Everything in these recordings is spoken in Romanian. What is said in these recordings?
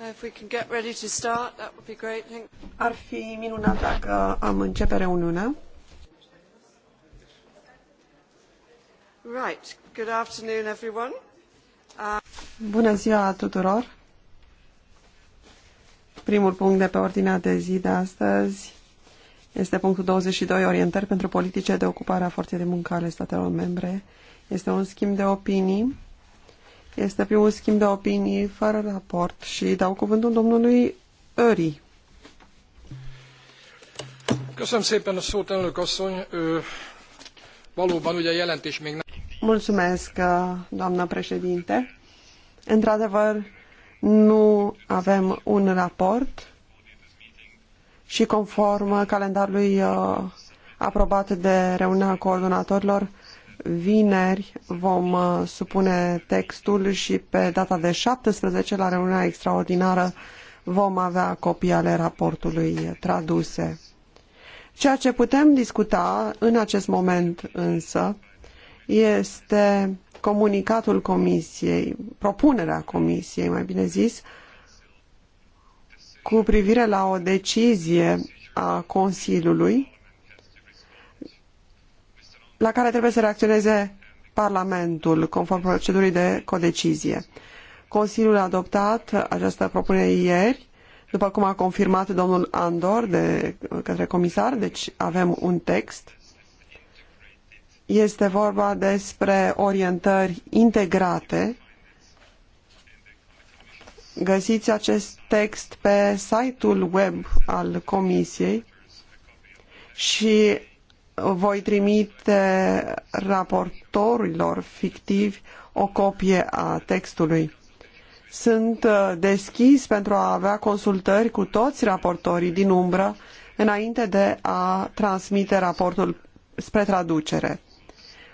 Ar fi minunat dacă am începe reuniunea. Right. Good afternoon, everyone. Uh, Bună ziua tuturor. Primul punct de pe ordinea de zi de astăzi este punctul 22, orientări pentru politice de ocupare a forței de muncă ale statelor membre. Este un schimb de opinii este primul schimb de opinii fără raport și dau cuvântul domnului Öri. Mulțumesc, doamnă președinte. Într-adevăr, nu avem un raport și conform calendarului aprobat de reuniunea coordonatorilor, Vineri vom uh, supune textul și pe data de 17 la reuniunea extraordinară vom avea copii ale raportului traduse. Ceea ce putem discuta în acest moment însă este comunicatul comisiei, propunerea comisiei, mai bine zis, cu privire la o decizie a Consiliului la care trebuie să reacționeze Parlamentul, conform procedurii de codecizie. Consiliul a adoptat această propunere ieri, după cum a confirmat domnul Andor de către comisar, deci avem un text. Este vorba despre orientări integrate. Găsiți acest text pe site-ul web al Comisiei și voi trimite raportorilor fictivi o copie a textului. Sunt uh, deschis pentru a avea consultări cu toți raportorii din umbră înainte de a transmite raportul spre traducere.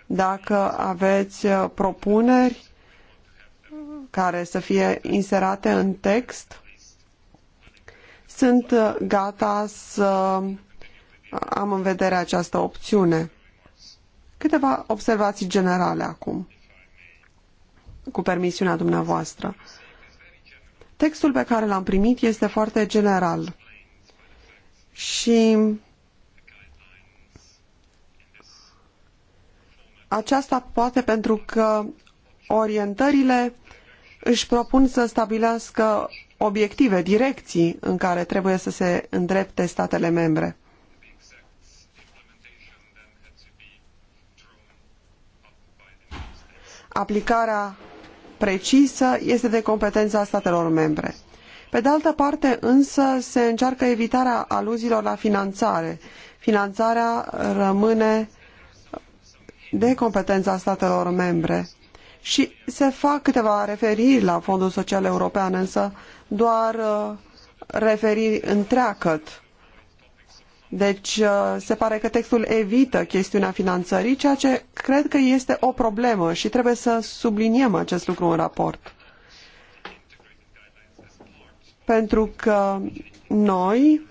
Dacă aveți uh, propuneri care să fie inserate în text, sunt uh, gata să am în vedere această opțiune. Câteva observații generale acum, cu permisiunea dumneavoastră. Textul pe care l-am primit este foarte general și aceasta poate pentru că orientările își propun să stabilească obiective, direcții în care trebuie să se îndrepte statele membre. Aplicarea precisă este de competența statelor membre. Pe de altă parte, însă, se încearcă evitarea aluziilor la finanțare. Finanțarea rămâne de competența statelor membre. Și se fac câteva referiri la Fondul Social European, însă doar uh, referiri întreagăt. Deci uh, se pare că textul evită chestiunea finanțării, ceea ce cred că este o problemă și trebuie să subliniem acest lucru în raport. Pentru că noi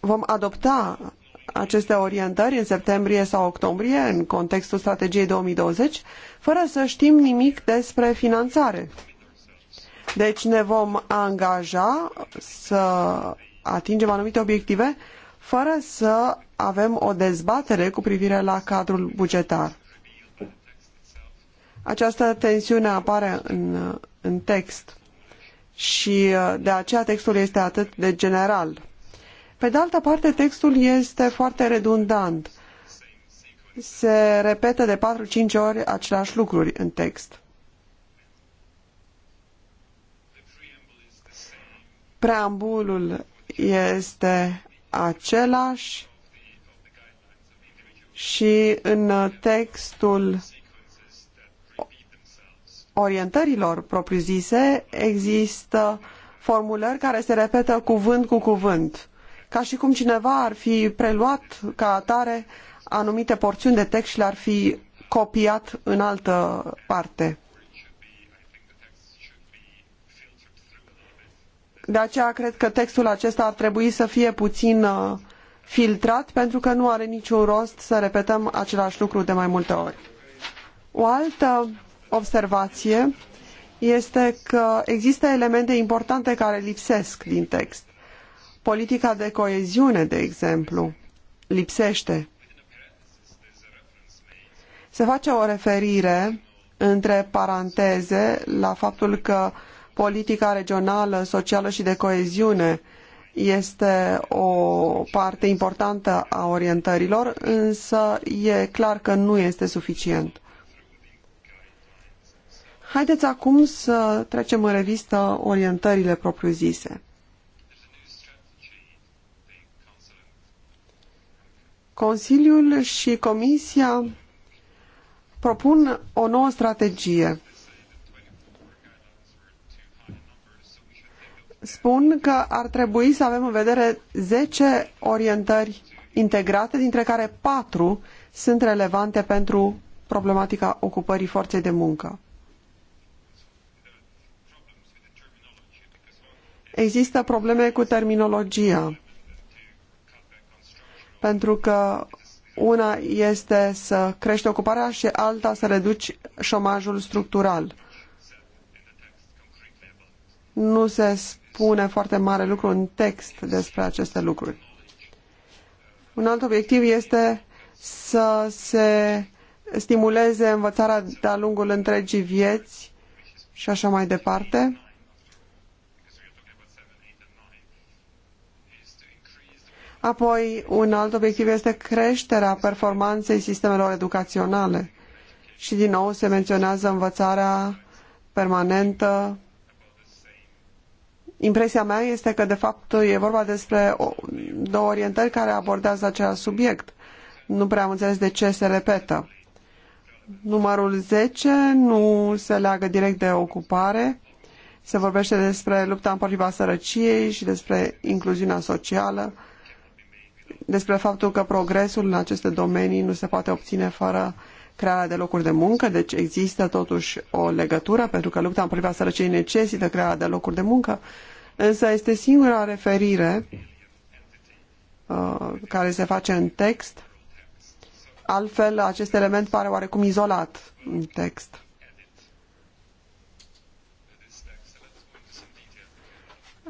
vom adopta aceste orientări în septembrie sau octombrie în contextul strategiei 2020 fără să știm nimic despre finanțare. Deci ne vom angaja să atingem anumite obiective fără să avem o dezbatere cu privire la cadrul bugetar. Această tensiune apare în, în text și uh, de aceea textul este atât de general. Pe de altă parte, textul este foarte redundant. Se repetă de 4-5 ori aceleași lucruri în text. Preambulul este același și în textul orientărilor propriu-zise există formulări care se repetă cuvânt cu cuvânt, ca și cum cineva ar fi preluat ca atare anumite porțiuni de text și le-ar fi copiat în altă parte. De aceea cred că textul acesta ar trebui să fie puțin uh, filtrat, pentru că nu are niciun rost să repetăm același lucru de mai multe ori. O altă observație este că există elemente importante care lipsesc din text. Politica de coeziune, de exemplu, lipsește. Se face o referire între paranteze la faptul că uh, politica regională, socială și de coeziune este o parte importantă a orientărilor, însă e clar că nu este suficient. Haideți acum să trecem în revistă orientările propriu-zise. Consiliul și Comisia propun o nouă strategie spun că ar trebui să avem în vedere 10 orientări integrate, dintre care 4 sunt relevante pentru problematica ocupării forței de muncă. Există probleme cu terminologia, pentru că una este să crești ocuparea și alta să reduci șomajul structural. Nu se pune foarte mare lucru în text despre aceste lucruri. Un alt obiectiv este să se stimuleze învățarea de-a lungul întregii vieți și așa mai departe. Apoi, un alt obiectiv este creșterea performanței sistemelor educaționale. Și din nou se menționează învățarea permanentă, Impresia mea este că, de fapt, e vorba despre două orientări care abordează același subiect. Nu prea am înțeles de ce se repetă. Numărul 10 nu se leagă direct de ocupare. Se vorbește despre lupta împotriva sărăciei și despre incluziunea socială, despre faptul că progresul în aceste domenii nu se poate obține fără crearea de locuri de muncă, deci există totuși o legătură, pentru că lupta împotriva sărăciei necesită crearea de locuri de muncă însă este singura referire uh, care se face în text. Altfel, acest element pare oarecum izolat în text.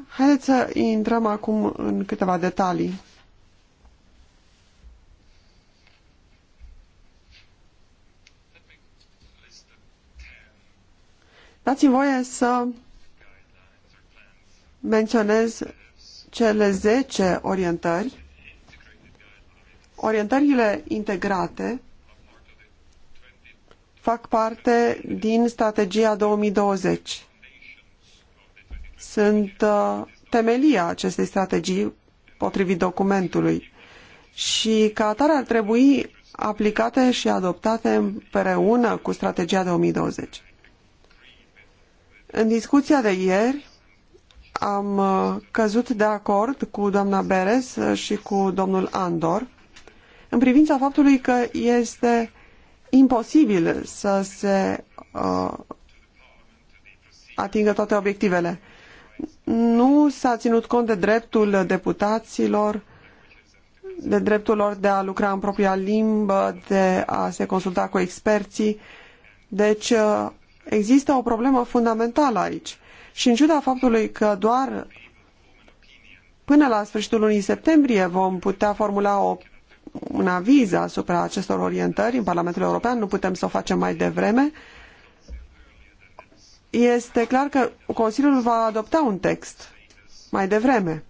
Haideți să intrăm acum în câteva detalii. Dați-mi voie să menționez cele 10 orientări. Orientările integrate fac parte din strategia 2020. Sunt uh, temelia acestei strategii potrivit documentului și ca atare ar trebui aplicate și adoptate împreună cu strategia 2020. În discuția de ieri am uh, căzut de acord cu doamna Beres uh, și cu domnul Andor în privința faptului că este imposibil să se uh, atingă toate obiectivele. Nu s-a ținut cont de dreptul deputaților, de dreptul lor de a lucra în propria limbă, de a se consulta cu experții. Deci uh, există o problemă fundamentală aici. Și în ciuda faptului că doar până la sfârșitul lunii septembrie vom putea formula o, un aviz asupra acestor orientări în Parlamentul European, nu putem să o facem mai devreme, este clar că Consiliul va adopta un text mai devreme.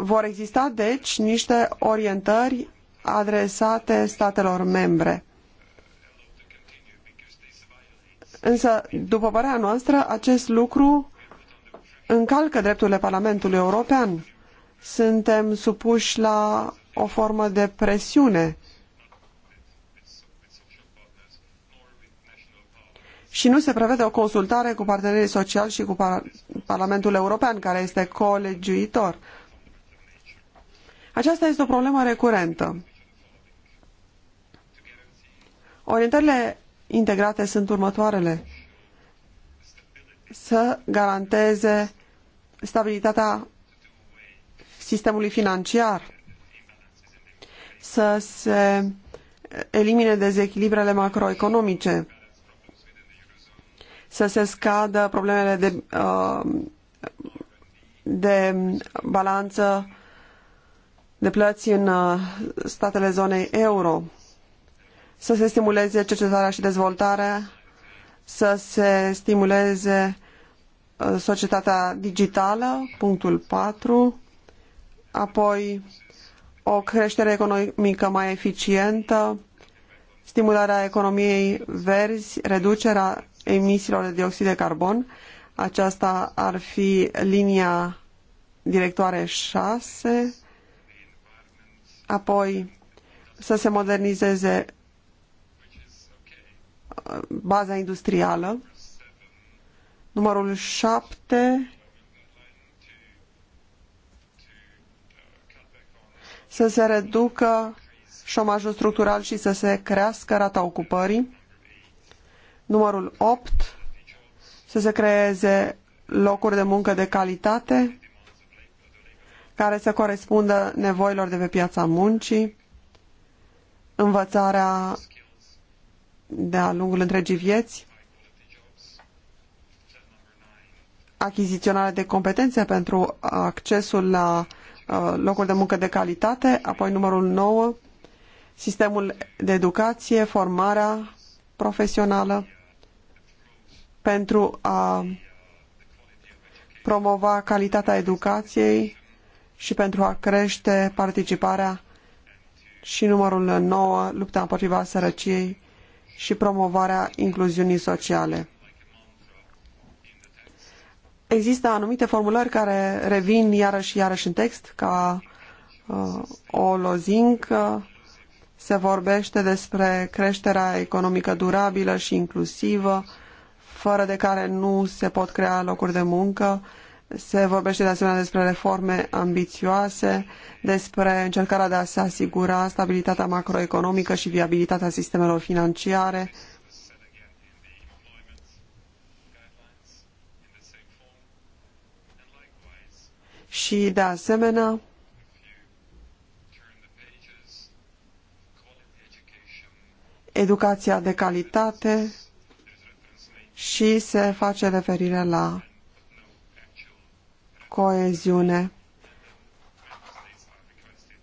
Vor exista, deci, niște orientări adresate statelor membre. Însă, după părerea noastră, acest lucru încalcă drepturile Parlamentului European. Suntem supuși la o formă de presiune. Și nu se prevede o consultare cu partenerii sociali și cu Parlamentul European, care este colegiuitor. Aceasta este o problemă recurentă. Orientările integrate sunt următoarele. Să garanteze stabilitatea sistemului financiar, să se elimine dezechilibrele macroeconomice, să se scadă problemele de, uh, de balanță de plăți în uh, statele zonei euro să se stimuleze cercetarea și dezvoltarea, să se stimuleze uh, societatea digitală, punctul 4, apoi o creștere economică mai eficientă, stimularea economiei verzi, reducerea emisiilor de dioxid de carbon. Aceasta ar fi linia directoare 6. Apoi să se modernizeze baza industrială. Numărul 7 să se reducă șomajul structural și să se crească rata ocupării. Numărul 8 să se creeze locuri de muncă de calitate care să corespundă nevoilor de pe piața muncii, învățarea de-a lungul întregii vieți, achiziționarea de competențe pentru accesul la uh, locuri de muncă de calitate, apoi numărul 9, sistemul de educație, formarea profesională pentru a promova calitatea educației și pentru a crește participarea și numărul 9, lupta împotriva sărăciei și promovarea incluziunii sociale. Există anumite formulări care revin iarăși și iarăși în text, ca uh, o lozincă, se vorbește despre creșterea economică durabilă și inclusivă, fără de care nu se pot crea locuri de muncă, uh, se vorbește de asemenea despre reforme ambițioase, despre încercarea de a se asigura stabilitatea macroeconomică și viabilitatea sistemelor financiare. Și, de asemenea, educația de calitate și se face referire la coeziune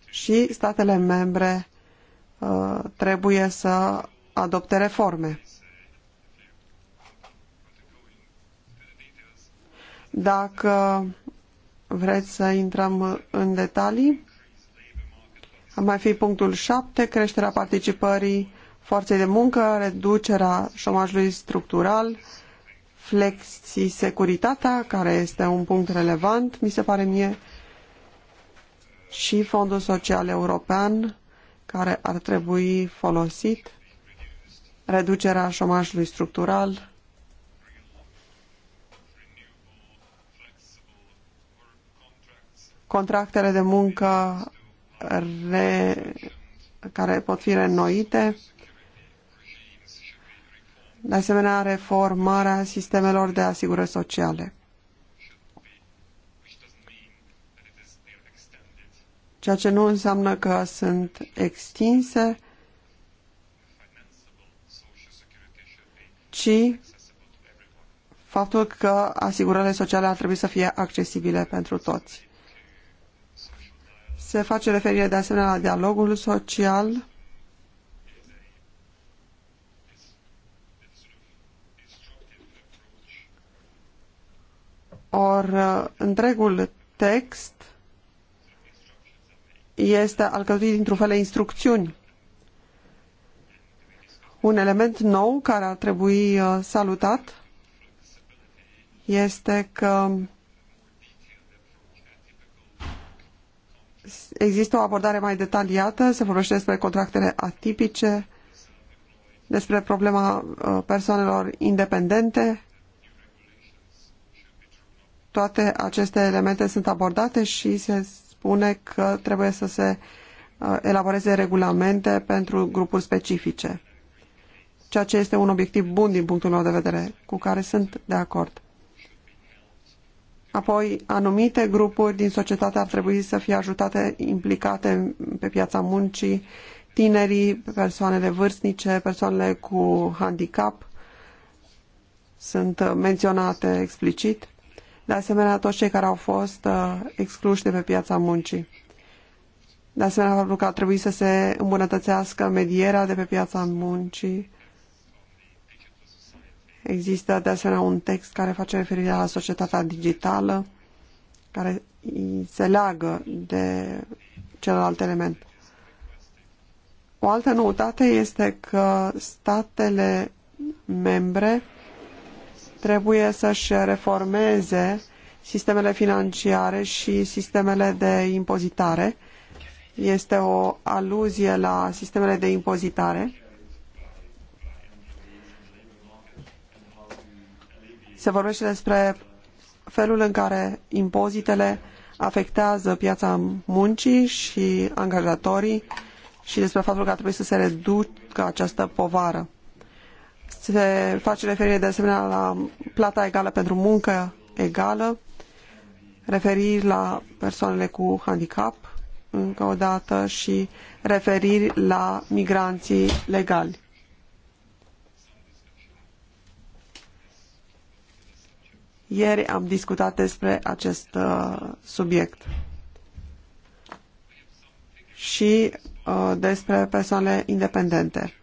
și statele membre uh, trebuie să adopte reforme. Dacă vreți să intrăm în detalii, ar mai fi punctul 7, creșterea participării forței de muncă, reducerea șomajului structural, flexisecuritatea, care este un punct relevant, mi se pare mie, și Fondul Social European, care ar trebui folosit, reducerea șomajului structural, contractele de muncă re... care pot fi reînnoite, de asemenea reformarea sistemelor de asigurări sociale. Ceea ce nu înseamnă că sunt extinse, ci faptul că asigurările sociale ar trebui să fie accesibile pentru toți. Se face referire de asemenea la dialogul social, Or, uh, întregul text este alcătuit dintr-un fel de instrucțiuni. Un element nou care ar trebui uh, salutat este că există o abordare mai detaliată, se vorbește despre contractele atipice, despre problema uh, persoanelor independente, toate aceste elemente sunt abordate și se spune că trebuie să se uh, elaboreze regulamente pentru grupuri specifice, ceea ce este un obiectiv bun din punctul meu de vedere, cu care sunt de acord. Apoi, anumite grupuri din societate ar trebui să fie ajutate, implicate pe piața muncii, tinerii, persoanele vârstnice, persoanele cu handicap sunt menționate explicit de asemenea toți cei care au fost uh, excluși de pe piața muncii. De asemenea, faptul că ar trebui să se îmbunătățească medierea de pe piața muncii. Există de asemenea un text care face referire la societatea digitală, care se leagă de celălalt element. O altă noutate este că statele membre trebuie să-și reformeze sistemele financiare și sistemele de impozitare. Este o aluzie la sistemele de impozitare. Se vorbește despre felul în care impozitele afectează piața muncii și angajatorii și despre faptul că ar trebui să se reducă această povară. Se face referire de asemenea la plata egală pentru muncă egală, referiri la persoanele cu handicap, încă o dată, și referiri la migranții legali. Ieri am discutat despre acest uh, subiect și uh, despre persoanele independente.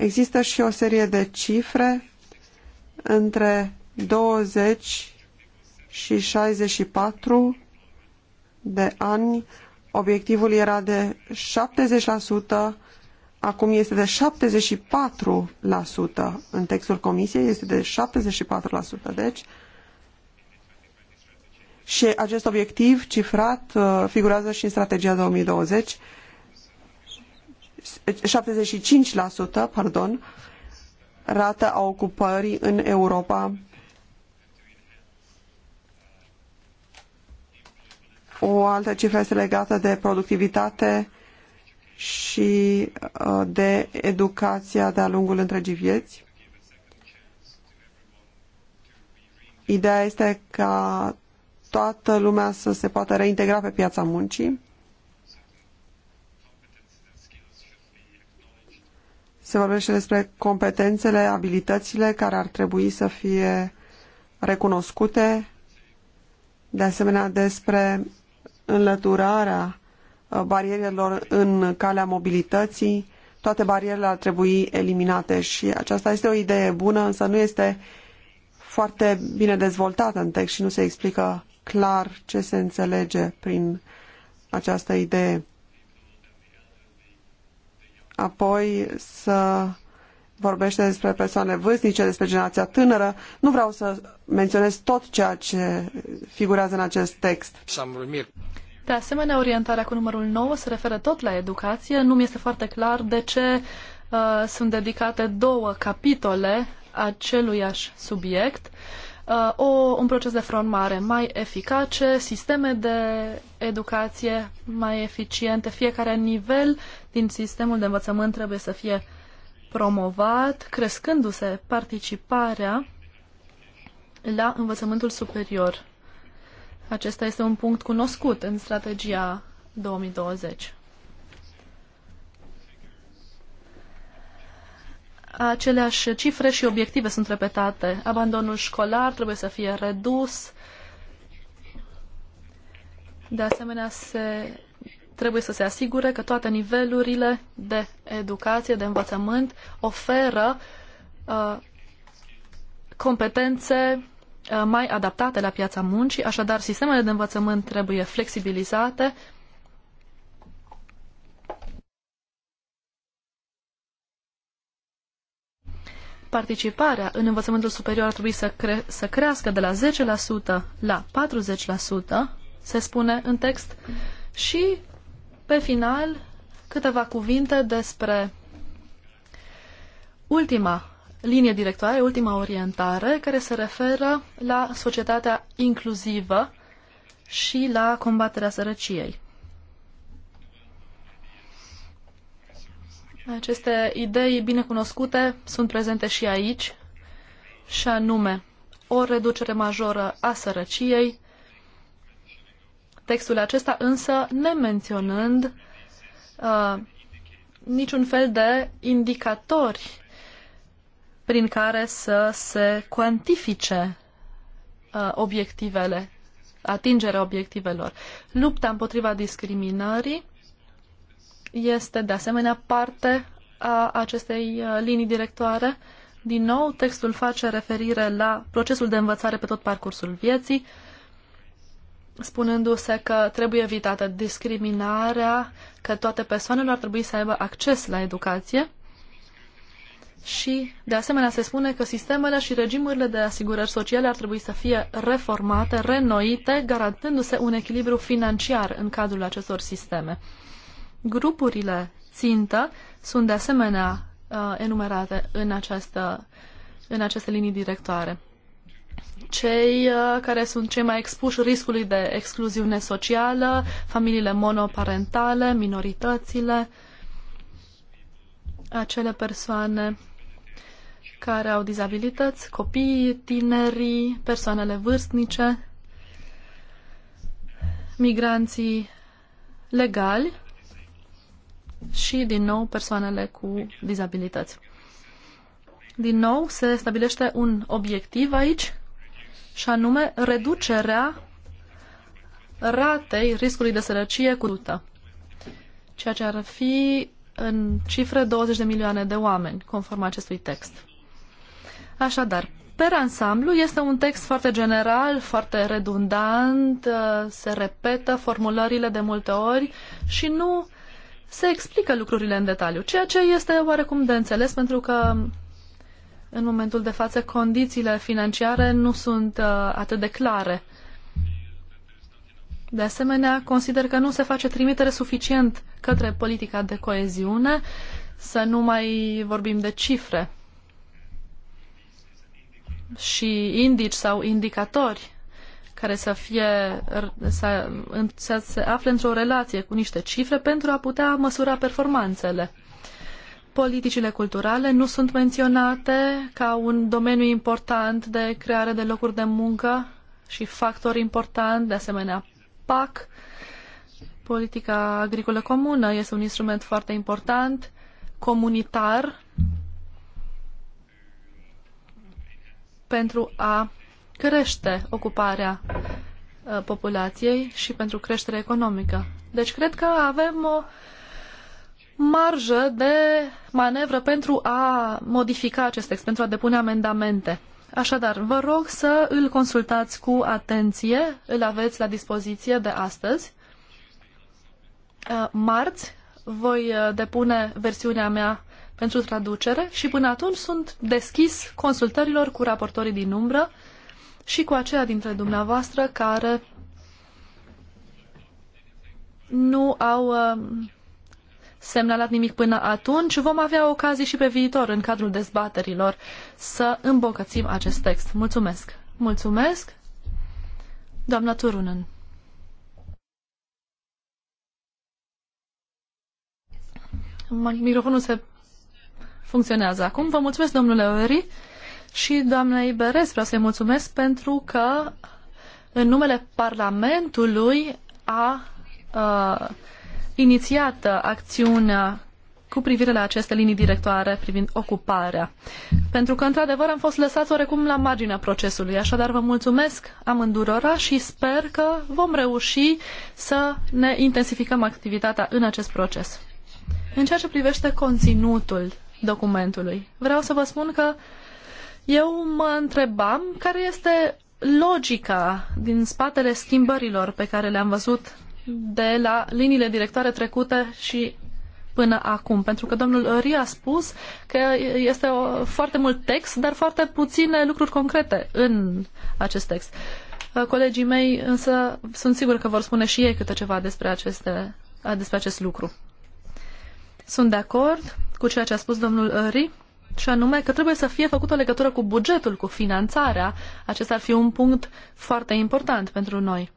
Există și o serie de cifre între 20 și 64 de ani. Obiectivul era de 70%, acum este de 74%. În textul comisiei este de 74%, deci. Și acest obiectiv cifrat uh, figurează și în strategia 2020 75% pardon, rată a ocupării în Europa. O altă cifră este legată de productivitate și uh, de educația de-a lungul întregii vieți. Ideea este ca toată lumea să se poată reintegra pe piața muncii. Se vorbește despre competențele, abilitățile care ar trebui să fie recunoscute, de asemenea despre înlăturarea uh, barierelor în calea mobilității, toate barierele ar trebui eliminate și aceasta este o idee bună, însă nu este foarte bine dezvoltată în text și nu se explică clar ce se înțelege prin această idee apoi să vorbește despre persoane vârstnice, despre generația tânără. Nu vreau să menționez tot ceea ce figurează în acest text. De asemenea, orientarea cu numărul 9 se referă tot la educație. Nu mi este foarte clar de ce uh, sunt dedicate două capitole aceluiași subiect. Uh, o, un proces de front mare mai eficace, sisteme de educație mai eficiente, fiecare nivel din sistemul de învățământ trebuie să fie promovat, crescându-se participarea la învățământul superior. Acesta este un punct cunoscut în strategia 2020. Aceleași cifre și obiective sunt repetate. Abandonul școlar trebuie să fie redus. De asemenea, se trebuie să se asigure că toate nivelurile de educație, de învățământ oferă uh, competențe uh, mai adaptate la piața muncii, așadar sistemele de învățământ trebuie flexibilizate, participarea în învățământul superior ar trebui să, cre- să crească de la 10% la 40%, se spune în text, și pe final, câteva cuvinte despre ultima linie directoare, ultima orientare, care se referă la societatea inclusivă și la combaterea sărăciei. Aceste idei binecunoscute sunt prezente și aici, și anume o reducere majoră a sărăciei, textul acesta, însă nemenționând uh, niciun fel de indicatori prin care să se cuantifice uh, obiectivele, atingerea obiectivelor. Lupta împotriva discriminării este de asemenea parte a acestei uh, linii directoare. Din nou, textul face referire la procesul de învățare pe tot parcursul vieții, uh, spunându-se că trebuie evitată discriminarea, că toate persoanele ar trebui să aibă acces la educație și, de asemenea, se spune că sistemele și regimurile de asigurări sociale ar trebui să fie reformate, renoite, garantându-se un echilibru financiar în cadrul acestor sisteme. Grupurile țintă sunt, de asemenea, uh, enumerate în, această, în aceste linii directoare cei uh, care sunt cei mai expuși riscului de excluziune socială, familiile monoparentale, minoritățile, acele persoane care au dizabilități, copiii, tinerii, persoanele vârstnice, migranții legali și, din nou, persoanele cu dizabilități. Din nou, se stabilește un obiectiv aici și anume reducerea ratei riscului de sărăcie cu tută, ceea ce ar fi în cifre 20 de milioane de oameni, conform acestui text. Așadar, per ansamblu, este un text foarte general, foarte redundant, uh, se repetă formulările de multe ori și nu se explică lucrurile în detaliu, ceea ce este oarecum de înțeles pentru că în momentul de față condițiile financiare nu sunt uh, atât de clare. De asemenea, consider că nu se face trimitere suficient către politica de coeziune, să nu mai vorbim de cifre și indici sau indicatori care să fie să, să se afle într-o relație cu niște cifre pentru a putea măsura performanțele politicile culturale nu sunt menționate ca un domeniu important de creare de locuri de muncă și factor important, de asemenea PAC, politica agricolă comună, este un instrument foarte important, comunitar, pentru a crește ocuparea uh, populației și pentru creșterea economică. Deci cred că avem o marjă de manevră pentru a modifica acest text, pentru a depune amendamente. Așadar, vă rog să îl consultați cu atenție, îl aveți la dispoziție de astăzi. Uh, marți voi uh, depune versiunea mea pentru traducere și până atunci sunt deschis consultărilor cu raportorii din umbră și cu aceia dintre dumneavoastră care nu au uh, semnalat nimic până atunci, vom avea ocazii și pe viitor, în cadrul dezbaterilor, să îmbogățim acest text. Mulțumesc! Mulțumesc! Doamna Turunen. Microfonul se funcționează acum. Vă mulțumesc, domnule Oeri, și doamnei Berez. Vreau să-i mulțumesc pentru că în numele Parlamentului a, a inițiată acțiunea cu privire la aceste linii directoare privind ocuparea. Pentru că, într-adevăr, am fost lăsați orecum la marginea procesului. Așadar, vă mulțumesc amândurora și sper că vom reuși să ne intensificăm activitatea în acest proces. În ceea ce privește conținutul documentului, vreau să vă spun că eu mă întrebam care este logica din spatele schimbărilor pe care le-am văzut de la liniile directoare trecute și până acum. Pentru că domnul Ri a spus că este o, foarte mult text, dar foarte puține lucruri concrete în acest text. Uh, colegii mei însă sunt sigur că vor spune și ei câte ceva despre, aceste, uh, despre acest lucru. Sunt de acord cu ceea ce a spus domnul Ri și anume că trebuie să fie făcută o legătură cu bugetul, cu finanțarea. Acesta ar fi un punct foarte important pentru noi.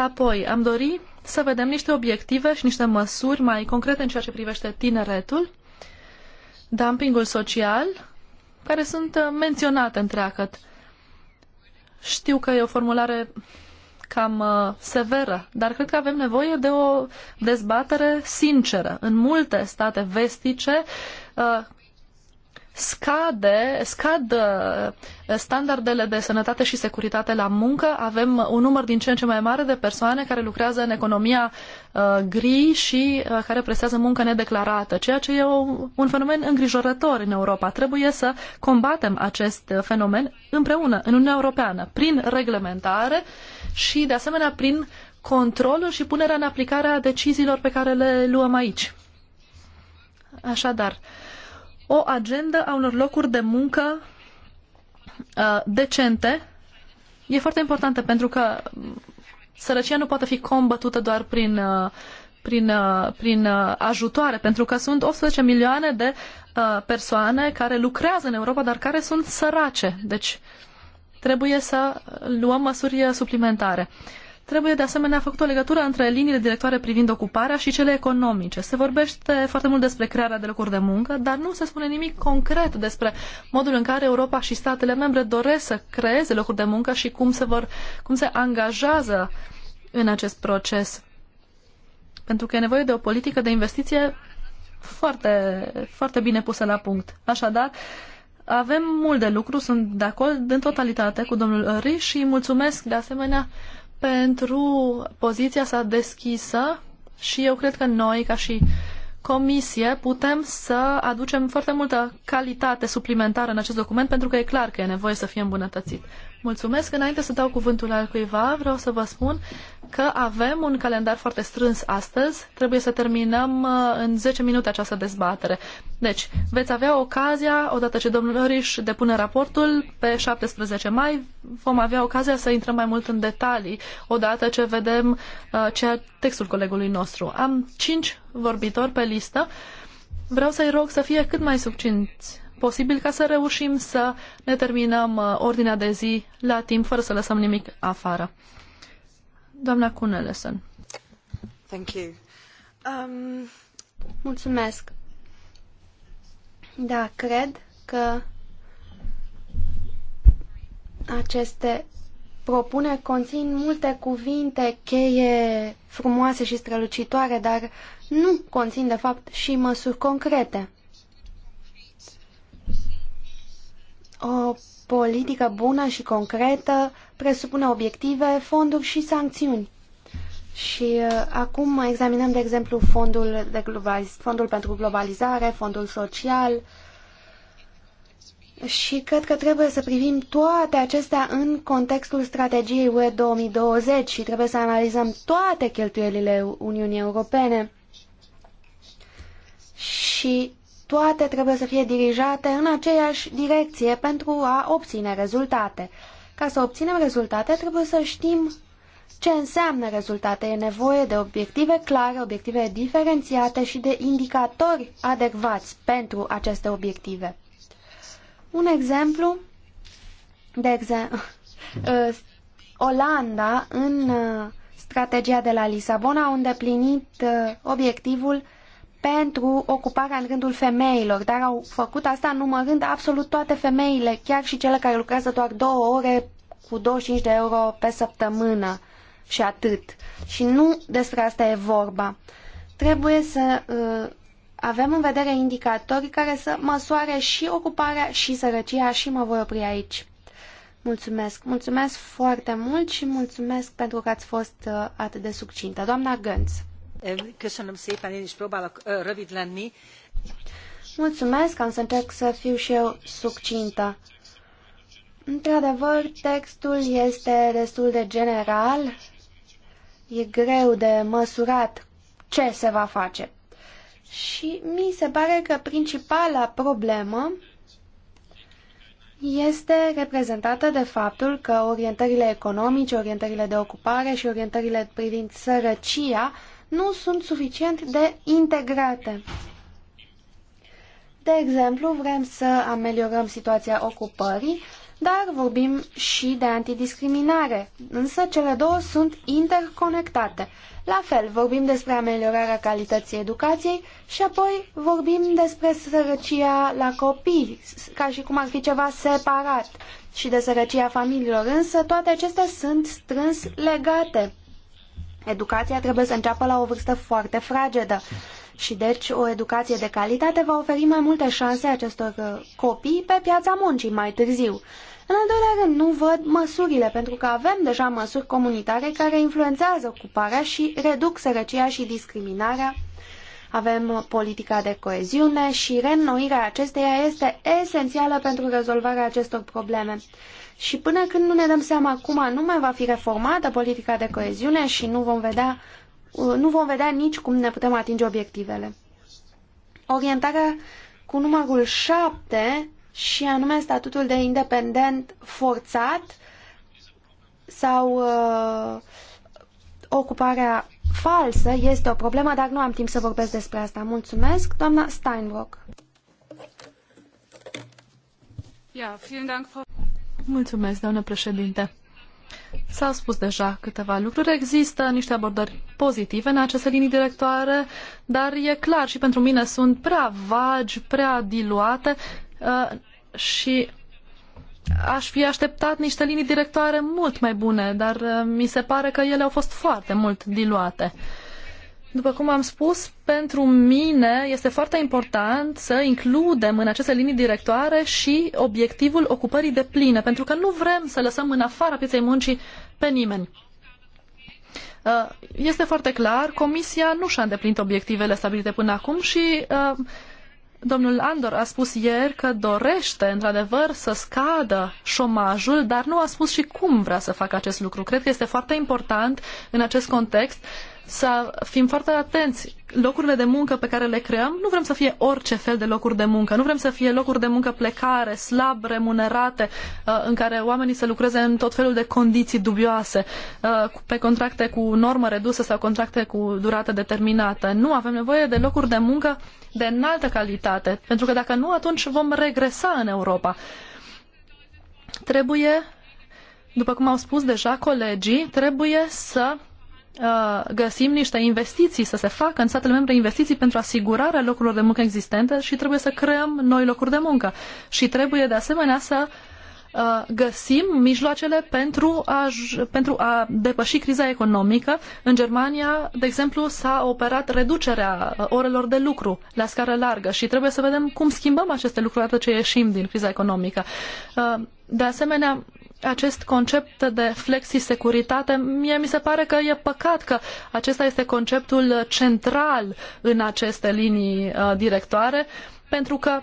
Apoi, am dori să vedem niște obiective și niște măsuri mai concrete în ceea ce privește tineretul, dumpingul social, care sunt uh, menționate întreagăt. Știu că e o formulare cam uh, severă, dar cred că avem nevoie de o dezbatere sinceră. În multe state vestice, uh, scade, scad uh, standardele de sănătate și securitate la muncă. Avem un număr din ce în ce mai mare de persoane care lucrează în economia uh, gri și uh, care prestează muncă nedeclarată, ceea ce e un fenomen îngrijorător în Europa. Trebuie să combatem acest fenomen împreună, în Uniunea Europeană, prin reglementare și, de asemenea, prin controlul și punerea în aplicare a deciziilor pe care le luăm aici. Așadar, uh, o agendă a unor locuri de muncă uh, decente e foarte importantă pentru că mm, sărăcia nu poate fi combătută doar prin, uh, prin, uh, prin ajutoare, pentru că sunt 18 milioane de persoane care lucrează în Europa, dar care sunt sărace. Deci trebuie să luăm măsuri suplimentare. Trebuie de asemenea făcut o legătură între liniile directoare privind ocuparea și cele economice. Se vorbește foarte mult despre crearea de locuri de muncă, dar nu se spune nimic concret despre modul în care Europa și statele membre doresc să creeze locuri de muncă și cum se, vor, cum se angajează în acest proces. Pentru că e nevoie de o politică de investiție foarte, foarte bine pusă la punct. Așadar, avem mult de lucru, sunt de acord în totalitate cu domnul Ri și mulțumesc de asemenea pentru poziția sa deschisă și eu cred că noi, ca și comisie, putem să aducem foarte multă calitate suplimentară în acest document pentru că e clar că e nevoie să fie îmbunătățit. Mulțumesc. Înainte să dau cuvântul al cuiva, vreau să vă spun că avem un calendar foarte strâns astăzi. Trebuie să terminăm uh, în 10 minute această dezbatere. Deci, veți avea ocazia, odată ce domnul Oriș depune raportul, pe 17 mai vom avea ocazia să intrăm mai mult în detalii, odată ce vedem uh, ce textul colegului nostru. Am 5 vorbitori pe listă. Vreau să-i rog să fie cât mai succinți posibil ca să reușim să ne terminăm uh, ordinea de zi la timp, fără să lăsăm nimic afară. Doamna Cunelesen. Thank you. Um... Mulțumesc. Da, cred că aceste propuneri conțin multe cuvinte cheie frumoase și strălucitoare, dar nu conțin, de fapt, și măsuri concrete. O politică bună și concretă presupune obiective, fonduri și sancțiuni. Și uh, acum examinăm, de exemplu, fondul, de globaliz- fondul pentru globalizare, fondul social. Și cred că trebuie să privim toate acestea în contextul strategiei UE 2020 și trebuie să analizăm toate cheltuielile Uniunii Europene. Și toate trebuie să fie dirijate în aceeași direcție pentru a obține rezultate. Ca să obținem rezultate, trebuie să știm ce înseamnă rezultate. E nevoie de obiective clare, obiective diferențiate și de indicatori adecvați pentru aceste obiective. Un exemplu, de exemplu, Olanda în uh, strategia de la Lisabona a îndeplinit uh, obiectivul pentru ocuparea în rândul femeilor, dar au făcut asta numărând absolut toate femeile, chiar și cele care lucrează doar două ore cu 25 de euro pe săptămână și atât. Și nu despre asta e vorba. Trebuie să uh, avem în vedere indicatori care să măsoare și ocuparea și sărăcia și mă voi opri aici. Mulțumesc. Mulțumesc foarte mult și mulțumesc pentru că ați fost uh, atât de succintă. Doamna Gânț. Mulțumesc, am să încerc să fiu și eu succintă. Într-adevăr, textul este destul de general, e greu de măsurat ce se va face. Și mi se pare că principala problemă este reprezentată de faptul că orientările economice, orientările de ocupare și orientările privind sărăcia nu sunt suficient de integrate. De exemplu, vrem să ameliorăm situația ocupării, dar vorbim și de antidiscriminare, însă cele două sunt interconectate. La fel, vorbim despre ameliorarea calității educației și apoi vorbim despre sărăcia la copii, ca și cum ar fi ceva separat, și de sărăcia familiilor, însă toate acestea sunt strâns legate. Educația trebuie să înceapă la o vârstă foarte fragedă și deci o educație de calitate va oferi mai multe șanse acestor uh, copii pe piața muncii mai târziu. În al doilea rând, nu văd măsurile, pentru că avem deja măsuri comunitare care influențează ocuparea și reduc sărăcia și discriminarea. Avem uh, politica de coeziune și reînnoirea acesteia este esențială pentru rezolvarea acestor probleme. Și până când nu ne dăm seama nu anume va fi reformată politica de coeziune și nu vom vedea, uh, nu vom vedea nici cum ne putem atinge obiectivele. Orientarea cu numărul 7 și anume statutul de independent forțat sau uh, ocuparea falsă este o problemă, dar nu am timp să vorbesc despre asta. Mulțumesc, doamna Steinbrock. Ja, vielen Dank, Frau Mulțumesc, doamnă președinte. S-au spus deja câteva lucruri. Există niște abordări pozitive în aceste linii directoare, dar e clar și pentru mine sunt prea vagi, prea diluate uh, și aș fi așteptat niște linii directoare mult mai bune, dar uh, mi se pare că ele au fost foarte mult diluate. Uh, după cum am spus, pentru mine este foarte important să includem în aceste linii directoare și obiectivul ocupării de pline, pentru că nu vrem să lăsăm în afara pieței muncii pe nimeni. Uh, este foarte clar, Comisia nu și-a îndeplinit obiectivele stabilite până acum și uh, domnul Andor a spus ieri că dorește, într-adevăr, să scadă șomajul, dar nu a spus și cum vrea să facă acest lucru. Cred că este foarte important în acest context să fim foarte atenți. Locurile de muncă pe care le creăm, nu vrem să fie orice fel de locuri de muncă. Nu vrem să fie locuri de muncă plecare, slab remunerate, uh, în care oamenii să lucreze în tot felul de condiții dubioase, uh, pe contracte cu normă redusă sau contracte cu durată determinată. Nu avem nevoie de locuri de muncă de înaltă calitate, pentru că dacă nu, atunci vom regresa în Europa. Trebuie, după cum au spus deja colegii, trebuie să Uh, găsim niște investiții, să se facă în statele membre investiții pentru asigurarea locurilor de muncă existente și trebuie să creăm noi locuri de muncă. Și trebuie de asemenea să uh, găsim mijloacele pentru a, pentru a depăși criza economică. În Germania, de exemplu, s-a operat reducerea uh, orelor de lucru la scară largă și trebuie să vedem cum schimbăm aceste lucruri atât ce ieșim din criza economică. De asemenea, acest concept de flexisecuritate, mie mi se pare că e păcat că acesta este conceptul central în aceste linii uh, directoare, pentru că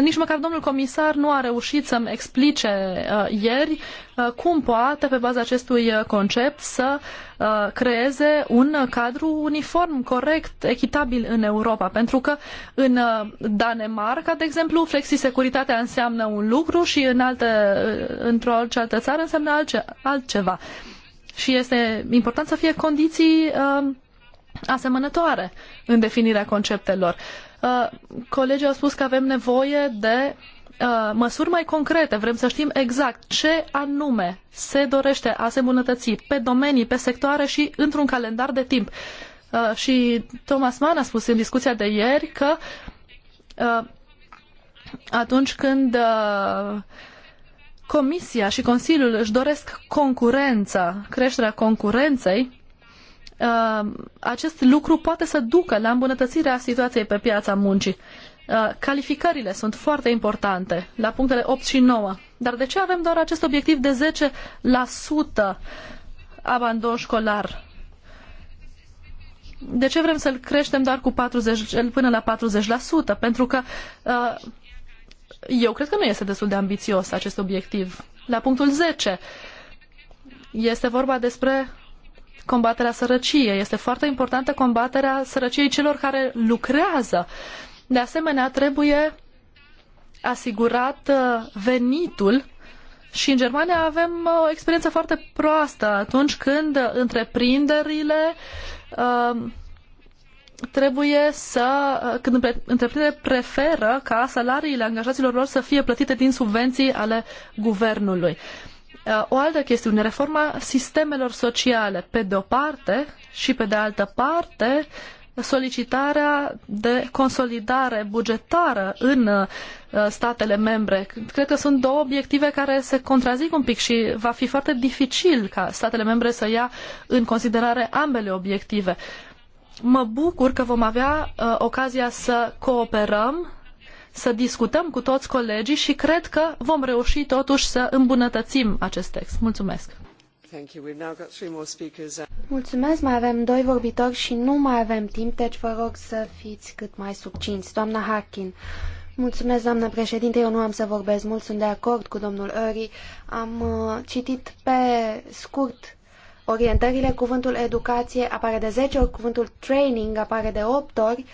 nici măcar domnul comisar nu a reușit să-mi explice uh, ieri uh, cum poate, pe baza acestui uh, concept, să uh, creeze un uh, cadru uniform, corect, echitabil în Europa. Pentru că în uh, Danemarca, de exemplu, flexisecuritatea înseamnă un lucru și în alte, într-o orice altă țară înseamnă altce, altceva. Și este important să fie condiții asemănătoare în definirea conceptelor. Uh, Uh, colegii au spus că avem nevoie de uh, măsuri mai concrete. Vrem să știm exact ce anume se dorește a se îmbunătăți pe domenii, pe sectoare și într-un calendar de timp. Uh, și Thomas Mann a spus în discuția de ieri că atunci când Comisia și Consiliul își doresc concurența, creșterea concurenței, Uh, acest lucru poate să ducă la îmbunătățirea situației pe piața muncii. Uh, calificările sunt foarte importante la punctele 8 și 9. Dar de ce avem doar acest obiectiv de 10% abandon școlar? De ce vrem să-l creștem doar cu 40, până la 40%? Pentru că uh, eu cred că nu este destul de ambițios acest obiectiv. La punctul 10 este vorba despre combaterea sărăciei, este foarte importantă combaterea sărăciei celor care lucrează. De asemenea, trebuie asigurat uh, venitul și în Germania avem uh, o experiență foarte proastă atunci când întreprinderile uh, trebuie să, când întreprinderile preferă ca salariile angajaților lor să fie plătite din subvenții ale guvernului. Eh, o altă chestiune, reforma sistemelor sociale, pe de o parte și pe de altă parte solicitarea de consolidare bugetară în eh, statele membre. Cred că sunt două obiective care se contrazic un pic și va fi foarte dificil ca statele membre să ia în considerare ambele obiective. Mă bucur că vom avea eh, ocazia să cooperăm să discutăm cu toți colegii și cred că vom reuși totuși să îmbunătățim acest text. Mulțumesc! Mulțumesc, mai avem doi vorbitori și nu mai avem timp, deci vă rog să fiți cât mai subcinți. Doamna Harkin, mulțumesc, doamnă președinte, eu nu am să vorbesc mult, sunt de acord cu domnul Ori. Am uh, citit pe scurt orientările, cuvântul educație apare de zece ori, cuvântul training apare de opt ori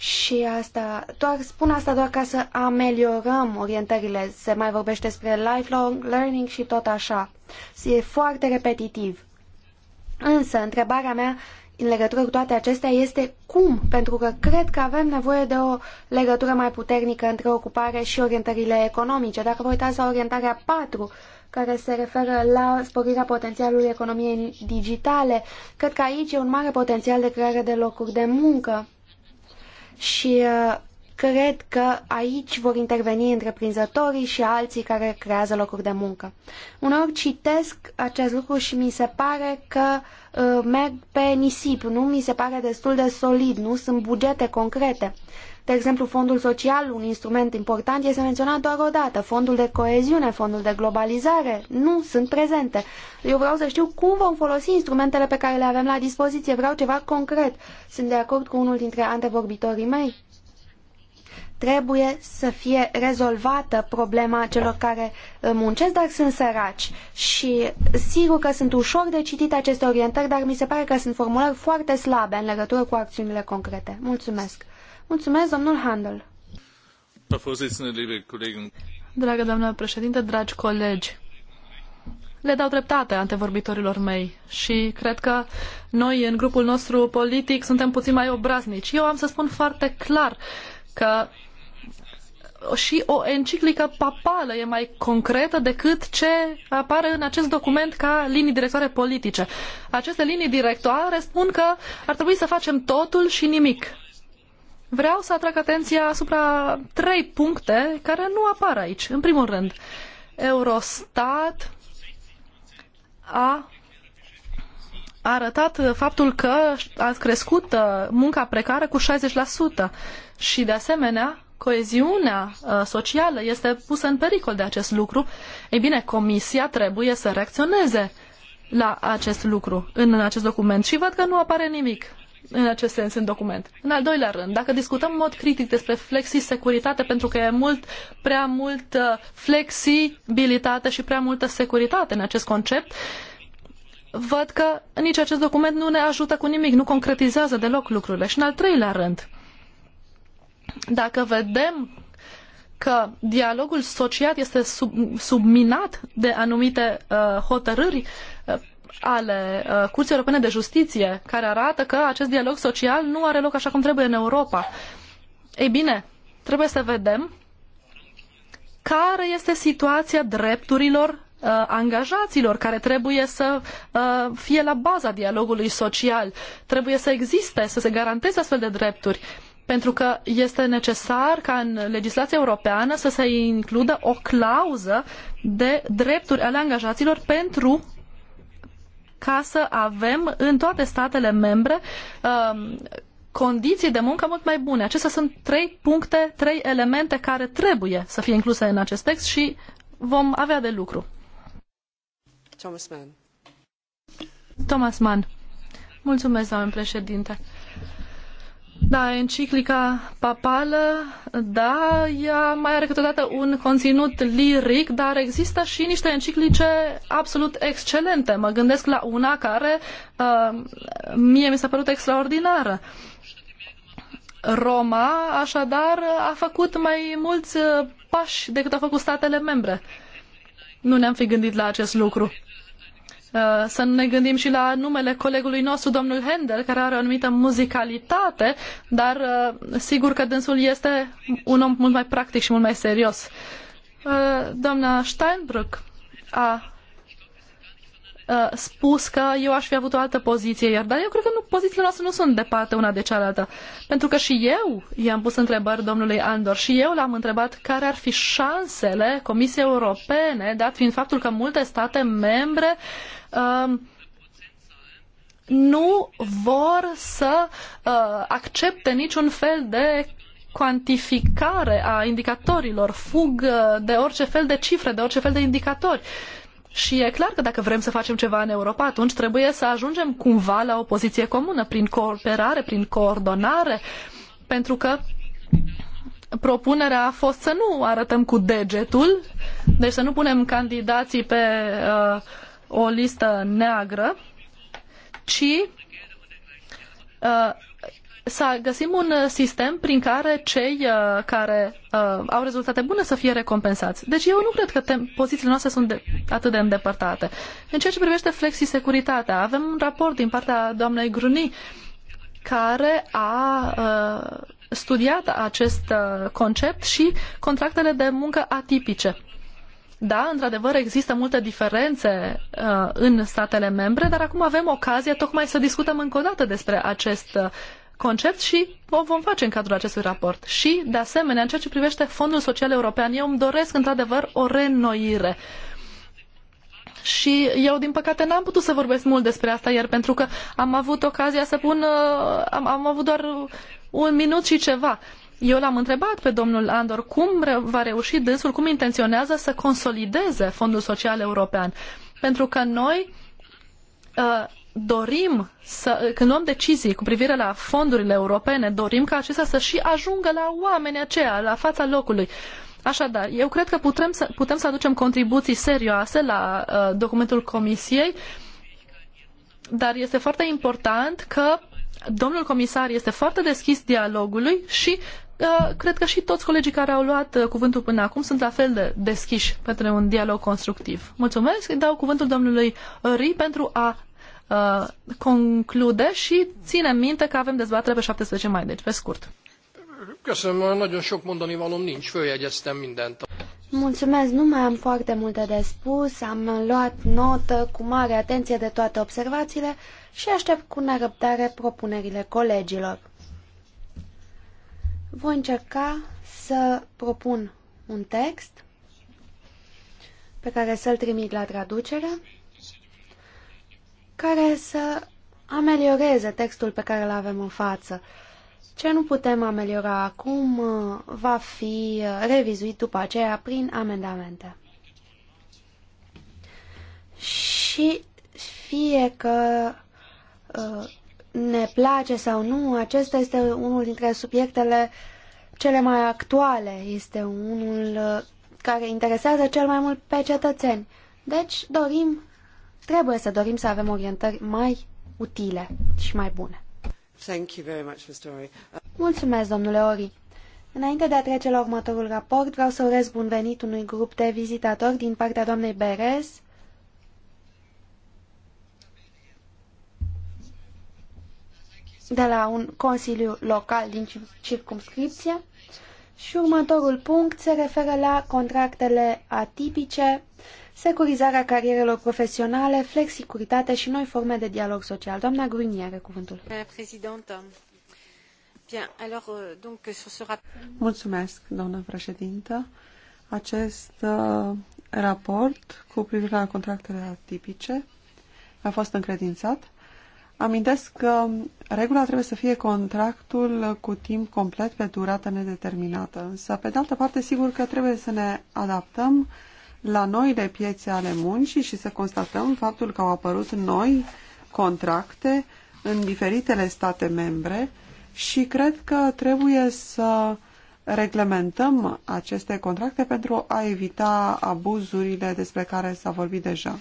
și asta, doar, spun asta doar ca să ameliorăm orientările. Se mai vorbește despre lifelong learning și tot așa. E foarte repetitiv. Însă, întrebarea mea în legătură cu toate acestea este cum, pentru că cred că avem nevoie de o legătură mai puternică între ocupare și orientările economice. Dacă vă uitați la orientarea 4, care se referă la sporirea potențialului economiei digitale, cred că aici e un mare potențial de creare de locuri de muncă și uh, cred că aici vor interveni întreprinzătorii și alții care creează locuri de muncă. Uneori citesc acest lucru și mi se pare că uh, merg pe nisip, nu mi se pare destul de solid, nu sunt bugete concrete. De exemplu, fondul social, un instrument important, este menționat doar o dată. Fondul de coeziune, fondul de globalizare nu sunt prezente. Eu vreau să știu cum vom folosi instrumentele pe care le avem la dispoziție. Vreau ceva concret. Sunt de acord cu unul dintre antevorbitorii mei. Trebuie să fie rezolvată problema celor care uh, muncesc, dar sunt săraci. Și sigur că sunt ușor de citit aceste orientări, dar mi se pare că sunt formulări foarte slabe în legătură cu acțiunile concrete. Mulțumesc! Mulțumesc, domnul Handel. Dragă doamnă președinte, dragi colegi, le dau dreptate antevorbitorilor mei și cred că noi în grupul nostru politic suntem puțin mai obraznici. Eu am să spun foarte clar că și o enciclică papală e mai concretă decât ce apare în acest document ca linii directoare politice. Aceste linii directoare spun că ar trebui să facem totul și nimic. Vreau să atrag atenția asupra trei puncte care nu apar aici. În primul rând, Eurostat a arătat faptul că a crescut uh, munca precară cu 60% și, de asemenea, coeziunea uh, socială este pusă în pericol de acest lucru. Ei bine, Comisia trebuie să reacționeze la acest lucru în acest document și văd că nu apare nimic în acest sens în document. În al doilea rând, dacă discutăm în mod critic despre flexi-securitate, pentru că e mult, prea multă flexibilitate și prea multă securitate în acest concept, văd că nici acest document nu ne ajută cu nimic, nu concretizează deloc lucrurile. Și în al treilea rând, dacă vedem că dialogul social este sub, subminat de anumite uh, hotărâri, uh, ale uh, Curții Europene de Justiție, care arată că acest dialog social nu are loc așa cum trebuie în Europa. Ei bine, trebuie să vedem care este situația drepturilor uh, angajaților care trebuie să uh, fie la baza dialogului social. Trebuie să existe, să se garanteze astfel de drepturi. Pentru că este necesar ca în legislația europeană să se includă o clauză de drepturi ale angajaților pentru ca să avem în toate statele membre um, condiții de muncă mult mai bune. Acestea sunt trei puncte, trei elemente care trebuie să fie incluse în acest text și vom avea de lucru. Thomas Mann. Thomas Mann. Mulțumesc, doamnă președinte. Da, enciclica papală, da, ea mai are câteodată un conținut liric, dar există și niște enciclice absolut excelente. Mă gândesc la una care uh, mie mi s-a părut extraordinară. Roma, așadar, a făcut mai mulți uh, pași decât au făcut statele membre. Nu ne-am fi gândit la acest lucru. Uh, să ne gândim și la numele colegului nostru, domnul Handel, care are o anumită muzicalitate, dar uh, sigur că dânsul este un om mult mai practic și mult mai serios. Uh, doamna Steinbrück a spus că eu aș fi avut o altă poziție iar, dar eu cred că nu, pozițiile noastre nu sunt departe una de cealaltă. Pentru că și eu i-am pus întrebări domnului Andor și eu l-am întrebat care ar fi șansele Comisiei Europene, dat fiind faptul că multe state membre uh, Um, nu vor să uh, accepte niciun fel de cuantificare a indicatorilor, fug uh, de orice fel de cifre, de orice fel de indicatori. Și e clar că dacă vrem să facem ceva în Europa, atunci trebuie să ajungem cumva la o poziție comună, prin cooperare, prin coordonare, pentru că propunerea a fost să nu arătăm cu degetul, deci să nu punem candidații pe uh, o listă neagră, ci uh, să găsim un sistem prin care cei uh, care uh, au rezultate bune să fie recompensați. Deci eu nu cred că tem- pozițiile noastre sunt de- atât de îndepărtate. În ceea ce privește flexisecuritatea, avem un raport din partea doamnei Gruni care a studiat acest concept și contractele de muncă atipice. Da, într-adevăr, există multe diferențe uh, în statele membre, dar acum avem ocazia tocmai să discutăm încă o dată despre acest uh, concept și o vom face în cadrul acestui raport. Și, de asemenea, în ceea ce privește Fondul Social European, eu îmi doresc, într-adevăr, o reînnoire. Și eu, din păcate, n-am putut să vorbesc mult despre asta ieri, pentru că am avut ocazia să pun... Uh, am, am avut doar un minut și ceva. Eu l-am întrebat pe domnul Andor cum va reuși dânsul, cum intenționează să consolideze Fondul Social European. Pentru că noi uh, dorim să, când luăm decizii cu privire la fondurile europene, dorim ca acestea să și ajungă la oamenii aceia, la fața locului. Așadar, eu cred că putem să, putem să aducem contribuții serioase la uh, documentul Comisiei, dar este foarte important că domnul comisar este foarte deschis dialogului și cred că și toți colegii care au luat uh, cuvântul până acum sunt la fel de deschiși pentru un dialog constructiv. Mulțumesc, îi dau cuvântul domnului Ri pentru a uh, conclude și ține minte că avem dezbatere pe 17 mai, deci pe scurt. Köszönöm, nagyon sok mondani valom nincs, följegyeztem mindent. Mulțumesc, nu mai am foarte multe de spus, am luat notă cu mare atenție de toate observațiile și aștept cu nerăbdare propunerile colegilor. Voi încerca să propun un text pe care să-l trimit la traducere, care să amelioreze textul pe care îl avem în față. Ce nu putem ameliora acum uh, va fi uh, revizuit după aceea prin amendamente. Și fie că uh, ne place sau nu, acesta este unul dintre subiectele cele mai actuale, este unul uh, care interesează cel mai mult pe cetățeni. Deci dorim, trebuie să dorim să avem orientări mai utile și mai bune. Thank you very much, Mr. Ori. Mulțumesc, domnule Ori. Înainte de a trece la următorul raport, vreau să urez bun venit unui grup de vizitatori din partea doamnei Beres, de la un consiliu local din circumscripție. Și următorul punct se referă la contractele atipice, securizarea carierelor profesionale, flexicuritate și noi forme de dialog social. Doamna Grunie are cuvântul. Euh, Mulțumesc, doamnă președintă. Acest uh, raport cu privire la contractele atipice a fost încredințat Amintesc că regula trebuie să fie contractul cu timp complet pe durată nedeterminată. Însă, pe de altă parte, sigur că trebuie să ne adaptăm la noile piețe ale muncii și să constatăm faptul că au apărut noi contracte în diferitele state membre și cred că trebuie să reglementăm aceste contracte pentru a evita abuzurile despre care s-a vorbit deja.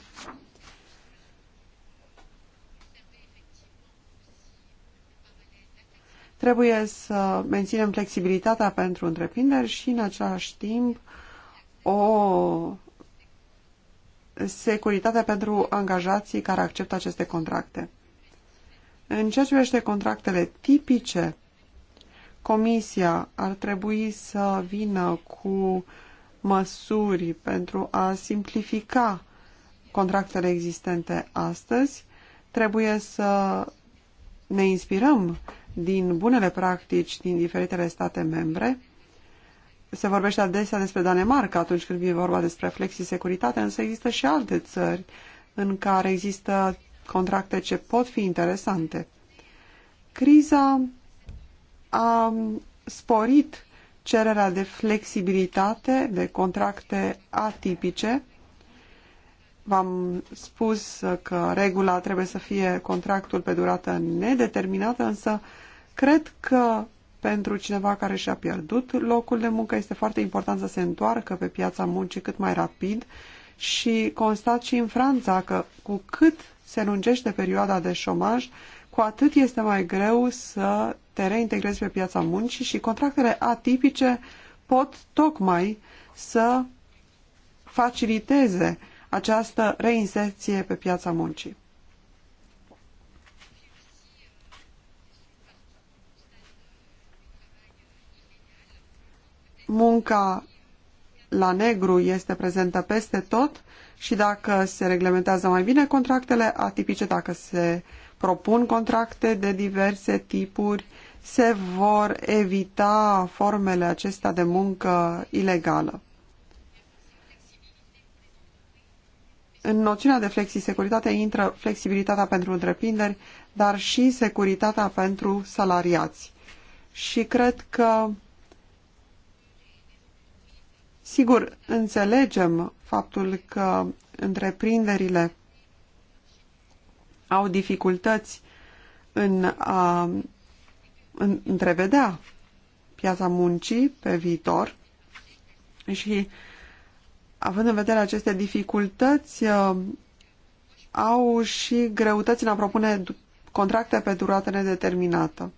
Trebuie să menținem flexibilitatea pentru întreprinderi și, în același timp, o securitate pentru angajații care acceptă aceste contracte. În ceea ce privește contractele tipice, Comisia ar trebui să vină cu măsuri pentru a simplifica contractele existente astăzi. Trebuie să ne inspirăm din bunele practici din diferitele state membre. Se vorbește adesea despre Danemarca atunci când vine vorba despre flexi-securitate, însă există și alte țări în care există contracte ce pot fi interesante. Criza a sporit cererea de flexibilitate, de contracte atipice. V-am spus că regula trebuie să fie contractul pe durată nedeterminată, însă Cred că pentru cineva care și-a pierdut locul de muncă este foarte important să se întoarcă pe piața muncii cât mai rapid și constat și în Franța că cu cât se lungește perioada de șomaj, cu atât este mai greu să te reintegrezi pe piața muncii și contractele atipice pot tocmai să faciliteze această reinserție pe piața muncii. munca la negru este prezentă peste tot și dacă se reglementează mai bine contractele atipice, dacă se propun contracte de diverse tipuri, se vor evita formele acestea de muncă ilegală. În noțiunea de flexisecuritate intră flexibilitatea pentru întreprinderi, dar și securitatea pentru salariați. Și cred că Sigur, înțelegem faptul că întreprinderile au dificultăți în a întrevedea piața muncii pe viitor și având în vedere aceste dificultăți uh, au și greutăți în a propune contracte pe durată nedeterminată.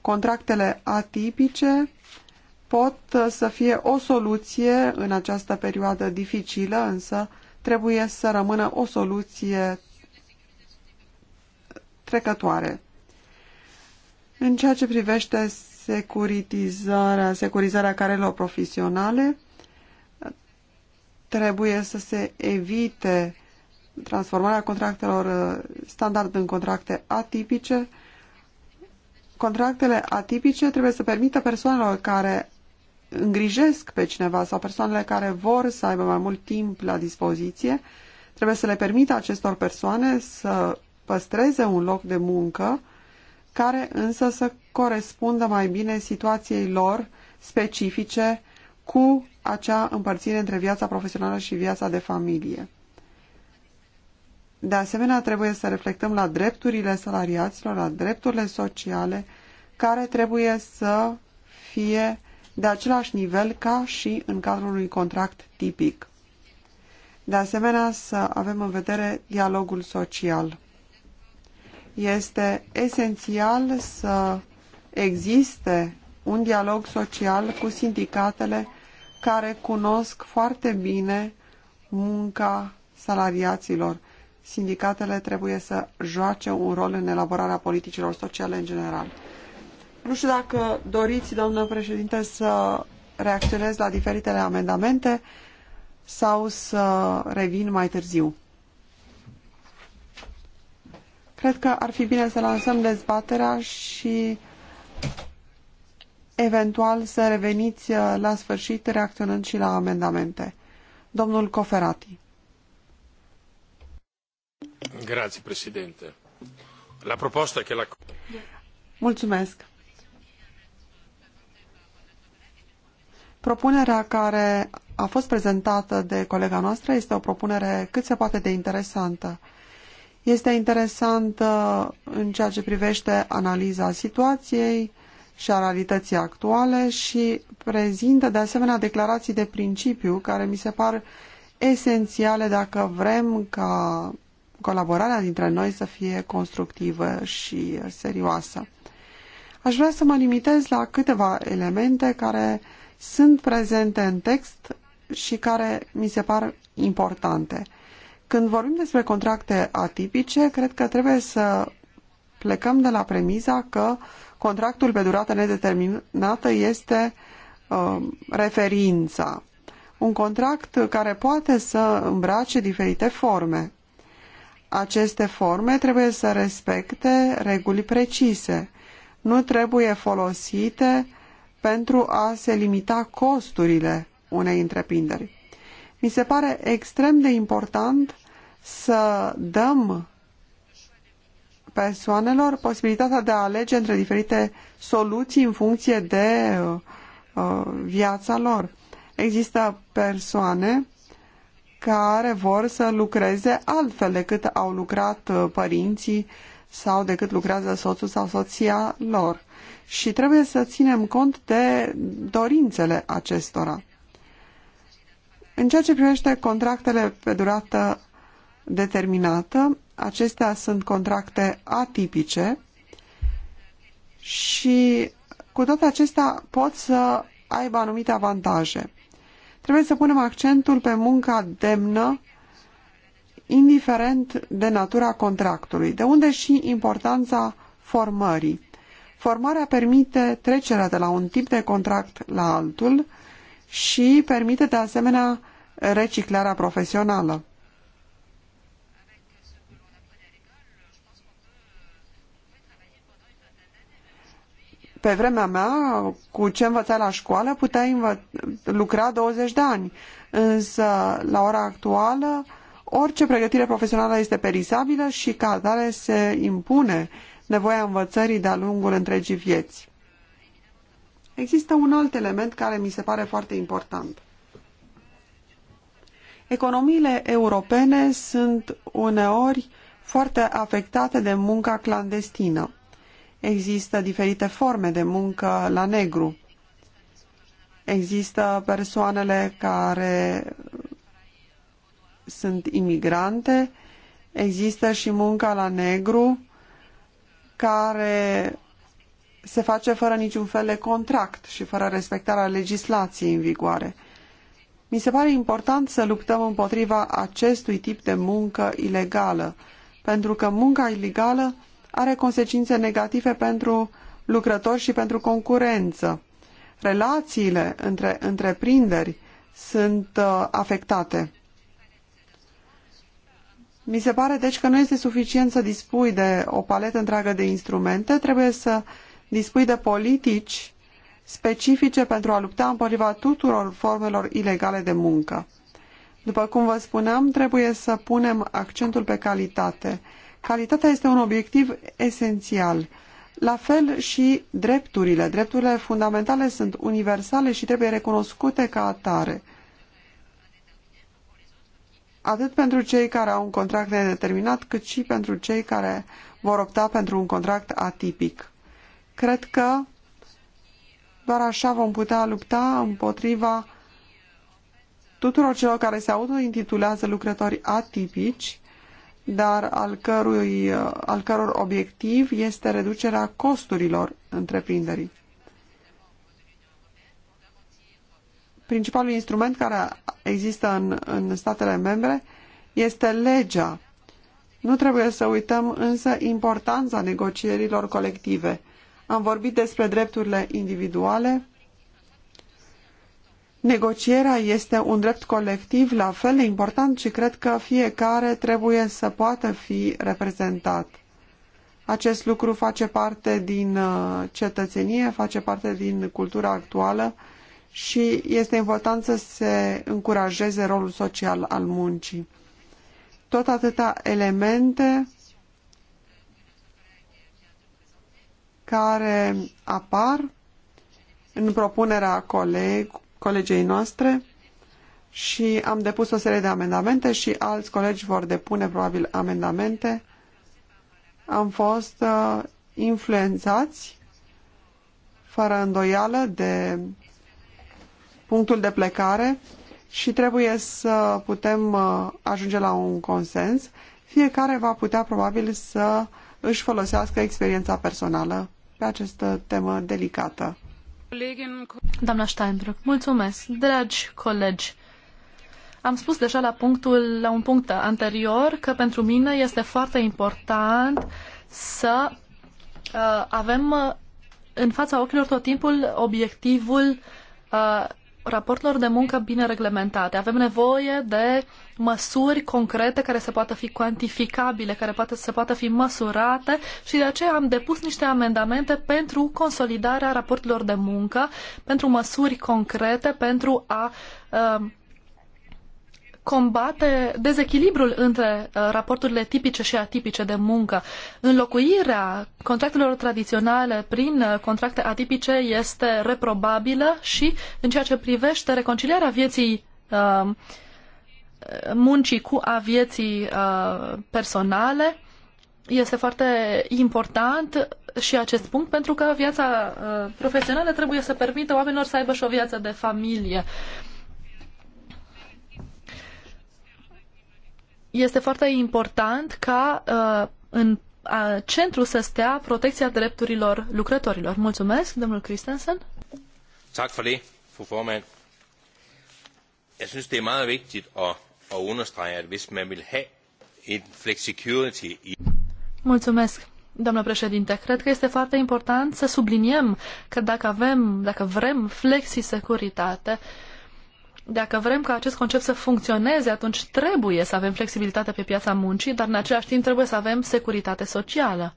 Contractele atipice pot uh, să fie o soluție în această perioadă dificilă, însă trebuie să rămână o soluție trecătoare. În ceea ce privește securitizarea, securizarea carelor profesionale, trebuie să se evite transformarea contractelor uh, standard în contracte atipice. Contractele atipice trebuie să permită persoanelor care îngrijesc pe cineva sau persoanele care vor să aibă mai mult timp la dispoziție, trebuie să le permită acestor persoane să păstreze un loc de muncă care însă să corespundă mai bine situației lor specifice cu acea împărțire între viața profesională și viața de familie. De asemenea, trebuie să reflectăm la drepturile salariaților, la drepturile sociale, care trebuie să fie de același nivel ca și în cadrul unui contract tipic. De asemenea, să avem în vedere dialogul social. Este esențial să existe un dialog social cu sindicatele care cunosc foarte bine munca salariaților. Sindicatele trebuie să joace un rol în elaborarea politicilor sociale în general. Nu știu dacă doriți, doamnă președinte, să reacționez la diferitele amendamente sau să revin mai târziu. Cred că ar fi bine să lansăm dezbaterea și eventual să reveniți uh, la sfârșit reacționând și la amendamente. Domnul Coferati. Grazie, președinte. La proposta che la... Mulțumesc. Propunerea care a fost prezentată de colega noastră este o propunere cât se poate de interesantă. Este interesantă în ceea ce privește analiza situației și a realității actuale și prezintă de asemenea declarații de principiu care mi se par esențiale dacă vrem ca colaborarea dintre noi să fie constructivă și serioasă. Aș vrea să mă limitez la câteva elemente care sunt prezente în text și care mi se par importante. Când vorbim despre contracte atipice, cred că trebuie să plecăm de la premiza că contractul pe durată nedeterminată este uh, referința. Un contract care poate să îmbrace diferite forme. Aceste forme trebuie să respecte reguli precise. Nu trebuie folosite pentru a se limita costurile unei întreprinderi. Mi se pare extrem de important să dăm persoanelor posibilitatea de a alege între diferite soluții în funcție de uh, viața lor. Există persoane care vor să lucreze altfel decât au lucrat uh, părinții sau decât lucrează soțul sau soția lor și trebuie să ținem cont de dorințele acestora. În ceea ce privește contractele pe durată determinată, acestea sunt contracte atipice și cu toate acestea pot să aibă anumite avantaje. Trebuie să punem accentul pe munca demnă, indiferent de natura contractului, de unde și importanța formării. Formarea permite trecerea de la un tip de contract la altul și permite de asemenea reciclarea profesională. Pe vremea mea, cu ce învăța la școală, puteai învă- lucra 20 de ani. Însă, la ora actuală, orice pregătire profesională este perisabilă și ca atare se impune nevoia învățării de-a lungul întregii vieți. Există un alt element care mi se pare foarte important. Economiile europene sunt uneori foarte afectate de munca clandestină. Există diferite forme de muncă la negru. Există persoanele care sunt imigrante, există și munca la negru care se face fără niciun fel de contract și fără respectarea legislației în vigoare. Mi se pare important să luptăm împotriva acestui tip de muncă ilegală, pentru că munca ilegală are consecințe negative pentru lucrători și pentru concurență. Relațiile între întreprinderi sunt uh, afectate. Mi se pare deci că nu este suficient să dispui de o paletă întreagă de instrumente, trebuie să dispui de politici specifice pentru a lupta împotriva tuturor formelor ilegale de muncă. După cum vă spuneam, trebuie să punem accentul pe calitate. Calitatea este un obiectiv esențial. La fel și drepturile. Drepturile fundamentale sunt universale și trebuie recunoscute ca atare atât pentru cei care au un contract nedeterminat, cât și pentru cei care vor opta pentru un contract atipic. Cred că doar așa vom putea lupta împotriva tuturor celor care se autointitulează lucrători atipici, dar al, cărui, al căror obiectiv este reducerea costurilor întreprinderii. principalul instrument care există în, în statele membre este legea. Nu trebuie să uităm însă importanța negocierilor colective. Am vorbit despre drepturile individuale. Negocierea este un drept colectiv la fel de important și cred că fiecare trebuie să poată fi reprezentat. Acest lucru face parte din uh, cetățenie, face parte din cultura actuală și este important să se încurajeze rolul social al muncii. Tot atâtea elemente care apar în propunerea coleg, colegei noastre și am depus o serie de amendamente și alți colegi vor depune probabil amendamente. Am fost uh, influențați fără îndoială de punctul de plecare și trebuie să putem uh, ajunge la un consens. Fiecare va putea probabil să își folosească experiența personală pe această temă delicată. Doamna Steinbrück, mulțumesc. Dragi colegi, am spus deja la, punctul, la un punct anterior că pentru mine este foarte important să uh, avem uh, în fața ochilor tot timpul obiectivul uh, raportelor de muncă bine reglementate. Avem nevoie de măsuri concrete care să poată fi cuantificabile, care poate, să poată fi măsurate și de aceea am depus niște amendamente pentru consolidarea raportelor de muncă, pentru măsuri concrete, pentru a uh, combate dezechilibrul între uh, raporturile tipice și atipice de muncă. Înlocuirea contractelor tradiționale prin uh, contracte atipice este reprobabilă și în ceea ce privește reconcilierea vieții uh, muncii cu a vieții personale, este foarte important și acest punct pentru că viața profesională trebuie să permită oamenilor să aibă și o viață de familie. Uh, este foarte important ca uh, în uh, centru să stea protecția drepturilor lucrătorilor. Mulțumesc, domnul Christensen. Tak for det, fru formand. Jeg synes, det er meget vigtigt at, at understrege, at hvis man vil have en flexicurity i... Mulțumesc, doamnă președinte. Cred că este foarte important să subliniem că dacă avem, dacă vrem flexisecuritate, securitate dacă vrem ca acest concept să funcționeze, atunci trebuie să avem flexibilitate pe piața muncii, dar în același timp trebuie să avem securitate socială.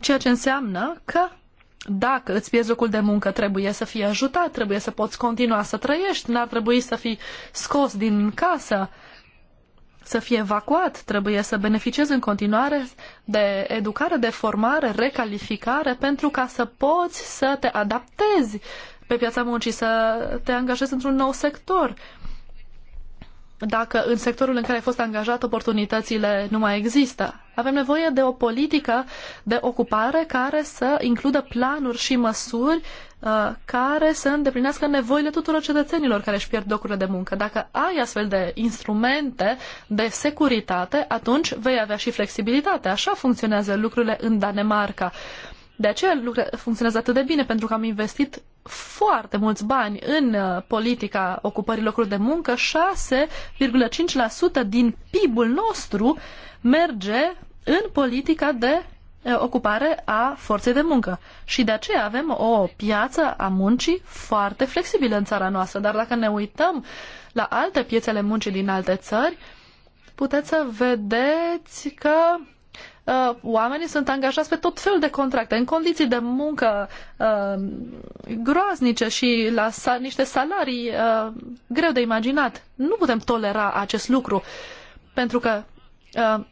Ceea ce înseamnă că dacă îți pierzi locul de muncă, trebuie să fii ajutat, trebuie să poți continua să trăiești, n-ar trebui să fii scos din casă, să fii evacuat, trebuie să beneficiezi în continuare de educare, de formare, recalificare, pentru ca să poți să te adaptezi pe piața muncii, să te angajezi într-un nou sector. Dacă în sectorul în care ai fost angajat oportunitățile nu mai există, avem nevoie de o politică de ocupare care să includă planuri și măsuri uh, care să îndeplinească nevoile tuturor cetățenilor care își pierd locurile de muncă. Dacă ai astfel de instrumente de securitate, atunci vei avea și flexibilitate. Așa funcționează lucrurile în Danemarca. Uh, de aceea funcționează atât de bine, pentru că am investit foarte mulți bani în uh, politica ocupării locurilor de muncă. 6,5% din PIB-ul nostru merge în politica de uh, ocupare a forței de muncă. Și de aceea avem o piață a muncii foarte flexibilă în țara noastră. Dar dacă ne uităm la alte piețele muncii din alte țări, puteți să vedeți că uh, oamenii sunt angajați pe tot felul de contracte, în condiții de muncă uh, groaznice și la sa- niște salarii uh, greu de imaginat. Nu putem tolera acest lucru, pentru că uh,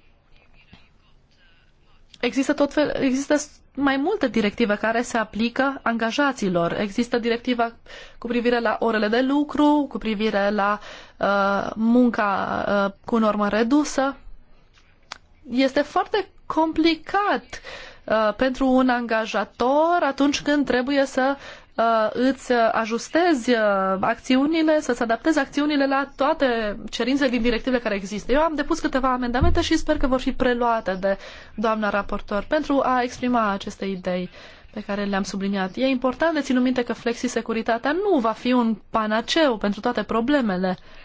există, tot fel, există mai multe directive care se aplică angajaților. Există directiva cu privire la orele de lucru, cu privire la uh, munca uh, cu normă redusă. Este foarte complicat uh, pentru un angajator atunci când trebuie să uh, îți ajustezi uh, acțiunile, să-ți adaptezi acțiunile la toate cerințele din directivele care există. Eu am depus câteva amendamente și sper că vor fi preluate de doamna raportor pentru a exprima aceste idei pe care le-am subliniat. E important de ținut minte că flexisecuritatea nu va fi un panaceu pentru toate problemele. Uh,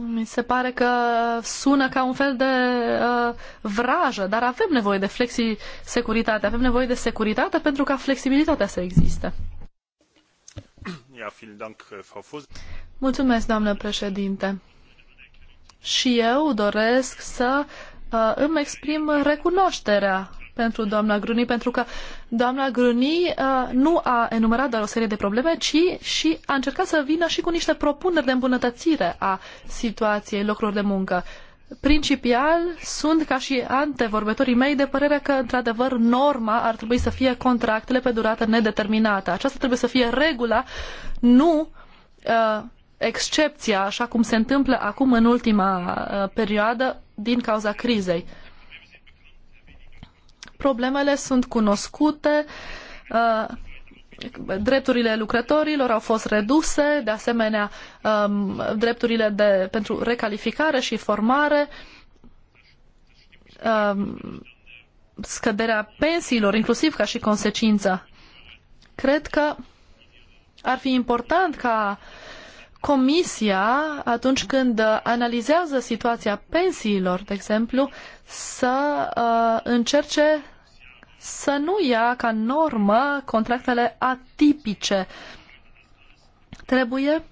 Mi se pare că sună ca un fel de uh, vrajă, dar avem nevoie de flexi-securitate, avem nevoie de securitate pentru ca flexibilitatea să existe. Mulțumesc, doamnă președinte. Și eu doresc să uh, îmi exprim recunoașterea pentru doamna Gruni, pentru că doamna Gruni uh, nu a enumerat doar o serie de probleme, ci și a încercat să vină și cu niște propuneri de îmbunătățire a situației locurilor de muncă. Principial, sunt ca și antevorbitorii mei de părere că, într-adevăr, norma ar trebui să fie contractele pe durată nedeterminată. Aceasta trebuie să fie regula, nu uh, excepția, așa cum se întâmplă acum în ultima uh, perioadă din cauza crizei. Uh, problemele sunt cunoscute, uh, drepturile lucrătorilor au fost reduse, de asemenea um, drepturile de, pentru recalificare și formare, um, scăderea pensiilor, inclusiv ca și consecință. Cred că ar fi important ca uh, Comisia, atunci când uh, analizează situația pensiilor, de exemplu, să uh, încerce să nu ia ca normă contractele atipice. Trebuie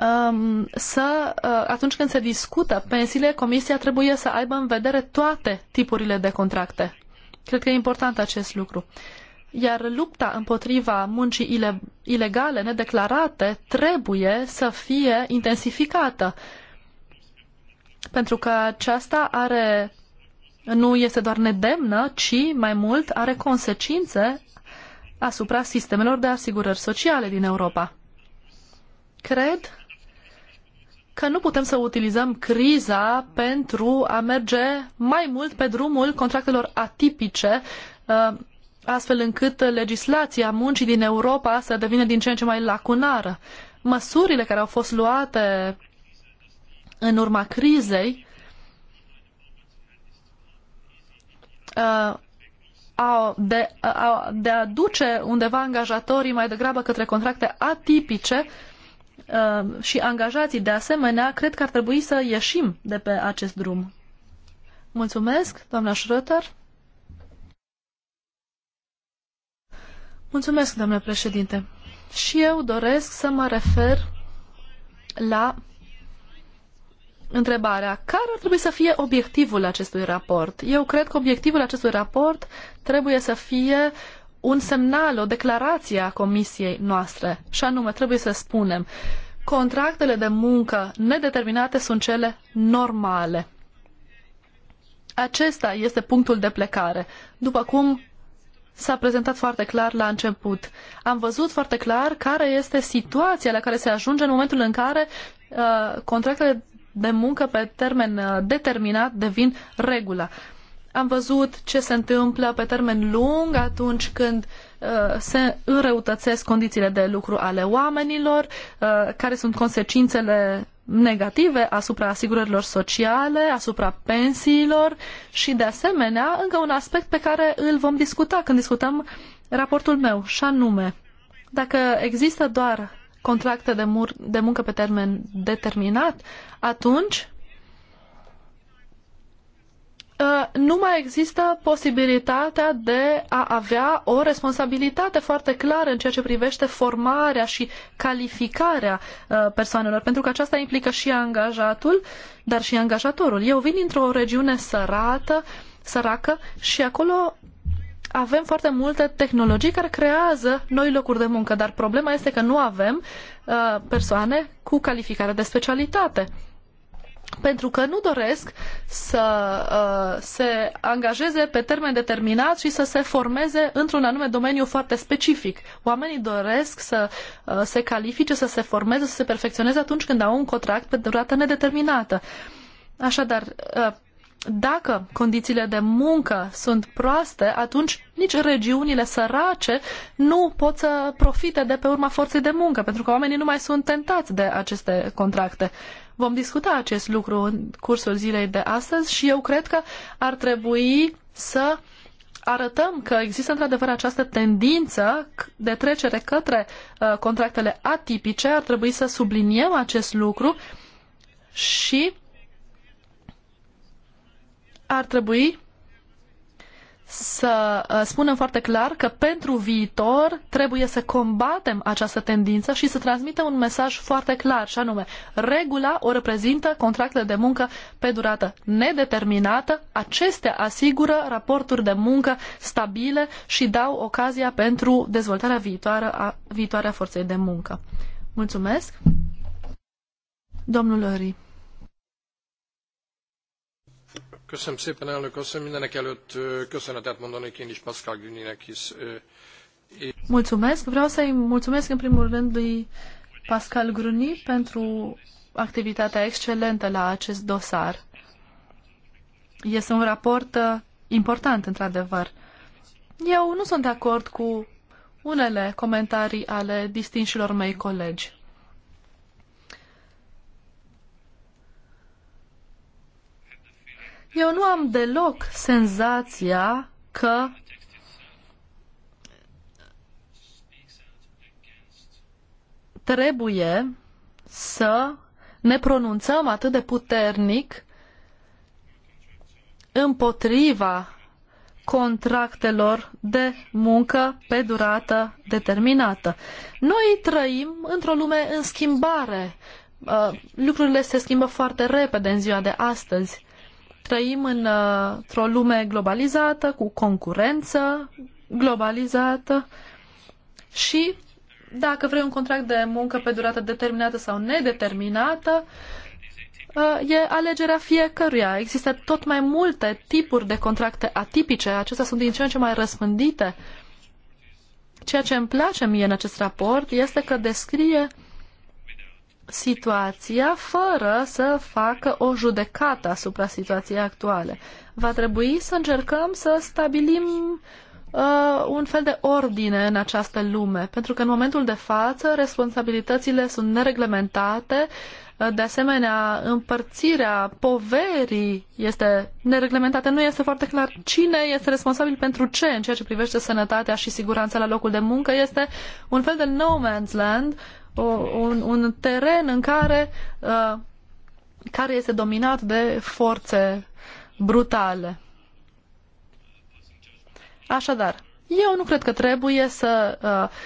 um, să, uh, atunci când se discută pensiile, Comisia trebuie să aibă în vedere toate tipurile de contracte. Cred că e important acest lucru. Uh, iar lupta împotriva muncii ile ilegale, nedeclarate, trebuie să fie intensificată. Pentru că aceasta are, nu este doar nedemnă, ci mai mult are consecințe asupra sistemelor de asigurări sociale din Europa. Cred că nu putem să utilizăm criza pentru a merge mai mult pe drumul contractelor atipice uh, astfel încât legislația muncii din Europa să devină din ce în ce mai lacunară. Măsurile care au fost luate în urma crizei uh, de, uh, de a duce undeva angajatorii mai degrabă către contracte atipice uh, și angajații de asemenea, cred că ar trebui să ieșim de pe acest drum. Mulțumesc, doamna Schröter. Mulțumesc, domnule președinte. Și eu doresc să mă refer la întrebarea care ar trebui să fie obiectivul acestui raport. Eu cred că obiectivul acestui raport trebuie să fie un semnal, o declarație a comisiei noastre. Și anume, trebuie să spunem, contractele de muncă nedeterminate sunt cele normale. Acesta este punctul de plecare. După cum s-a prezentat foarte clar la început. Am văzut foarte clar care este situația la care se ajunge în momentul în care uh, contractele de muncă pe termen uh, determinat devin regula. Am văzut ce se întâmplă pe termen lung atunci când uh, se înrăutățesc condițiile de lucru ale oamenilor, uh, care sunt consecințele negative asupra asigurărilor sociale, asupra pensiilor și, de asemenea, încă un aspect pe care îl vom discuta când discutăm raportul meu, și anume, dacă există doar contracte de, mur- de muncă pe termen determinat, atunci Uh, nu mai există posibilitatea de a avea o responsabilitate foarte clară în ceea ce privește formarea și calificarea uh, persoanelor, pentru că aceasta implică și angajatul, dar și angajatorul. Eu vin dintr-o regiune sărată, săracă și acolo avem foarte multe tehnologii care creează noi locuri de muncă, dar problema este că nu avem uh, persoane cu calificare de specialitate pentru că nu doresc să uh, se angajeze pe termen determinat și să se formeze într-un anume domeniu foarte specific. Oamenii doresc să uh, se califice, să se formeze, să se perfecționeze atunci când au un contract pe durată nedeterminată. Așadar, uh, dacă condițiile de muncă sunt proaste, atunci nici regiunile sărace nu pot să profite de pe urma forței de muncă, pentru că oamenii nu mai sunt tentați de aceste contracte. Vom discuta acest lucru în cursul zilei de astăzi și eu cred că ar trebui să arătăm că există într-adevăr această tendință de trecere către uh, contractele atipice, ar trebui să subliniem acest lucru și ar trebui să uh, spunem foarte clar că pentru viitor trebuie să combatem această tendință și să transmitem un mesaj foarte clar, și anume, regula o reprezintă contractele de muncă pe durată nedeterminată, acestea asigură raporturi de muncă stabile și dau ocazia pentru dezvoltarea viitoare a, viitoare a forței de muncă. Mulțumesc! Domnul Köszönöm szépen, elnök asszony. Mindenek előtt köszönetet mondanék én is Pascal Mulțumesc. Vreau să-i mulțumesc în primul rând lui Pascal Gruni pentru activitatea excelentă la acest dosar. Este un raport uh, important, într-adevăr. Eu nu sunt de acord cu unele comentarii ale distinșilor mei colegi. Eu nu am deloc senzația că trebuie să ne pronunțăm atât de puternic împotriva contractelor de muncă pe durată determinată. Noi trăim într-o lume în schimbare. Uh, lucrurile se schimbă foarte repede în ziua de astăzi Trăim într-o lume globalizată, cu concurență globalizată și dacă vrei un contract de muncă pe durată determinată sau nedeterminată, uh, e alegerea fiecăruia. Există tot mai multe tipuri de contracte atipice, acestea sunt din ce în ce mai răspândite. Ceea ce îmi place mie în acest raport este că descrie situația fără să facă o judecată asupra situației actuale. Va trebui să încercăm să stabilim uh, un fel de ordine în această lume, pentru că în momentul de față responsabilitățile sunt nereglementate, uh, de asemenea împărțirea poverii este nereglementată, nu este foarte clar cine este responsabil pentru ce în ceea ce privește sănătatea și siguranța la locul de muncă, este un fel de no man's land o, un, un teren în care, uh, care este dominat de forțe brutale. Așadar, eu nu cred că trebuie să uh,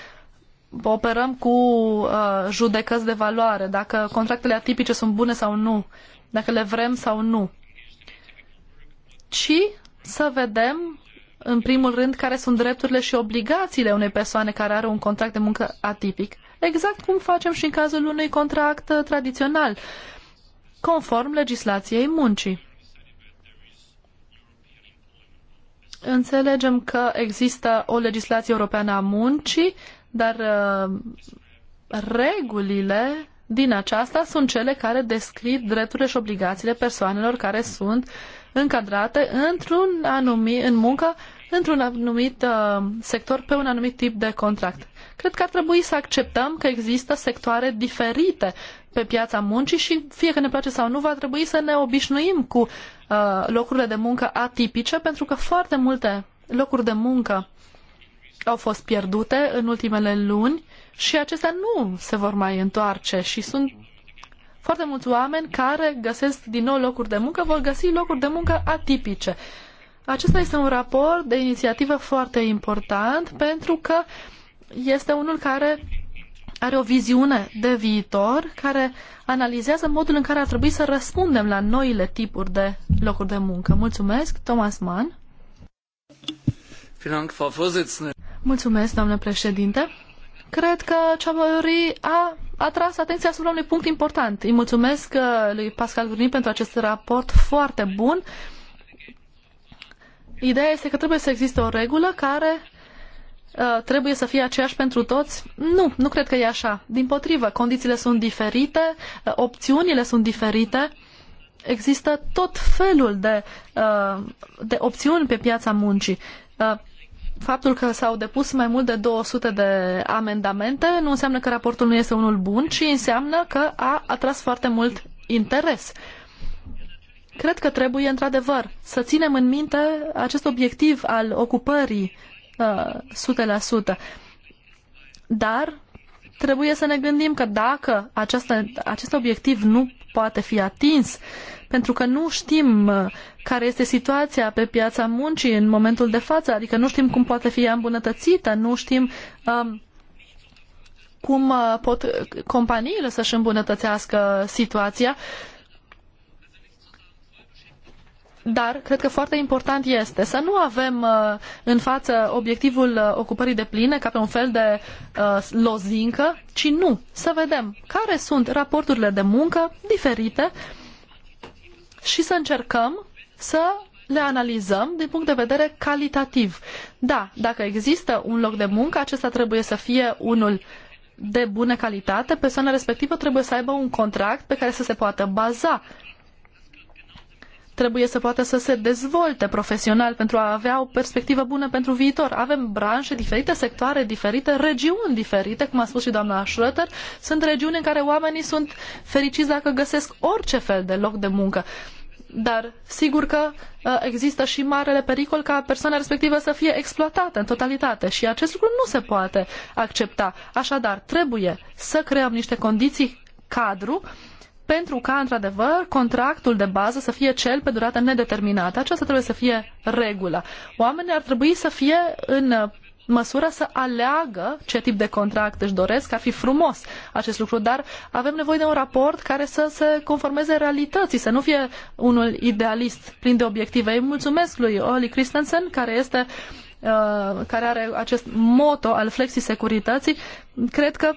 operăm cu uh, judecăți de valoare, dacă contractele atipice sunt bune sau nu, dacă le vrem sau nu, ci să vedem, în primul rând, care sunt drepturile și obligațiile unei persoane care are un contract de muncă atipic exact cum facem și în cazul unui contract uh, tradițional, conform legislației muncii. Înțelegem că există o legislație europeană a muncii, dar uh, regulile din aceasta sunt cele care descrie drepturile și obligațiile persoanelor care sunt încadrate într-un anumit, în muncă într-un anumit uh, sector pe un anumit tip de contract. Cred că ar trebui să acceptăm că există sectoare diferite pe piața muncii și fie că ne place sau nu, va trebui să ne obișnuim cu uh, locurile de muncă atipice, pentru că foarte multe locuri de muncă au fost pierdute în ultimele luni și acestea nu se vor mai întoarce și sunt foarte mulți oameni care găsesc din nou locuri de muncă, vor găsi locuri de muncă atipice. Acesta este un raport de inițiativă foarte important pentru că este unul care are o viziune de viitor care analizează modul în care ar trebui să răspundem la noile tipuri de locuri de muncă. Mulțumesc, Thomas Mann. Mulțumesc, doamnă președinte. Cred că Ciamări a atras atenția asupra unui punct important. Îi mulțumesc uh, lui Pascal Vrni pentru acest raport foarte bun. Ideea este că trebuie să existe o regulă care uh, trebuie să fie aceeași pentru toți? Nu, nu cred că e așa. Din potrivă, condițiile sunt diferite, uh, opțiunile sunt diferite, există tot felul de, uh, de opțiuni pe piața muncii. Uh, faptul că s-au depus mai mult de 200 de amendamente nu înseamnă că raportul nu este unul bun, ci înseamnă că a atras foarte mult interes. Uh, Cred că trebuie, într-adevăr, să ținem în minte acest obiectiv al ocupării uh, 100%. Dar trebuie să ne gândim că dacă această, acest obiectiv nu poate fi atins, pentru că nu știm uh, care este situația pe piața muncii în momentul de față, adică nu știm cum poate fi îmbunătățită, nu știm um, cum uh, pot companiile să-și îmbunătățească situația dar cred că foarte important este să nu avem uh, în față obiectivul uh, ocupării de pline ca pe un fel de uh, lozincă, ci nu, să vedem care sunt raporturile de muncă diferite și să încercăm să le analizăm din punct de vedere calitativ. Da, dacă există un loc de muncă, acesta trebuie să fie unul de bună calitate, persoana respectivă trebuie să aibă un contract pe care să se poată baza trebuie să poată să se dezvolte profesional pentru a avea o perspectivă bună pentru viitor. Avem branșe diferite, sectoare diferite, regiuni diferite, cum a spus și doamna Schröter. Sunt regiuni în care oamenii sunt fericiți dacă găsesc orice fel de loc de muncă. Dar sigur că uh, există și marele pericol ca persoana respectivă să fie exploatată în totalitate și acest lucru nu se poate accepta. Așadar, trebuie să creăm niște condiții cadru pentru ca, într-adevăr, contractul de bază să fie cel pe durată nedeterminată. Aceasta trebuie să fie regula. Oamenii ar trebui să fie în uh, măsură să aleagă ce tip de contract își doresc. Ar fi frumos acest lucru, dar avem nevoie de un raport care să se conformeze realității, să nu fie unul idealist, plin de obiective. Îi mulțumesc lui Oli Christensen, care este uh, care are acest moto al flexi-securității. cred că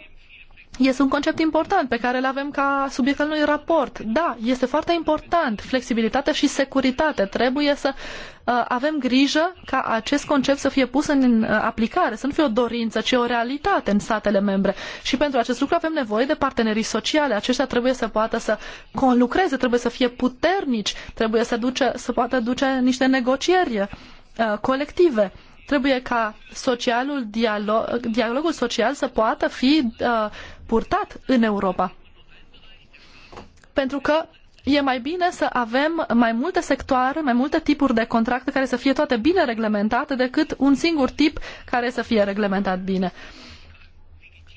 este un concept important pe care îl avem ca subiect al unui raport. Da, este foarte important flexibilitate și securitate. Trebuie să uh, avem grijă ca acest concept să fie pus în uh, aplicare, să nu fie o dorință, ci o realitate în statele membre. Și pentru acest lucru avem nevoie de partenerii sociale. Aceștia trebuie să poată să conlucreze, trebuie să fie puternici, trebuie să, duce, să poată duce niște negocieri uh, colective trebuie ca socialul, dialog, dialogul social să poată fi uh, purtat în Europa. Pentru că e mai bine să avem mai multe sectoare, mai multe tipuri de contracte care să fie toate bine reglementate decât un singur tip care să fie reglementat bine.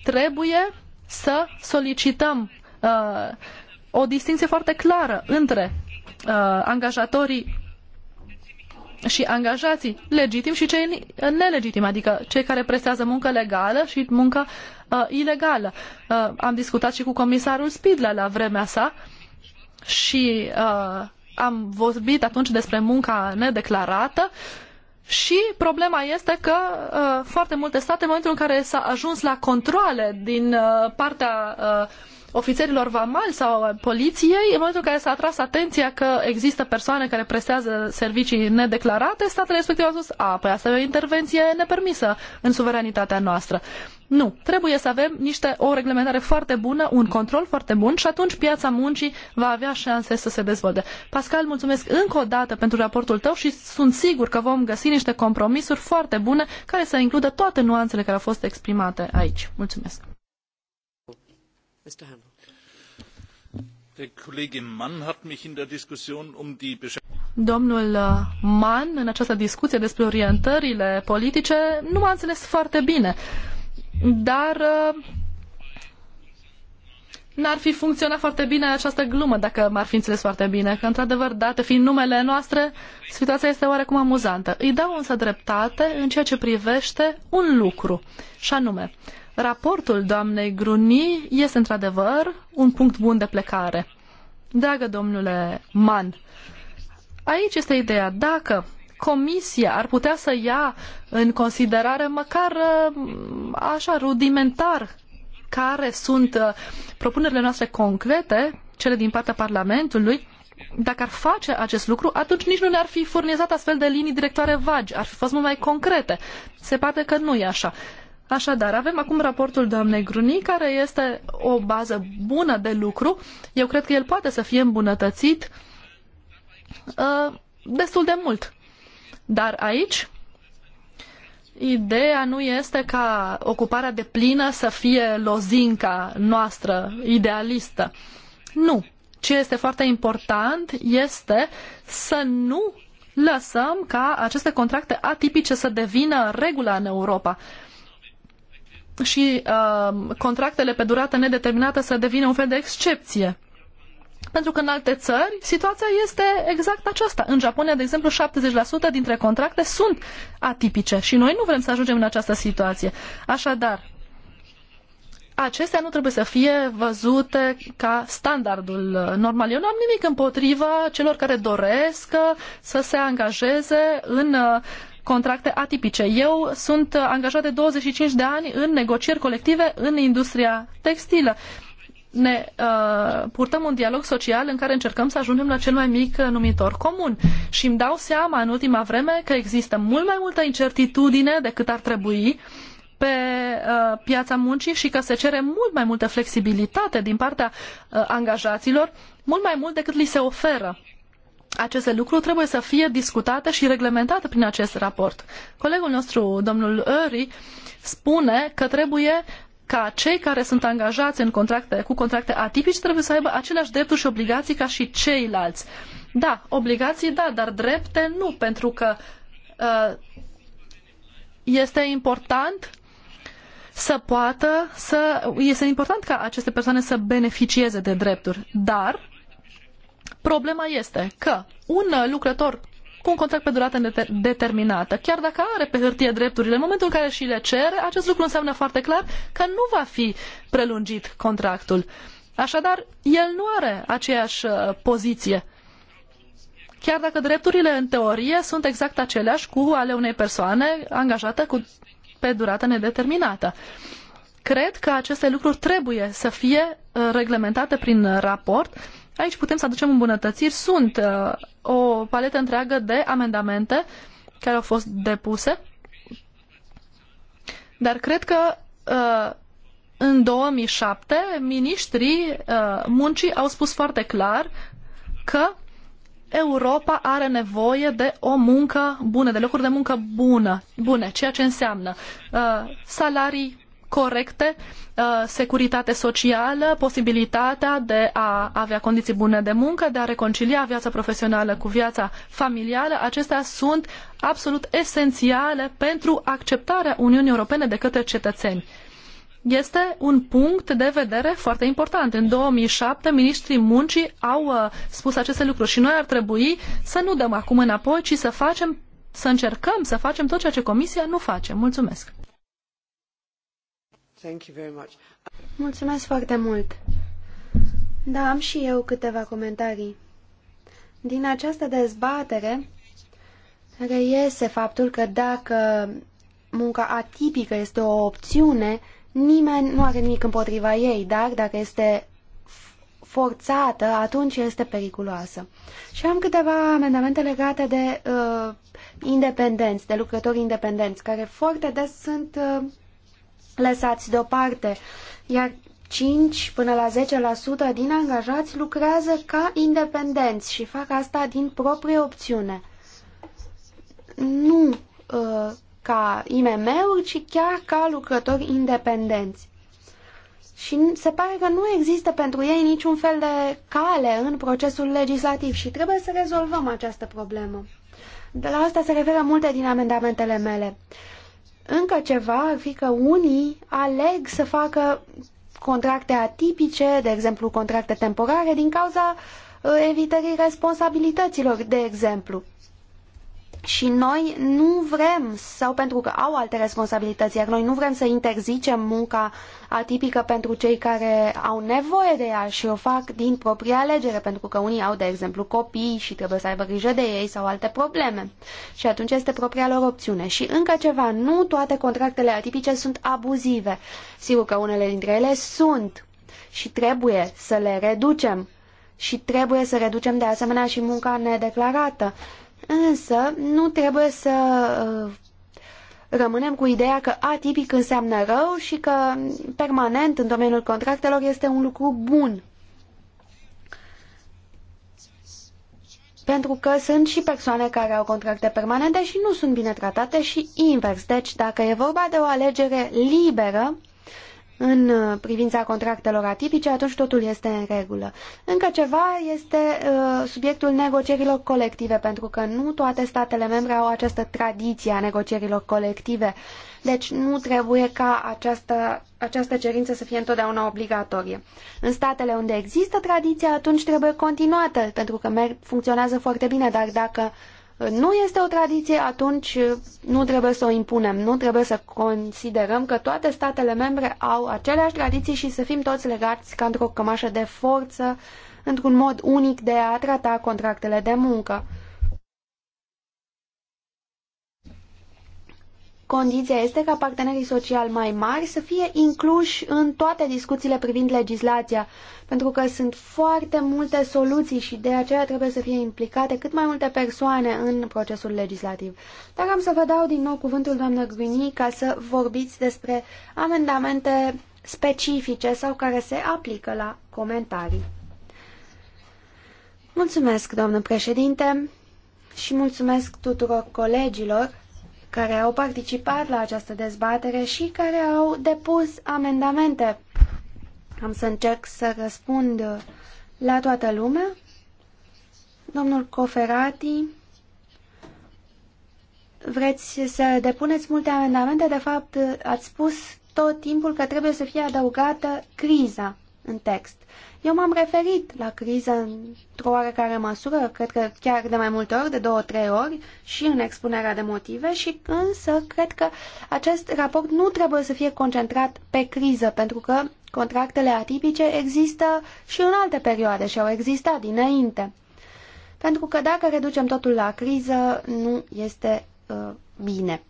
Trebuie să solicităm uh, o distinție foarte clară între uh, angajatorii și angajații legitimi și cei nelegitimi, adică cei care prestează muncă legală și muncă uh, ilegală. Uh, am discutat și cu comisarul Spidla la vremea sa și uh, am vorbit atunci despre munca nedeclarată și problema este că uh, foarte multe state, în momentul în care s-a ajuns la controle din uh, partea uh, ofițerilor vamali sau a poliției, în momentul în care s-a atras atenția că există persoane care prestează servicii nedeclarate, statele respective au spus, a, păi asta e o intervenție nepermisă în suveranitatea noastră. Nu, trebuie să avem niște, o reglementare foarte bună, un control foarte bun și atunci piața muncii va avea șanse să se dezvolte. Pascal, mulțumesc încă o dată pentru raportul tău și sunt sigur că vom găsi niște compromisuri foarte bune care să includă toate nuanțele care au fost exprimate aici. Mulțumesc! Mr. Mann um Domnul uh, Mann, în această discuție despre orientările politice, nu m-a înțeles foarte bine. Dar uh, n-ar fi funcționat foarte bine această glumă dacă m-ar fi înțeles foarte bine, că într-adevăr, date fiind numele noastre, situația este oarecum amuzantă. Îi dau însă dreptate în ceea ce privește un lucru, și anume, raportul doamnei Gruni este într-adevăr un punct bun de plecare. Dragă domnule Man, aici este ideea, dacă comisia ar putea să ia în considerare măcar așa rudimentar care sunt uh, propunerile noastre concrete, cele din partea Parlamentului, dacă ar face acest lucru, atunci nici nu ne-ar fi furnizat astfel de linii directoare vagi, ar fi fost mult mai concrete. Se pare că nu e așa. Așadar, avem acum raportul doamnei Gruni, care este o bază bună de lucru. Eu cred că el poate să fie îmbunătățit uh, destul de mult. Dar aici Ideea nu este ca ocuparea de plină să fie lozinca noastră idealistă. Nu. Ce este foarte important este să nu lăsăm ca aceste contracte atipice să devină regula în Europa și uh, contractele pe durată nedeterminată să devină un fel de excepție. Pentru că în alte țări situația este exact aceasta. În Japonia, de exemplu, 70% dintre contracte sunt atipice și noi nu vrem să ajungem în această situație. Așadar, acestea nu trebuie să fie văzute ca standardul normal. Eu nu am nimic împotriva celor care doresc să se angajeze în uh, contracte atipice. Eu sunt angajat de 25 de ani în negocieri colective în industria textilă ne uh, purtăm un dialog social în care încercăm să ajungem la cel mai mic uh, numitor comun. Și îmi dau seama în ultima vreme că există mult mai multă incertitudine decât ar trebui pe uh, piața muncii și că se cere mult mai multă flexibilitate din partea uh, angajaților, mult mai mult decât li se oferă. Aceste lucruri trebuie să fie discutate și reglementate prin acest raport. Colegul nostru, domnul Öri, spune că trebuie ca cei care sunt angajați în contracte, cu contracte atipice trebuie să aibă aceleași drepturi și obligații ca și ceilalți. Da, obligații da, dar drepte nu, pentru că uh, este important să poată să... Este important ca aceste persoane să beneficieze de drepturi, dar problema este că un lucrător cu un contract pe durată determinată. Chiar dacă are pe hârtie drepturile, în momentul în care și le cere, acest lucru înseamnă foarte clar că nu va fi prelungit contractul. Așadar, el nu are aceeași uh, poziție. Chiar dacă drepturile în teorie sunt exact aceleași cu ale unei persoane angajată cu, pe durată nedeterminată. Cred că aceste lucruri trebuie să fie uh, reglementate prin uh, raport Aici putem să aducem îmbunătățiri. Sunt uh, o paletă întreagă de amendamente care au fost depuse, dar cred că uh, în 2007 miniștrii uh, muncii au spus foarte clar că Europa are nevoie de o muncă bună, de locuri de muncă bună, bune, ceea ce înseamnă uh, salarii corecte, uh, securitate socială, posibilitatea de a avea condiții bune de muncă, de a reconcilia viața profesională cu viața familială, acestea sunt absolut esențiale pentru acceptarea Uniunii Europene de către cetățeni. Este un punct de vedere foarte important. În 2007, ministrii muncii au uh, spus aceste lucruri și noi ar trebui să nu dăm acum înapoi, ci să facem, să încercăm să facem tot ceea ce Comisia nu face. Mulțumesc! Mulțumesc foarte mult. Da, am și eu câteva comentarii. Din această dezbatere reiese faptul că dacă munca atipică este o opțiune, nimeni nu are nimic împotriva ei, dar dacă este forțată, atunci este periculoasă. Și am câteva amendamente legate de uh, independenți, de lucrători independenți, care foarte des sunt uh, lăsați deoparte, iar 5 până la 10% din angajați lucrează ca independenți și fac asta din proprie opțiune. Nu uh, ca IMM-uri, ci chiar ca lucrători independenți. Și se pare că nu există pentru ei niciun fel de cale în procesul legislativ și trebuie să rezolvăm această problemă. De la asta se referă multe din amendamentele mele. Uh, încă ceva ar fi că unii aleg să facă contracte atipice, de exemplu contracte temporare, din cauza uh, evitării responsabilităților, de exemplu. Și noi nu vrem, sau pentru că au alte responsabilități, iar noi nu vrem să interzicem munca atipică pentru cei care au nevoie de ea și o fac din propria alegere, pentru că unii au, de exemplu, copii și trebuie să aibă grijă de ei sau alte probleme. Și atunci este propria lor opțiune. Și încă ceva, nu toate contractele atipice sunt abuzive. Sigur că unele dintre ele sunt și trebuie să le reducem. Și trebuie să reducem de asemenea și munca nedeclarată Însă, nu trebuie să uh, rămânem cu ideea că atipic înseamnă rău și că permanent în domeniul contractelor este un lucru bun. Pentru că sunt și persoane care au contracte permanente și nu sunt bine tratate și invers. Deci, dacă e vorba de o alegere liberă, în uh, privința contractelor atipice, atunci totul este în regulă. Încă ceva este uh, subiectul negocierilor colective, pentru că nu toate statele membre au această tradiție a negocierilor colective. Deci nu trebuie ca această, această cerință să fie întotdeauna obligatorie. În statele unde există tradiția, atunci trebuie continuată, pentru că funcționează foarte bine, dar dacă uh, nu este o tradiție, atunci uh, nu trebuie să o impunem, nu trebuie să considerăm că toate statele membre au aceleași tradiții și să fim toți legați ca într-o cămașă de forță, într-un mod unic de a trata contractele de muncă. Condiția este ca partenerii sociali mai mari să fie incluși în toate discuțiile privind legislația, pentru că sunt foarte multe soluții și de aceea trebuie să fie implicate cât mai multe persoane în procesul legislativ. Dar am să vă dau din nou cuvântul doamnă Gruni ca să vorbiți despre amendamente specifice sau care se aplică la comentarii. Mulțumesc, doamnă președinte, și mulțumesc tuturor colegilor care au participat la această dezbatere și care au depus amendamente. Am să încerc să răspund la toată lumea. Domnul Coferati, vreți să depuneți multe amendamente? De fapt, ați spus tot timpul că trebuie să fie adăugată criza în text. Eu m-am referit la criză într-o oarecare măsură, cred că chiar de mai multe ori, de două, trei ori, și în expunerea de motive, și însă cred că acest raport nu trebuie să fie concentrat pe criză, pentru că contractele atipice există și în alte perioade și au existat dinainte. Pentru că dacă reducem totul la criză, nu este uh, bine.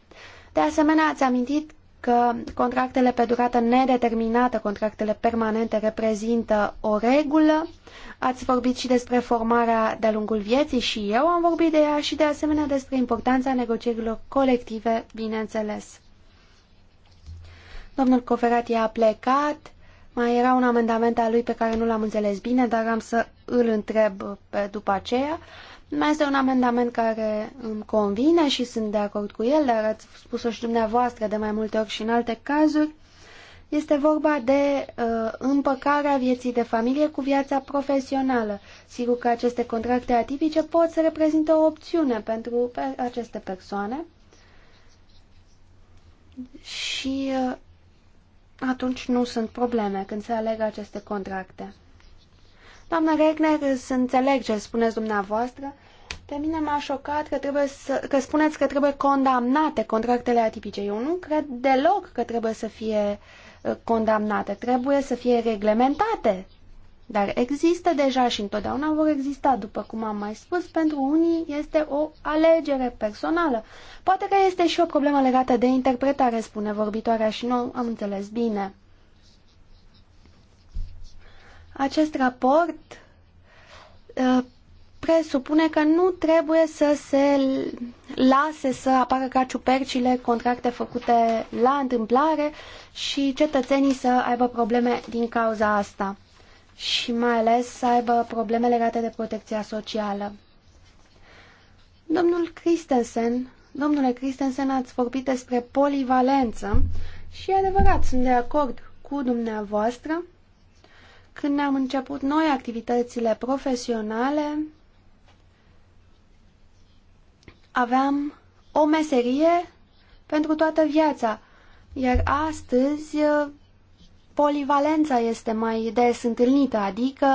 De asemenea, ați amintit că contractele pe durată nedeterminată, contractele permanente reprezintă o regulă. Ați vorbit și despre formarea de-a lungul vieții și eu am vorbit de ea și de asemenea despre importanța negocierilor colective, bineînțeles. Domnul Coferati a plecat, mai era un amendament al lui pe care nu l-am înțeles bine, dar am să îl întreb pe după aceea. Uh, mai este un amendament care îmi convine și sunt de acord cu el, dar ați spus-o și dumneavoastră de mai multe ori și în alte cazuri. Este vorba de uh, împăcarea vieții de familie cu viața profesională. Sigur că aceste contracte atipice pot să reprezintă o opțiune pentru pe aceste persoane. Și uh, atunci nu sunt probleme când se aleg aceste contracte. Doamna Regner, să înțeleg ce spuneți dumneavoastră. Pe mine m-a șocat că, trebuie să, că spuneți că trebuie condamnate contractele atipice. Eu nu cred deloc că trebuie să fie uh, condamnate. Trebuie să fie reglementate. Dar există deja și întotdeauna vor exista, după cum am mai spus, pentru unii este o alegere personală. Poate că este și o problemă legată de interpretare, spune vorbitoarea și nu am înțeles bine. Acest raport uh, presupune că nu trebuie să se lase să apară ca ciupercile contracte făcute la întâmplare și cetățenii să aibă probleme din cauza asta și mai ales să aibă probleme legate de protecția socială. Domnul Christensen, domnule Christensen, ați vorbit despre polivalență și e adevărat, sunt de acord cu dumneavoastră când ne-am început noi activitățile profesionale, aveam o meserie pentru toată viața, iar astăzi uh, polivalența este mai des întâlnită, adică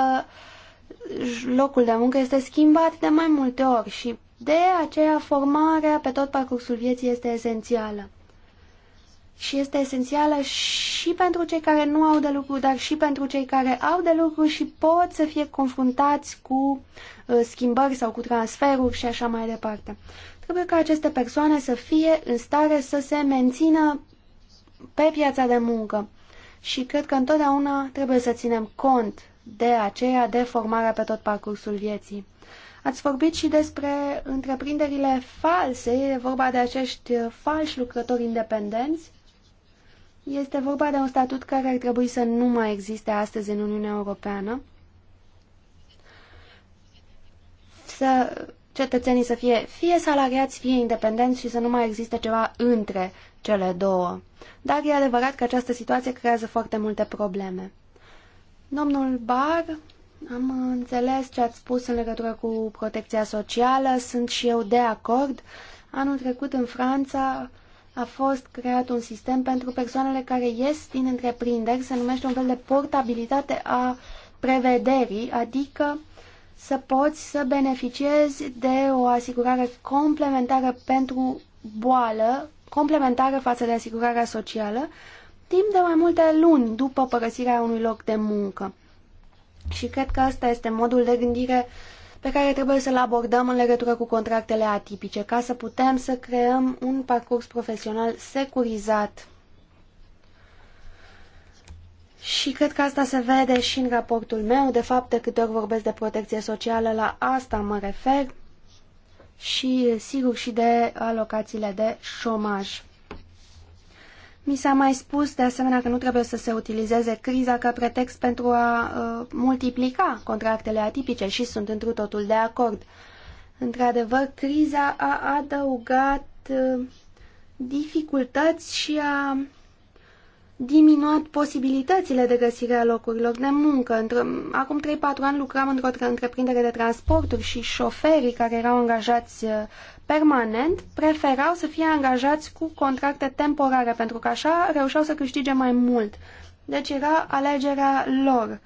uh, locul de muncă este schimbat de mai multe ori și de aceea formarea pe tot parcursul vieții este esențială și este esențială și pentru cei care nu au de lucru, dar și pentru cei care au de lucru și pot să fie confruntați cu uh, schimbări sau cu transferuri și așa mai departe. Trebuie ca aceste persoane să fie în stare să se mențină pe piața de muncă și cred că întotdeauna trebuie să ținem cont de aceea de formarea pe tot parcursul vieții. Ați vorbit și despre întreprinderile false, e vorba de acești uh, falși lucrători independenți este vorba de un statut care ar trebui să nu mai existe astăzi în Uniunea Europeană. Să cetățenii să fie fie salariați, fie independenți și să nu mai existe ceva între cele două. Dar e adevărat că această situație creează foarte multe probleme. Domnul Bar, am înțeles ce ați spus în legătură cu protecția socială, sunt și eu de acord. Anul trecut în Franța a fost creat un sistem pentru persoanele care ies din întreprinderi, se numește un fel de portabilitate a prevederii, adică să poți să beneficiezi de o asigurare complementară pentru boală, complementară față de asigurarea socială, timp de mai multe luni după părăsirea unui loc de muncă. Și cred că asta este modul de gândire uh, pe care trebuie să-l abordăm în legătură cu contractele atipice, ca să putem să creăm un parcurs profesional securizat. Și cred că asta se vede și în raportul meu. De fapt, de câte ori vorbesc de protecție socială, la asta mă refer și, sigur, și de alocațiile de șomaj. Mi s-a mai spus de asemenea că nu trebuie să se utilizeze criza ca pretext pentru a uh, multiplica contractele atipice și sunt întru totul de acord. Într-adevăr, criza a adăugat uh, dificultăți și a diminuat posibilitățile de găsire a locurilor de muncă. Într-adevăr, Acum 3-4 ani lucram într-o întreprindere de transporturi și șoferii care erau angajați uh, permanent preferau să fie angajați cu contracte temporare, pentru că așa reușeau să câștige mai mult. Deci era alegerea lor.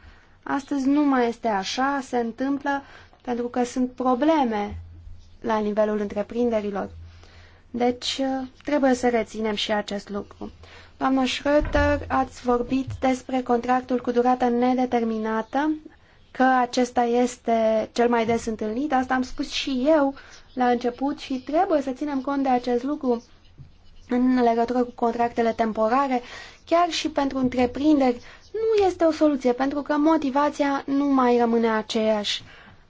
Astăzi nu mai este așa, se întâmplă pentru că sunt probleme la nivelul întreprinderilor. Deci trebuie să reținem și acest lucru. Doamna Schröter, ați vorbit despre contractul cu durată nedeterminată, că acesta este cel mai des întâlnit, asta am spus și eu la început și trebuie să ținem cont de acest lucru în legătură cu contractele temporare, chiar și pentru întreprinderi, nu este o soluție, pentru că motivația nu mai rămâne aceeași.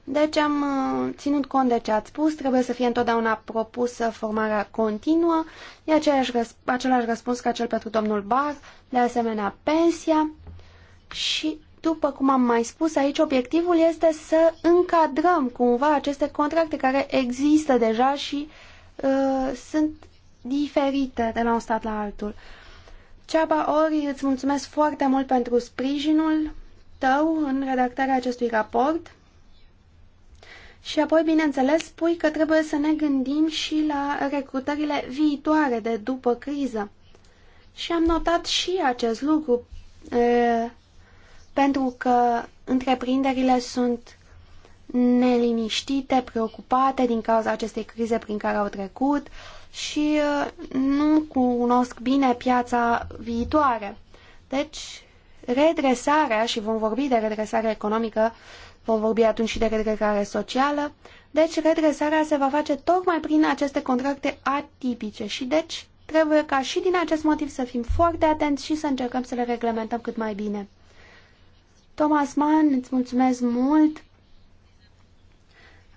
Deci am uh, ținut cont de ce ați spus, trebuie să fie întotdeauna propusă formarea continuă, e aceeași, același răspuns ca cel pentru domnul Bar, de asemenea pensia și după cum am mai spus aici, obiectivul este să încadrăm cumva aceste contracte care există deja și uh, sunt diferite de la un stat la altul. Ceaba Ori, îți mulțumesc foarte mult pentru sprijinul tău în redactarea acestui raport. Și apoi, bineînțeles, spui că trebuie să ne gândim și la recrutările viitoare de după criză. Și am notat și acest lucru pentru că întreprinderile sunt neliniștite, preocupate din cauza acestei crize prin care au trecut și uh, nu cunosc bine piața viitoare. Deci, redresarea, și vom vorbi de redresare economică, vom vorbi atunci și de redresare socială, deci redresarea se va face tocmai prin aceste contracte atipice și deci trebuie ca și din acest motiv să fim foarte atenți și să încercăm să le reglementăm cât mai bine. Thomas Mann, îți mulțumesc mult!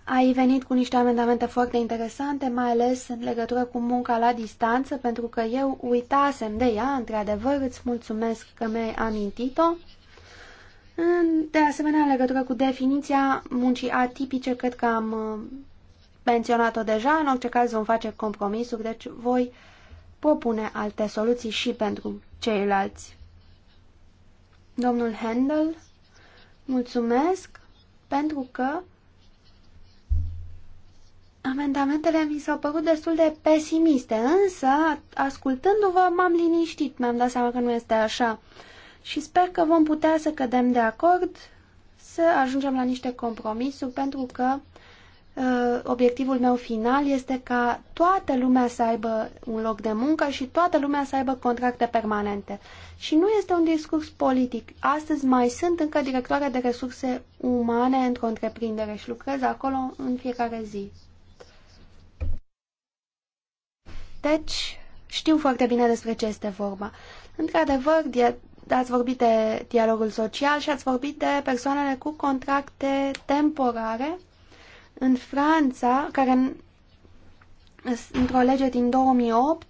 Ai venit cu niște amendamente foarte interesante, mai ales în legătură cu munca la distanță, pentru că eu uitasem de ea, într-adevăr, îți mulțumesc că mi-ai amintit-o. De asemenea, în legătură cu definiția muncii atipice, cred că am uh, menționat-o deja, în orice caz vom face compromisuri, deci voi propune alte soluții și pentru ceilalți. Domnul Handel mulțumesc pentru că amendamentele mi s-au părut destul de pesimiste, însă, ascultându-vă, m-am liniștit, mi-am dat seama că nu este așa. Și sper că vom putea să cădem de acord, să ajungem la niște compromisuri, pentru că Uh, obiectivul meu final este ca toată lumea să aibă un loc de muncă și toată lumea să aibă contracte permanente. Și nu este un discurs politic. Astăzi mai sunt încă directoare de resurse umane într-o întreprindere și lucrez acolo în fiecare zi. Deci, știu foarte bine despre ce este vorba. Într-adevăr, ați vorbit de dialogul social și ați vorbit de persoanele cu contracte temporare în Franța, care într-o lege din 2008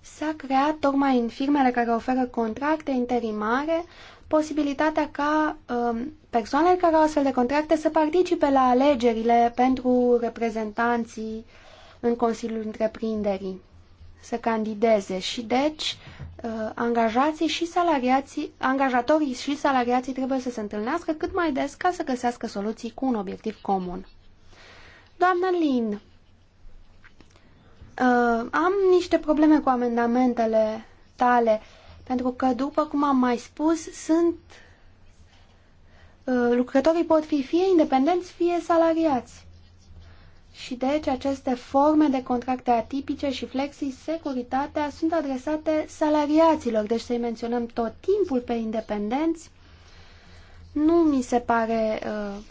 s-a creat tocmai în firmele care oferă contracte interimare posibilitatea ca um, persoanele care au astfel de contracte să participe la alegerile pentru reprezentanții în Consiliul Întreprinderii, să candideze și deci uh, angajații și salariații, angajatorii și salariații trebuie să se întâlnească cât mai des ca să găsească soluții cu un obiectiv comun. Doamna Lin, uh, am niște probleme cu amendamentele tale, pentru că, după cum am mai spus, sunt uh, lucrătorii pot fi fie independenți, fie salariați. Și deci aceste forme de contracte atipice și flexi-securitatea sunt adresate salariaților, deci să-i menționăm tot timpul pe independenți, nu mi se pare uh,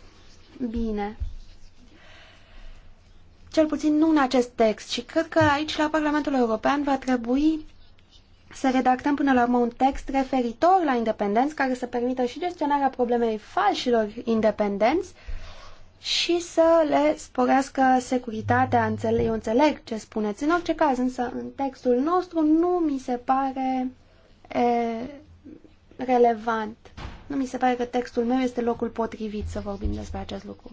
bine cel puțin nu în acest text și cred că aici la Parlamentul European va trebui să redactăm până la urmă un text referitor la independenți care să permită și gestionarea problemei falșilor independenți și să le sporească securitatea. eu înțeleg ce spuneți. În orice caz, însă, în textul nostru nu mi se pare e, relevant. Nu mi se pare că textul meu este locul potrivit să vorbim despre acest lucru.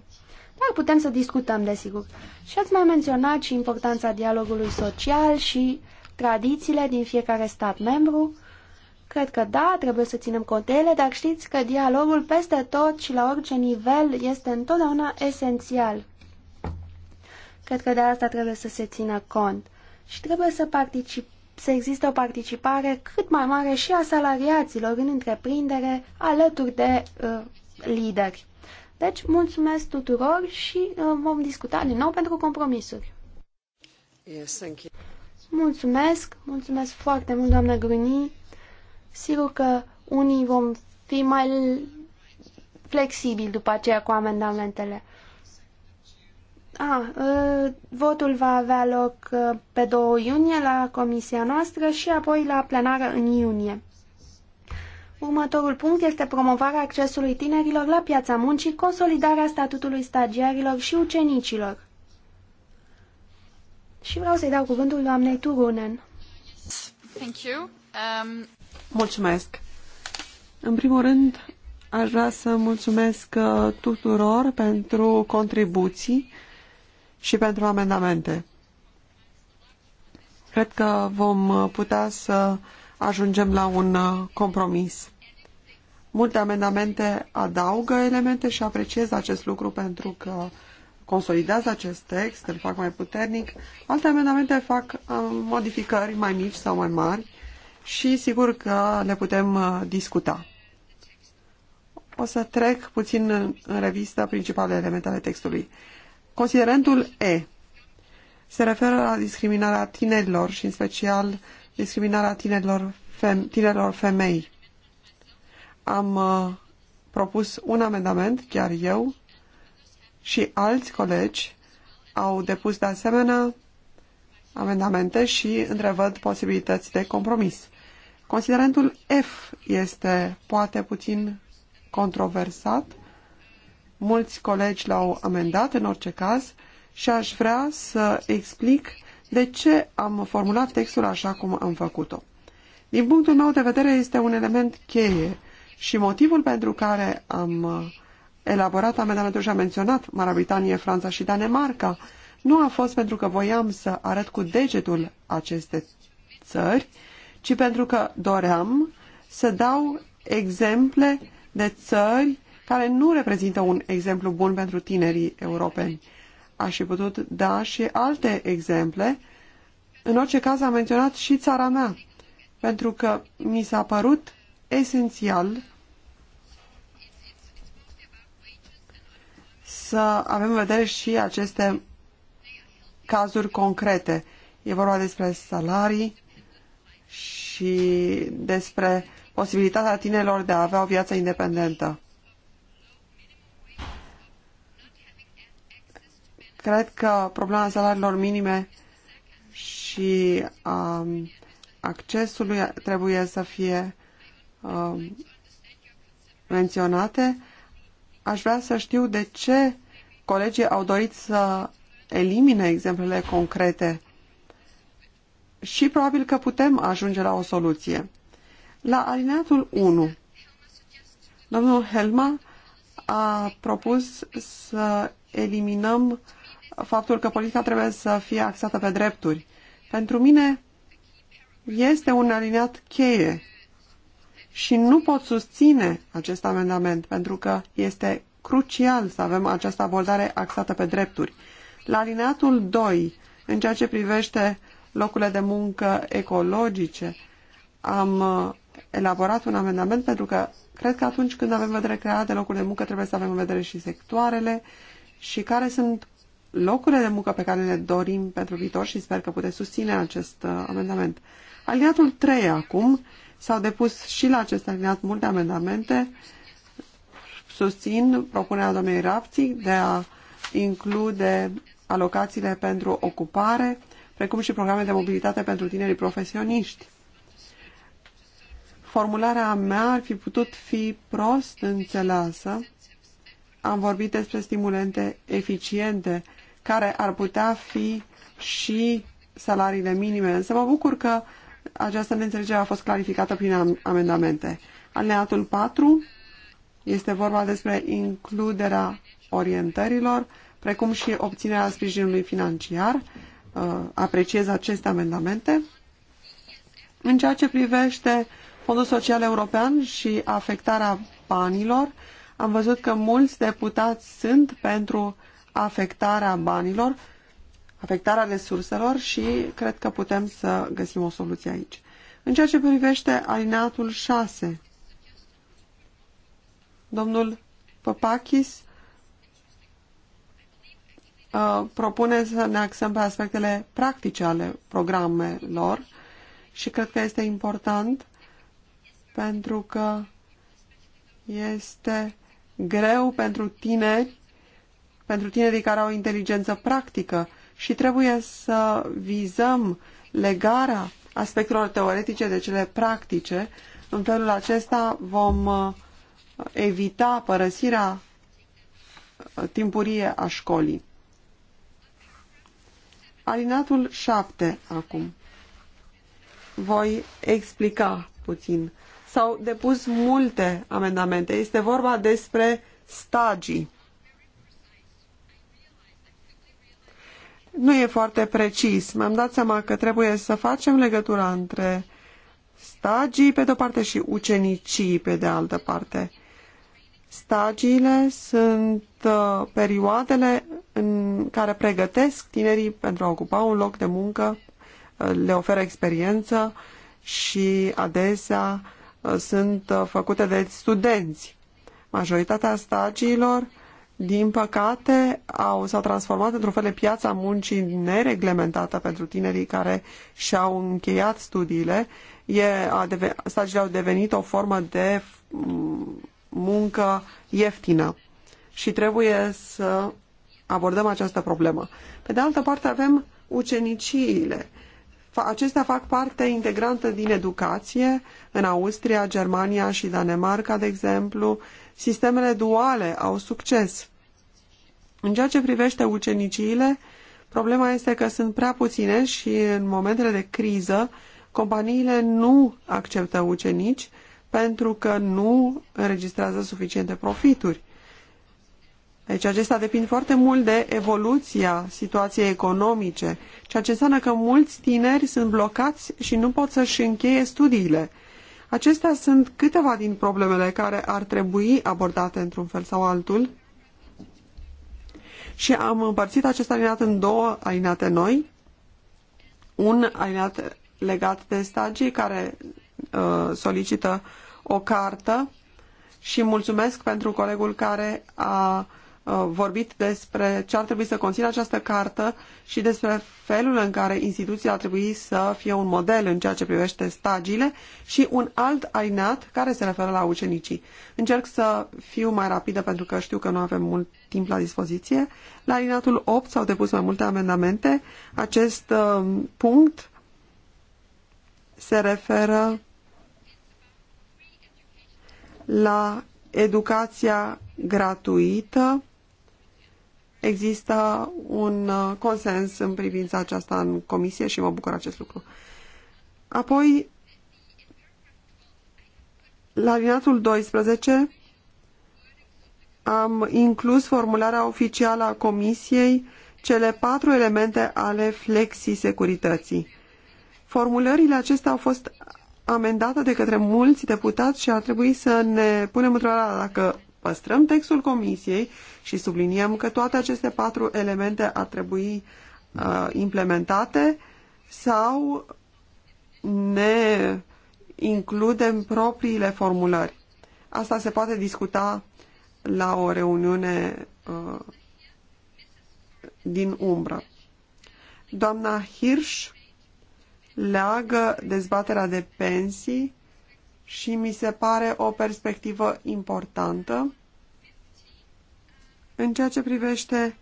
Dar putem să discutăm, desigur. Și ați mai menționat și importanța dialogului social și tradițiile din fiecare stat membru. Cred că da, trebuie să ținem cont de ele, dar știți că dialogul peste tot și la orice nivel este întotdeauna esențial. Cred că de asta trebuie să se țină cont. Și trebuie să, particip, să existe o participare cât mai mare și a salariaților în întreprindere alături de uh, lideri. Deci, mulțumesc tuturor și uh, vom discuta din nou pentru compromisuri. Yes, thank you. Mulțumesc, mulțumesc foarte mult, doamna Gruni. Sigur că unii vom fi mai flexibili după aceea cu amendamentele. A, uh, votul va avea loc uh, pe 2 iunie la comisia noastră și apoi la plenară în iunie. Următorul punct este promovarea accesului tinerilor la piața muncii, consolidarea statutului stagiarilor și ucenicilor. Și vreau să-i dau cuvântul doamnei Turunen. Thank you. Um... Mulțumesc. În primul rând, aș vrea să mulțumesc uh, tuturor pentru contribuții și pentru amendamente. Cred că vom uh, putea să uh, ajungem la un uh, compromis. Multe amendamente adaugă elemente și apreciez acest lucru pentru că consolidează acest text, îl fac mai puternic. Alte amendamente fac uh, modificări mai mici sau mai mari și sigur că le putem uh, discuta. O să trec puțin în, revistă principalele elemente ale textului. Considerentul E se referă la discriminarea tinerilor și în special discriminarea tinerilor, fem tinerilor femei. Am uh, propus un amendament, chiar eu, și alți colegi au depus de asemenea amendamente și întrevăd posibilități de compromis. Considerentul F este poate puțin controversat. Mulți colegi l-au amendat în orice caz și aș vrea să explic de ce am formulat textul așa cum am făcut-o. Din punctul meu de vedere, este un element cheie și motivul pentru care am uh, elaborat amendamentul și am menționat Marea Britanie, Franța și Danemarca nu a fost pentru că voiam să arăt cu degetul aceste țări, ci pentru că doream să dau exemple de țări care nu reprezintă un exemplu bun pentru tinerii europeni. Aș fi putut da și alte exemple. În orice caz am menționat și țara mea, pentru că mi s-a părut esențial să avem în vedere și aceste cazuri concrete. E vorba despre salarii și despre posibilitatea tinerilor de a avea o viață independentă. Cred că problema salariilor minime și um, accesului trebuie să fie um, menționate. Aș vrea să știu de ce colegii au dorit să elimine exemplele concrete și probabil că putem ajunge la o soluție. La alineatul 1, domnul Helma a propus să eliminăm uh, faptul că politica trebuie să fie axată pe drepturi. Pentru mine este un aliniat cheie și nu pot susține acest amendament pentru că este crucial să avem această abordare axată pe drepturi. La alineatul 2, în ceea ce privește locurile de muncă ecologice, am uh, elaborat un amendament pentru că cred că atunci când avem în vedere crearea locuri de muncă trebuie să avem în vedere și sectoarele și care sunt locurile de muncă pe care le dorim pentru viitor și sper că puteți susține acest uh, amendament. Aliatul 3 acum, s-au depus și la acest aliat multe amendamente, susțin propunerea domnului Rapții de a include alocațiile pentru ocupare, precum și programe de mobilitate pentru tinerii profesioniști. Formularea mea ar fi putut fi prost înțeleasă. Am vorbit despre stimulente eficiente care ar putea fi și salariile minime. Însă mă bucur că această neînțelegere a fost clarificată prin amendamente. Alineatul 4 este vorba despre includerea orientărilor, precum și obținerea sprijinului financiar. Uh, apreciez aceste amendamente. În ceea ce privește Fondul Social European și afectarea banilor, am văzut că mulți deputați sunt pentru afectarea banilor, afectarea resurselor și cred că putem să găsim o soluție aici. În ceea ce privește alineatul 6, domnul Păpachis uh, propune să ne axăm pe aspectele practice ale programelor și cred că este important pentru că este greu pentru tineri pentru tinerii care au inteligență practică și trebuie să vizăm legarea aspectelor teoretice de cele practice. În felul acesta vom uh, evita părăsirea uh, timpurie a școlii. Alinatul 7 acum. Voi explica puțin. S-au depus multe amendamente. Este vorba despre stagii. nu e foarte precis. Mi-am dat seama că trebuie să facem legătura între stagii pe de-o parte și ucenicii pe de altă parte. Stagiile sunt uh, perioadele în care pregătesc tinerii pentru a ocupa un loc de muncă, uh, le oferă experiență și adesea uh, sunt făcute de studenți. Majoritatea stagiilor uh, din păcate, au, s-a transformat într-un fel de piața muncii nereglementată pentru tinerii care și-au încheiat studiile. E, a deve, stagiile au devenit o formă de mm, muncă ieftină și trebuie să abordăm această problemă. Pe de altă parte, avem uceniciile. Acestea fac parte integrantă din educație în Austria, Germania și Danemarca, de exemplu, uh, Sistemele duale au succes. În ceea ce privește uceniciile, problema este că sunt prea puține și în momentele de criză companiile nu acceptă ucenici pentru că nu înregistrează suficiente profituri. Deci acesta depinde foarte mult de evoluția situației economice, ceea ce înseamnă că mulți tineri sunt blocați și nu pot să-și încheie studiile. Acestea sunt câteva din problemele care ar trebui abordate într-un fel sau altul. Și am împărțit acest alinat în două alinate noi. Un alinat legat de stagii care uh, solicită o cartă și mulțumesc pentru colegul care a uh, Uh, vorbit despre ce ar trebui să conțină această carte și despre felul în care instituția ar trebui să fie un model în ceea ce privește stagiile și un alt alineat care se referă la ucenicii. Încerc să fiu mai rapidă pentru că știu că nu avem mult timp la dispoziție. La alineatul 8 s-au depus mai multe amendamente. Acest uh, punct se referă la educația gratuită există un uh, consens în privința aceasta în comisie și mă bucur acest lucru. Apoi, la alineatul 12 am inclus formularea oficială a comisiei cele patru elemente ale flexi-securității. Formulările acestea au fost amendată de către mulți deputați și ar trebui să ne punem întrebarea dacă păstrăm textul comisiei și subliniem că toate aceste patru elemente ar trebui uh, implementate sau ne includem propriile formulări. Asta se poate discuta la o reuniune uh, din umbră. Doamna Hirsch leagă dezbaterea de pensii și mi se pare o perspectivă importantă. În ceea ce privește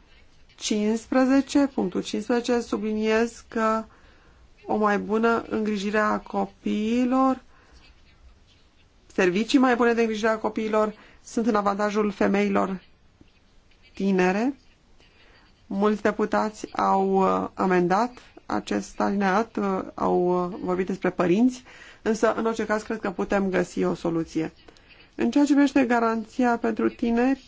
15, punctul 15, subliniez că o mai bună îngrijire a copiilor, servicii mai bune de îngrijire a copiilor sunt în avantajul femeilor tinere. Mulți deputați au uh, amendat acest alineat, uh, au uh, vorbit despre părinți însă în orice caz cred că putem găsi o soluție. În ceea ce privește garanția pentru tineri,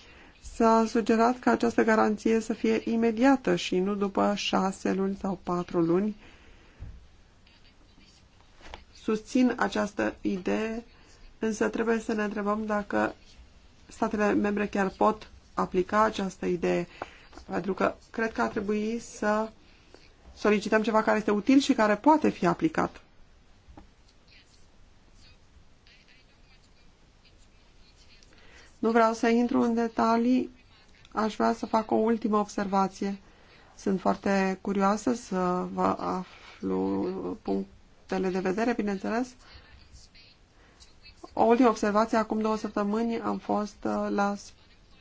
s-a sugerat ca această garanție să fie imediată și nu după șase luni sau patru luni. Susțin această idee, însă trebuie să ne întrebăm dacă statele membre chiar pot aplica această idee, pentru că cred că ar trebui să solicităm ceva care este util și care poate fi aplicat. Nu vreau să intru în detalii, aș vrea să fac o ultimă observație. Sunt foarte curioasă să vă aflu punctele de vedere, bineînțeles. O ultimă observație, acum două săptămâni am fost, uh, la,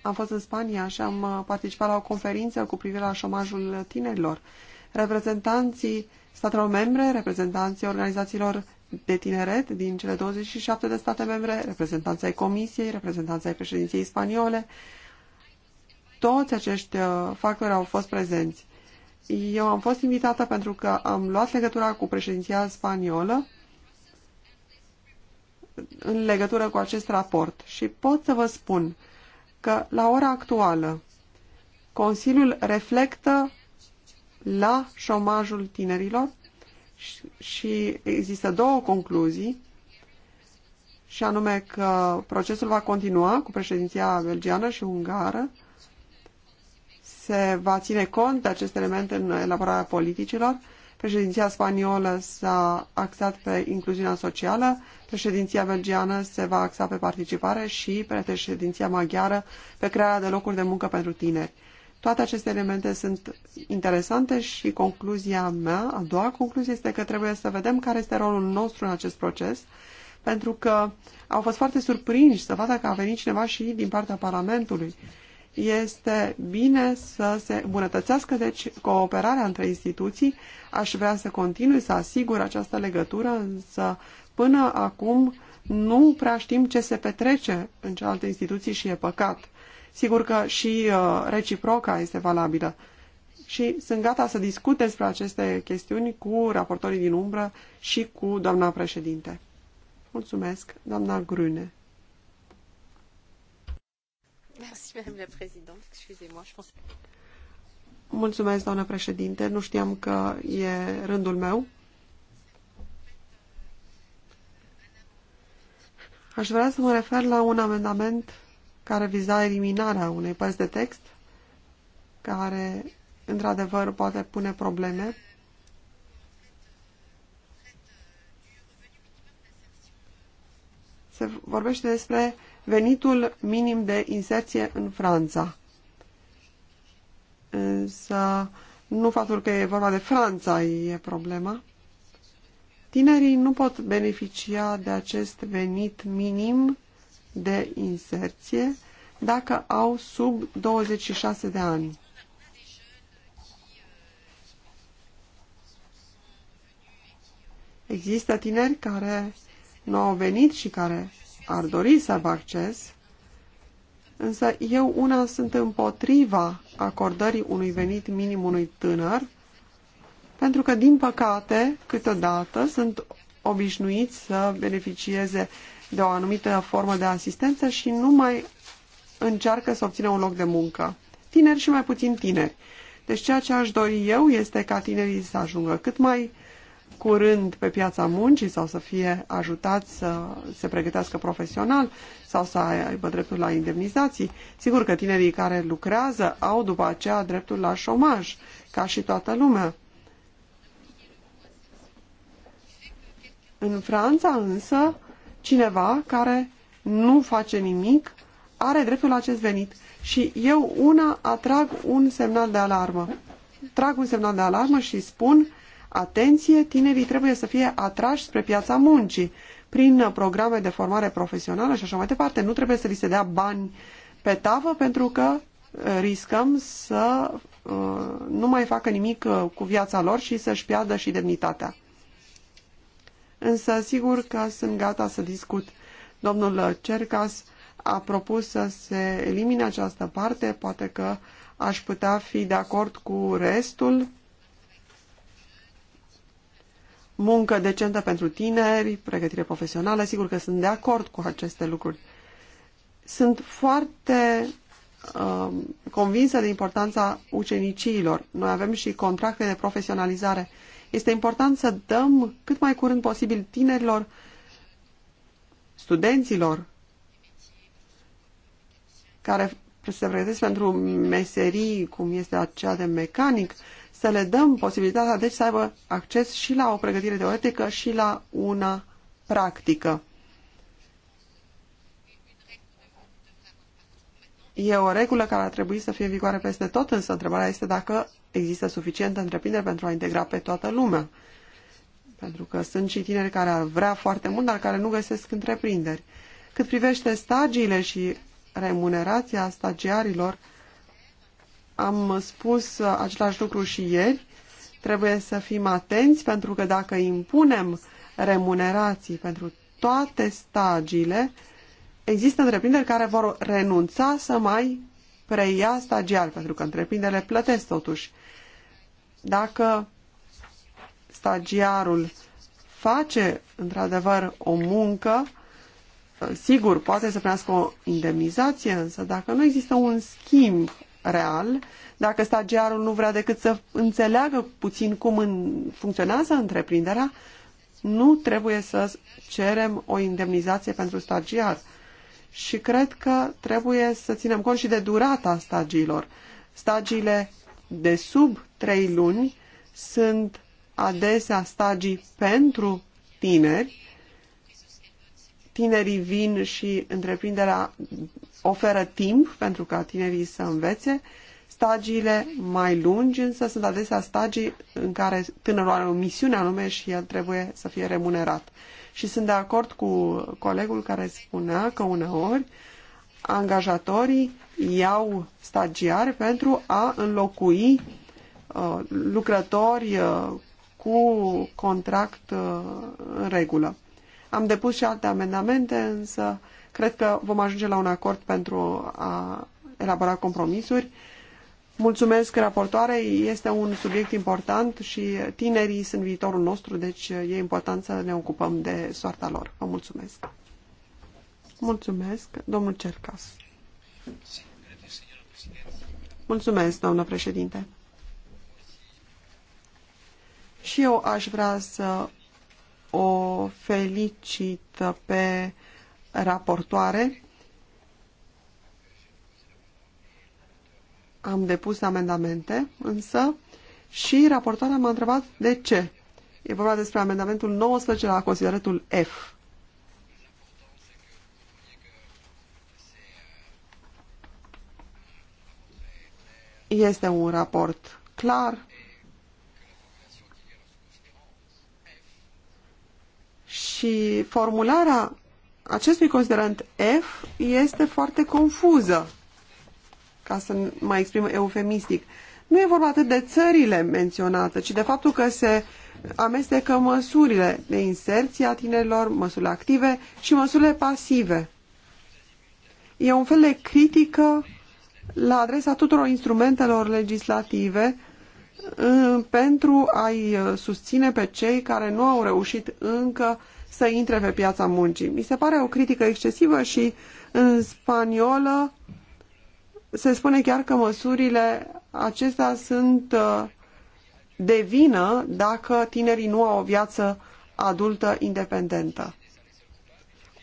am fost în Spania și am uh, participat la o conferință cu privire la șomajul tinerilor. Reprezentanții statelor membre, reprezentanții organizațiilor de tineret din cele 27 de state membre, reprezentanța ai Comisiei, reprezentanța ai președinției spaniole. Toți acești uh, factori au fost prezenți. Eu am fost invitată pentru că am luat legătura cu președinția spaniolă în legătură cu acest raport și pot să vă spun că la ora actuală Consiliul reflectă la șomajul tinerilor și există două concluzii și anume că procesul va continua cu președinția belgiană și ungară, se va ține cont de aceste elemente în elaborarea politicilor, președinția spaniolă s-a axat pe incluziunea socială, președinția belgiană se va axa pe participare și președinția maghiară pe crearea de locuri de muncă pentru tineri. Toate aceste elemente sunt interesante și concluzia mea, a doua concluzie, este că trebuie să vedem care este rolul nostru în acest proces, pentru că au fost foarte surprinși să vadă că a venit cineva și din partea Parlamentului. Este bine să se îmbunătățească, deci, cooperarea între instituții. Aș vrea să continui să asigur această legătură, însă până acum nu prea știm ce se petrece în celelalte instituții și e păcat. Sigur că și uh, reciproca este valabilă. Și sunt gata să discut despre aceste chestiuni cu raportorii din umbră și cu doamna președinte. Mulțumesc, doamna Grune. Mulțumesc, doamna președinte. Nu știam că e rândul meu. Aș vrea să mă refer la un amendament care viza eliminarea unei părți de text care, într-adevăr, poate pune probleme. Se vorbește despre venitul minim de inserție în Franța. Însă, nu faptul că e vorba de Franța e problema. Tinerii nu pot beneficia de acest venit minim de inserție dacă au sub 26 de ani. Există tineri care nu au venit și care ar dori să aibă acces, însă eu una sunt împotriva acordării unui venit minim unui tânăr, pentru că, din păcate, câteodată sunt obișnuiți să beneficieze de o anumită formă de asistență și nu mai încearcă să obțină un loc de muncă. Tineri și mai puțin tineri. Deci ceea ce aș dori eu este ca tinerii să ajungă cât mai curând pe piața muncii sau să fie ajutați să se pregătească profesional sau să aibă dreptul la indemnizații. Sigur că tinerii care lucrează au după aceea dreptul la șomaj, ca și toată lumea. În Franța însă cineva care nu face nimic are dreptul la acest venit. Și eu una atrag un semnal de alarmă. Trag un semnal de alarmă și spun, atenție, tinerii trebuie să fie atrași spre piața muncii prin programe de formare profesională și așa mai departe. Nu trebuie să li se dea bani pe tavă pentru că uh, riscăm să uh, nu mai facă nimic uh, cu viața lor și să-și piardă și demnitatea însă sigur că sunt gata să discut. Domnul Cercas a propus să se elimine această parte, poate că aș putea fi de acord cu restul. Muncă decentă pentru tineri, pregătire profesională, sigur că sunt de acord cu aceste lucruri. Sunt foarte uh, convinsă de importanța uceniciilor. Noi avem și contracte de profesionalizare. Uh, este important să dăm cât mai curând posibil tinerilor, studenților care se pregătesc pentru meserii, cum este aceea de mecanic, să le dăm posibilitatea, deci, să aibă acces și la o pregătire teoretică și la una practică. E o regulă care ar trebui să fie în vigoare peste tot, însă întrebarea este dacă există suficientă întreprindere pentru a integra pe toată lumea. Pentru că sunt și tineri care ar vrea foarte mult, dar care nu găsesc întreprinderi. Cât privește stagiile și remunerația stagiarilor, am spus același lucru și ieri. Trebuie să fim atenți pentru că dacă impunem remunerații pentru toate stagiile, există întreprinderi care vor renunța să mai preia stagiar, pentru că întreprinderile plătesc totuși. Dacă stagiarul face într-adevăr o muncă, sigur, poate să primească o indemnizație, însă dacă nu există un schimb real, dacă stagiarul nu vrea decât să înțeleagă puțin cum în, funcționează întreprinderea, nu trebuie să cerem o indemnizație pentru stagiar și cred că trebuie să ținem cont și de durata stagiilor. Stagiile de sub 3 luni sunt adesea stagii pentru tineri. Tinerii vin și întreprinderea oferă timp pentru ca tinerii să învețe. Stagiile mai lungi însă sunt adesea stagii în care tânărul are o misiune anume și el trebuie să fie remunerat. Și sunt de acord cu colegul care spunea că uneori angajatorii iau stagiari pentru a înlocui uh, lucrători uh, cu contract uh, în regulă. Am depus și alte amendamente, însă cred că vom ajunge la un acord pentru a elabora compromisuri. Mulțumesc raportoarei, este un subiect important și tinerii sunt viitorul nostru, deci e important să ne ocupăm de soarta lor. Vă mulțumesc. Mulțumesc, domnul Cercas. Mulțumesc, doamnă președinte. Și eu aș vrea să o felicit pe raportoare. am depus amendamente, însă și raportoarea m-a întrebat de ce. E vorba despre amendamentul 19 la consideratul F. Este un raport clar și formularea acestui considerant F este foarte confuză ca să mai exprim eufemistic. Nu e vorba atât de țările menționate, ci de faptul că se amestecă măsurile de inserție a tinerilor, măsurile active și măsurile pasive. E un fel de critică la adresa tuturor instrumentelor legislative uh, pentru a-i uh, susține pe cei care nu au reușit încă să intre pe piața muncii. Mi se pare o critică excesivă și în spaniolă se spune chiar că măsurile acestea sunt uh, de vină dacă tinerii nu au o viață adultă independentă.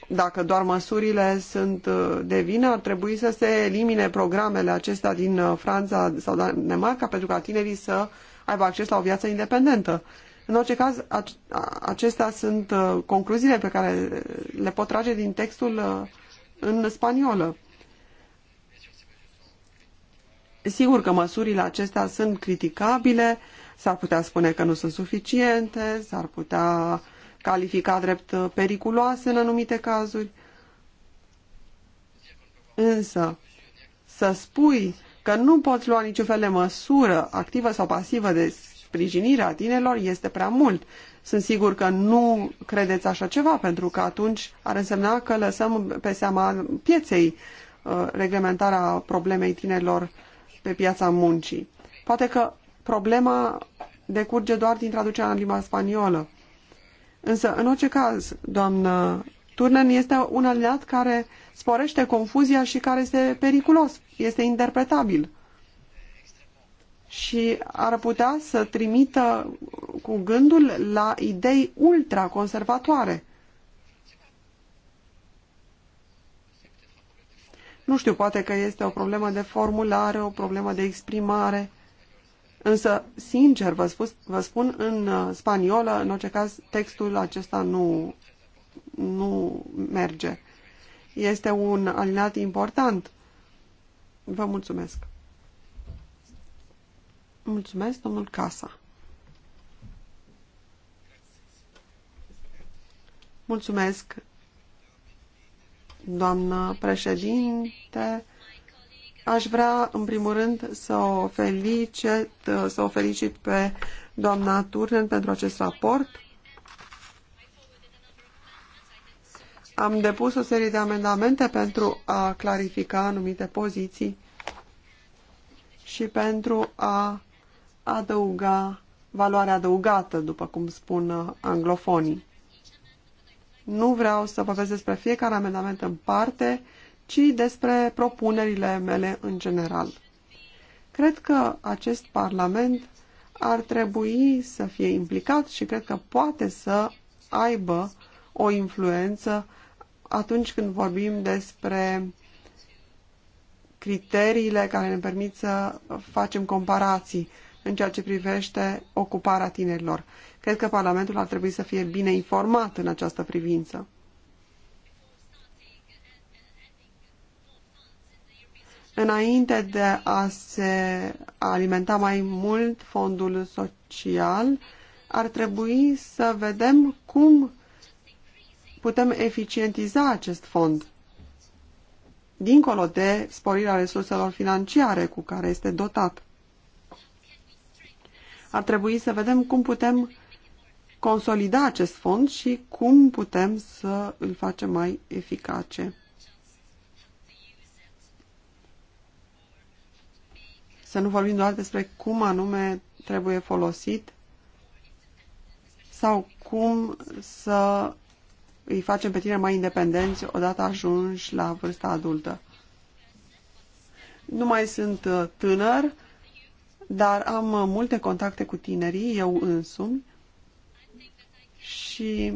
Dacă doar măsurile sunt uh, de vină, ar trebui să se elimine programele acestea din uh, Franța sau Danemarca pentru ca tinerii să aibă acces la o viață independentă. În orice caz, acestea sunt concluziile pe care le pot trage din textul în spaniolă. Sigur că măsurile acestea sunt criticabile, s-ar putea spune că nu sunt suficiente, s-ar putea califica drept periculoase în anumite cazuri. Însă, să spui că nu poți lua niciun fel de măsură activă sau pasivă de sprijinire a tinerilor este prea mult. Sunt sigur că nu credeți așa ceva, pentru că atunci ar însemna că lăsăm pe seama pieței uh, reglementarea problemei tinerilor pe piața muncii. Poate că problema decurge doar din traducerea în limba spaniolă. Însă, în orice caz, doamnă Turnen este un aliat care sporește confuzia și care este periculos, este interpretabil. Și ar putea să trimită cu gândul la idei ultraconservatoare. Nu știu, poate că este o problemă de formulare, o problemă de exprimare. Însă, sincer, vă, spus, vă spun în uh, spaniolă, în orice caz, textul acesta nu, nu merge. Este un alinat important. Vă mulțumesc. Mulțumesc, domnul Casa. Mulțumesc, doamnă președinte. Aș vrea, în primul rând, să o felicit, să o felicit pe doamna Turnen pentru acest raport. Am depus o serie de amendamente pentru a clarifica anumite poziții și pentru a adăuga valoare adăugată, după cum spun anglofonii. Nu vreau să vorbesc despre fiecare amendament în parte, ci despre propunerile mele în general. Cred că acest Parlament ar trebui să fie implicat și cred că poate să aibă o influență atunci când vorbim despre criteriile care ne permit să facem comparații în ceea ce privește ocuparea tinerilor. Cred că Parlamentul ar trebui să fie bine informat în această privință. Înainte de a se alimenta mai mult fondul social, ar trebui să vedem cum putem eficientiza acest fond, dincolo de sporirea resurselor financiare cu care este dotat. Ar trebui să vedem cum putem consolida acest fond și cum putem să îl facem mai eficace. Să nu vorbim doar despre cum anume trebuie folosit sau cum să îi facem pe tine mai independenți odată ajungi la vârsta adultă. Nu mai sunt uh, tânăr, dar am uh, multe contacte cu tinerii, eu însumi, și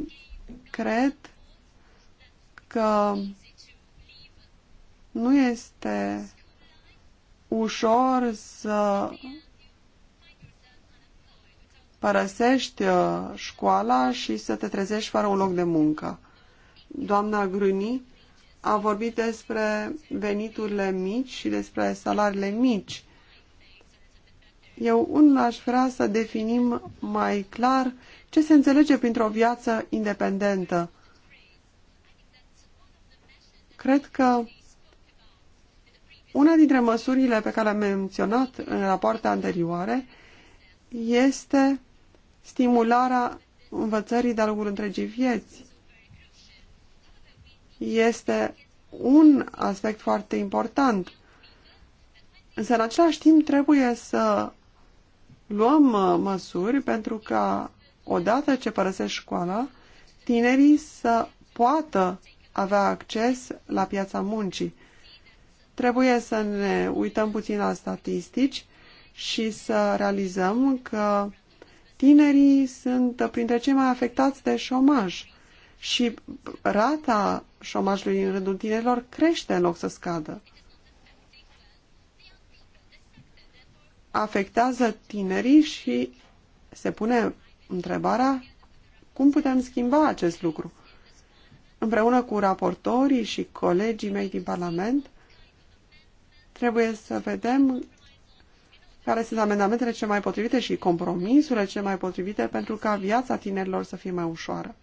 cred că nu este ușor să părăsești uh, școala și să te trezești fără un loc de muncă. Doamna Gruni a vorbit despre veniturile mici și despre salariile mici. Eu unul aș vrea să definim mai clar ce se înțelege printr-o viață independentă? Cred că una dintre măsurile pe care am menționat în rapoarte anterioare este stimularea învățării de-a lungul întregii vieți. Este un aspect foarte important. Însă, în același timp, trebuie să luăm uh, măsuri pentru ca odată ce părăsești școala, tinerii să poată avea acces la piața muncii. Trebuie să ne uităm puțin la statistici și să realizăm că tinerii sunt printre cei mai afectați de șomaj și rata șomajului în rândul tinerilor crește în loc să scadă. Afectează tinerii și se pune întrebarea cum putem schimba acest lucru. Împreună cu raportorii și colegii mei din Parlament, trebuie să vedem care sunt amendamentele cele mai potrivite și compromisurile cele mai potrivite pentru ca viața tinerilor să fie mai ușoară.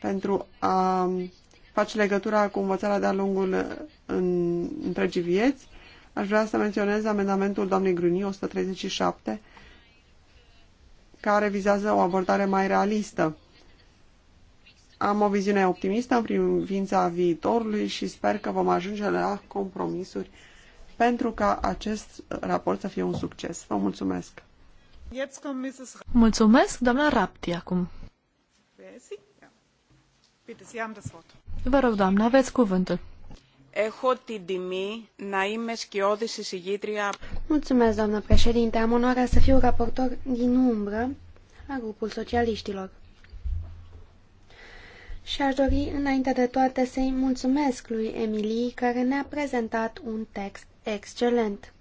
Pentru a face legătura cu învățarea de-a lungul în întregii vieți, Aș vrea să menționez amendamentul doamnei Gruni 137, care vizează o abordare mai realistă. Am o viziune optimistă în privința viitorului și sper că vom ajunge la compromisuri pentru ca acest raport să fie un succes. Vă mulțumesc! Mulțumesc, doamna Rapti, acum. Vă rog, doamna, aveți cuvântul doamnă președinte. Am onoarea să fiu raportor din umbră al grupului socialiștilor. Și aș dori, înainte de toate, să-i mulțumesc lui Emilie, care ne-a prezentat un text excelent.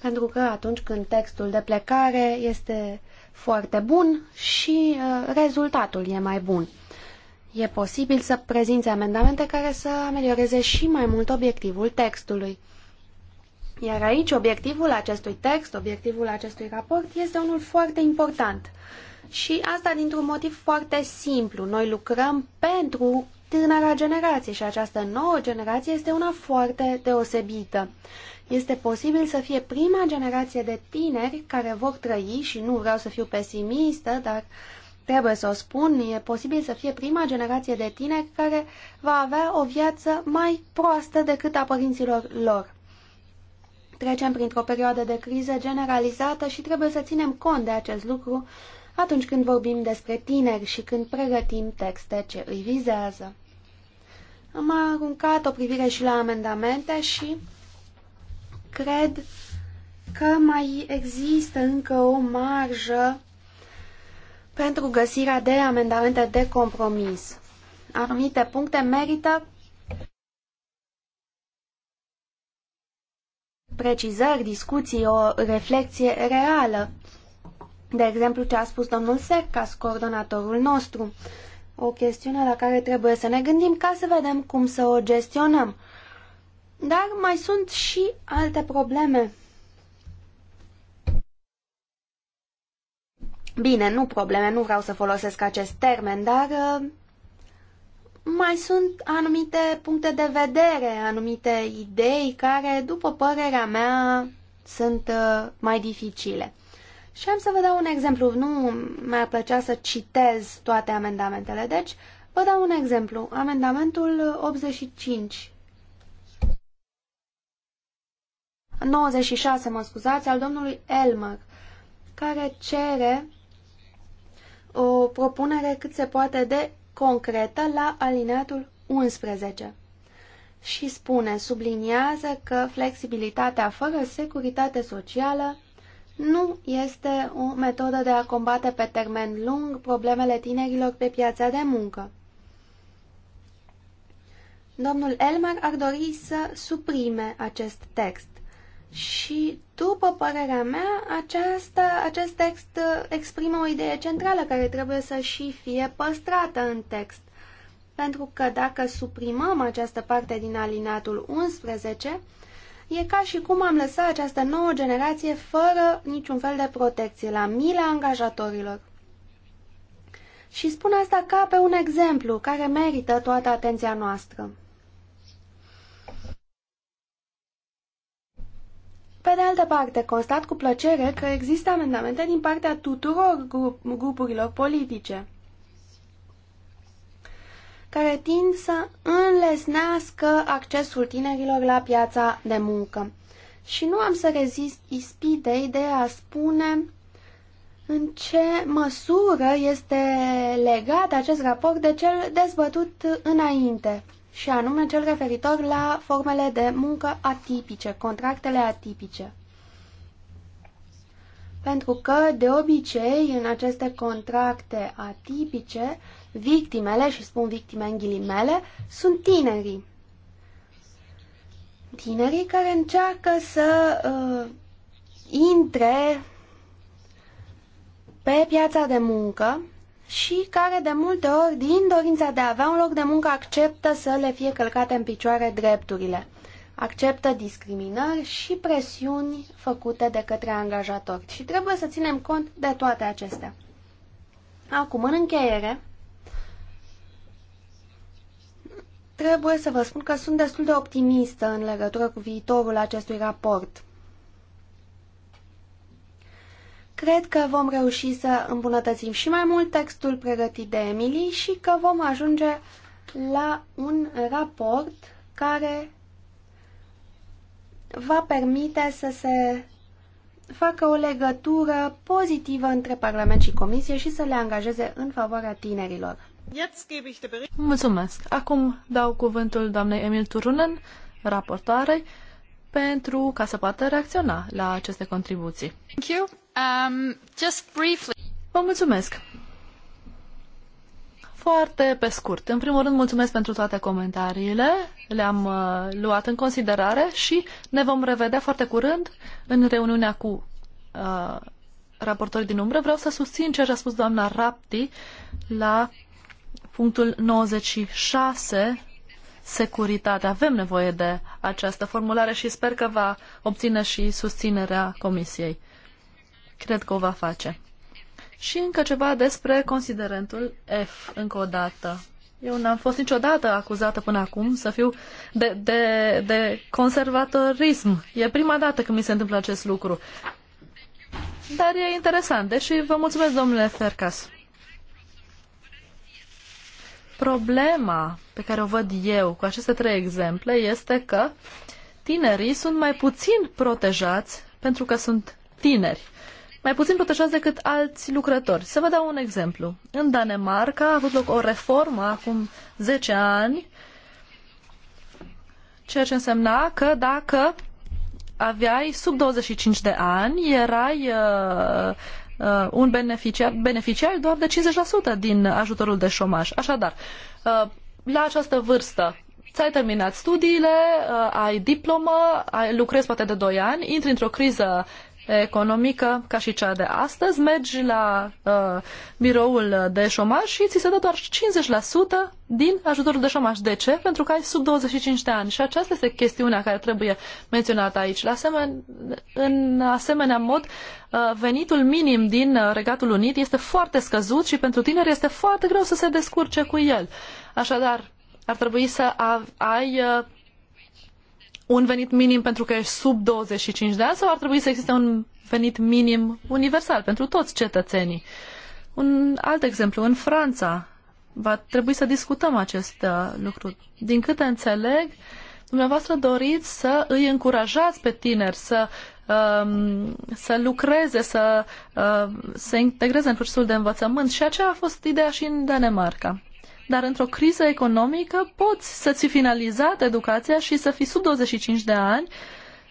Pentru că atunci când textul de plecare este foarte bun și uh, rezultatul e mai bun. E posibil să prezinți amendamente care să amelioreze și mai mult obiectivul textului. Iar aici obiectivul acestui text, obiectivul acestui raport este unul foarte important. Și asta dintr-un motiv foarte simplu. Noi lucrăm pentru tânăra generație și această nouă generație este una foarte deosebită. Este posibil să fie prima generație de tineri care vor trăi și nu vreau să fiu pesimistă, dar uh, Trebuie să o spun, e posibil să fie prima generație de tineri care va avea o viață mai proastă decât a părinților lor. Trecem printr-o perioadă de criză generalizată și trebuie să ținem cont de acest lucru atunci când vorbim despre tineri și când pregătim texte ce îi vizează. Am aruncat o privire și la amendamente și cred că mai există încă o marjă pentru găsirea de amendamente de compromis. Anumite puncte merită precizări, discuții, o reflexie reală. De exemplu, ce a spus domnul Sercas, coordonatorul nostru. O chestiune la care trebuie să ne gândim ca să vedem cum să o gestionăm. Dar mai sunt și alte probleme. Bine, nu probleme, nu vreau să folosesc acest termen, dar uh, mai sunt anumite puncte de vedere, anumite idei care, după părerea mea, sunt uh, mai dificile. Și am să vă dau un exemplu. Nu mi-ar plăcea să citez toate amendamentele, deci vă dau un exemplu. Amendamentul 85. 96, mă scuzați, al domnului Elmer, care cere o propunere cât se poate de concretă la alineatul 11 și spune, subliniază că flexibilitatea fără securitate socială nu este o metodă de a combate pe termen lung problemele tinerilor pe piața de muncă. Domnul Elmer ar dori să suprime acest text. Și, după părerea mea, aceasta, acest text uh, exprimă o idee centrală care trebuie să și fie păstrată în text. Pentru că dacă suprimăm această parte din alinatul 11, e ca și cum am lăsat această nouă generație fără niciun fel de protecție, la mila angajatorilor. Și spun asta ca pe un exemplu care merită toată atenția noastră. Pe de altă parte, constat cu plăcere că există amendamente din partea tuturor grupurilor politice care tind să înlesnească accesul tinerilor la piața de muncă. Și nu am să rezist ispitei de a spune în ce măsură este legat acest raport de cel dezbătut înainte și anume cel referitor la formele de muncă atipice, contractele atipice. Pentru că, de obicei, în aceste contracte atipice, victimele, și spun victime în ghilimele, sunt tinerii. Tinerii care încearcă să uh, intre pe piața de muncă și care de multe ori, din dorința de a avea un loc de muncă, acceptă să le fie călcate în picioare drepturile. Acceptă discriminări și presiuni făcute de către angajatori și trebuie să ținem cont de toate acestea. Acum, în încheiere, trebuie să vă spun că sunt destul de optimistă în legătură cu viitorul acestui raport. Cred că vom reuși să îmbunătățim și mai mult textul pregătit de Emily și că vom ajunge la un raport care va permite să se facă o legătură pozitivă între Parlament și Comisie și să le angajeze în favoarea tinerilor. Mulțumesc. Acum dau cuvântul doamnei Emil Turunen, raportoarei pentru ca să poată reacționa la aceste contribuții. Thank you. Um, just briefly. Vă mulțumesc. Foarte pe scurt. În primul rând, mulțumesc pentru toate comentariile. Le-am uh, luat în considerare și ne vom revedea foarte curând în reuniunea cu uh, raportorii din umbră. Vreau să susțin ceea ce a spus doamna Rapti la punctul 96 securitate. Avem nevoie de această formulare și sper că va obține și susținerea Comisiei. Cred că o va face. Și încă ceva despre considerentul F, încă o dată. Eu n-am fost niciodată acuzată până acum să fiu de, de, de conservatorism. E prima dată când mi se întâmplă acest lucru. Dar e interesant. Deci vă mulțumesc, domnule Fercas. Problema pe care o văd eu cu aceste trei exemple este că tinerii sunt mai puțin protejați pentru că sunt tineri mai puțin protejați decât alți lucrători. Să vă dau un exemplu. În Danemarca a avut loc o reformă acum 10 ani, ceea ce însemna că dacă aveai sub 25 de ani, erai uh, uh, un beneficiar, beneficiar doar de 50% din ajutorul de șomaj. Așadar, uh, la această vârstă, ți-ai terminat studiile, uh, ai diplomă, ai, lucrezi poate de 2 ani, intri într-o criză economică ca și cea de astăzi, mergi la uh, biroul de șomaj și ți se dă doar 50% din ajutorul de șomaj. De ce? Pentru că ai sub 25 de ani. Și aceasta este chestiunea care trebuie menționată aici. La asemen, în asemenea mod, uh, venitul minim din uh, Regatul Unit este foarte scăzut și pentru tineri este foarte greu să se descurce cu el. Așadar, ar trebui să ai uh, un venit minim pentru că ești sub 25 de ani sau ar trebui să existe un venit minim universal pentru toți cetățenii? Un alt exemplu, în Franța, va trebui să discutăm acest uh, lucru. Din câte înțeleg, dumneavoastră doriți să îi încurajați pe tineri să, um, să lucreze, să uh, se integreze în procesul de învățământ și aceea a fost ideea și în Danemarca dar într-o criză economică poți să-ți finalizat educația și să fii sub 25 de ani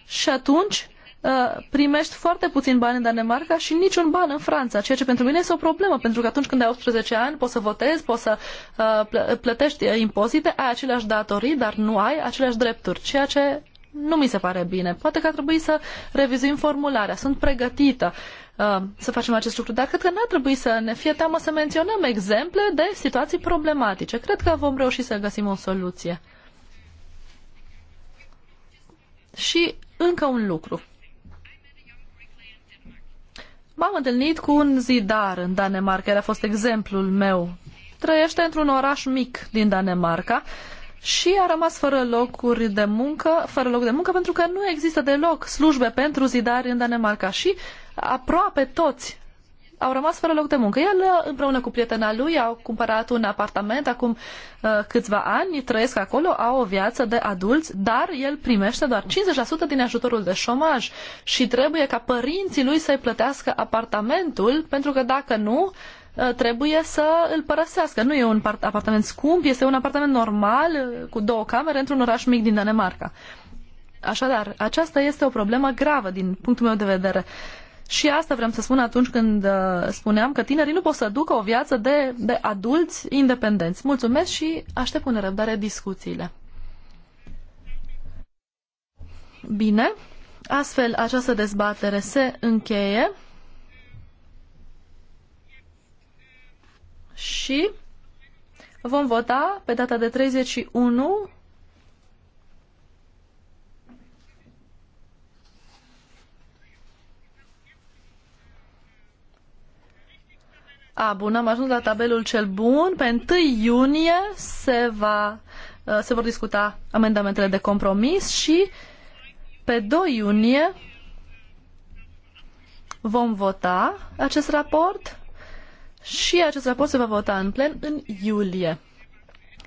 și atunci uh, primești foarte puțin bani în Danemarca și niciun ban în Franța, ceea ce pentru mine este o problemă, pentru că atunci când ai 18 ani poți să votezi, poți să uh, plătești uh, impozite, ai aceleași datorii, dar nu ai aceleași drepturi, ceea ce nu mi se pare bine. Poate că ar trebui să revizuim formularea. Sunt pregătită. Uh, Uh, să facem acest lucru, dar cred că n-ar trebui să ne fie teamă să menționăm exemple de situații problematice. Cred că vom reuși să găsim o soluție. Și încă un lucru. M-am întâlnit cu un zidar în Danemarca, care a fost exemplul meu. Trăiește într-un oraș mic din Danemarca și a rămas fără locuri de muncă, fără loc de muncă pentru că nu există deloc slujbe pentru zidari în Danemarca și aproape toți au rămas fără loc de muncă. El împreună cu prietena lui au cumpărat un apartament acum uh, câțiva ani, trăiesc acolo, au o viață de adulți, dar el primește doar 50% din ajutorul de șomaj și trebuie ca părinții lui să-i plătească apartamentul pentru că dacă nu, uh, Uh, trebuie să îl părăsească. Nu e un apartament scump, este un apartament normal uh, cu două camere într-un oraș mic din Danemarca. Așadar, aceasta este o problemă gravă din punctul meu de vedere. Și asta vreau să spun atunci când uh, spuneam că tinerii nu pot să ducă o viață de, de adulți independenți. Mulțumesc și aștept cu nerăbdare discuțiile. Bine, astfel această dezbatere se încheie. și vom vota pe data de 31 A, bun, am ajuns la tabelul cel bun. Pe 1 iunie se, va, uh, se vor discuta amendamentele de compromis și pe 2 iunie vom vota acest raport și acest raport se va vota în plen în iulie.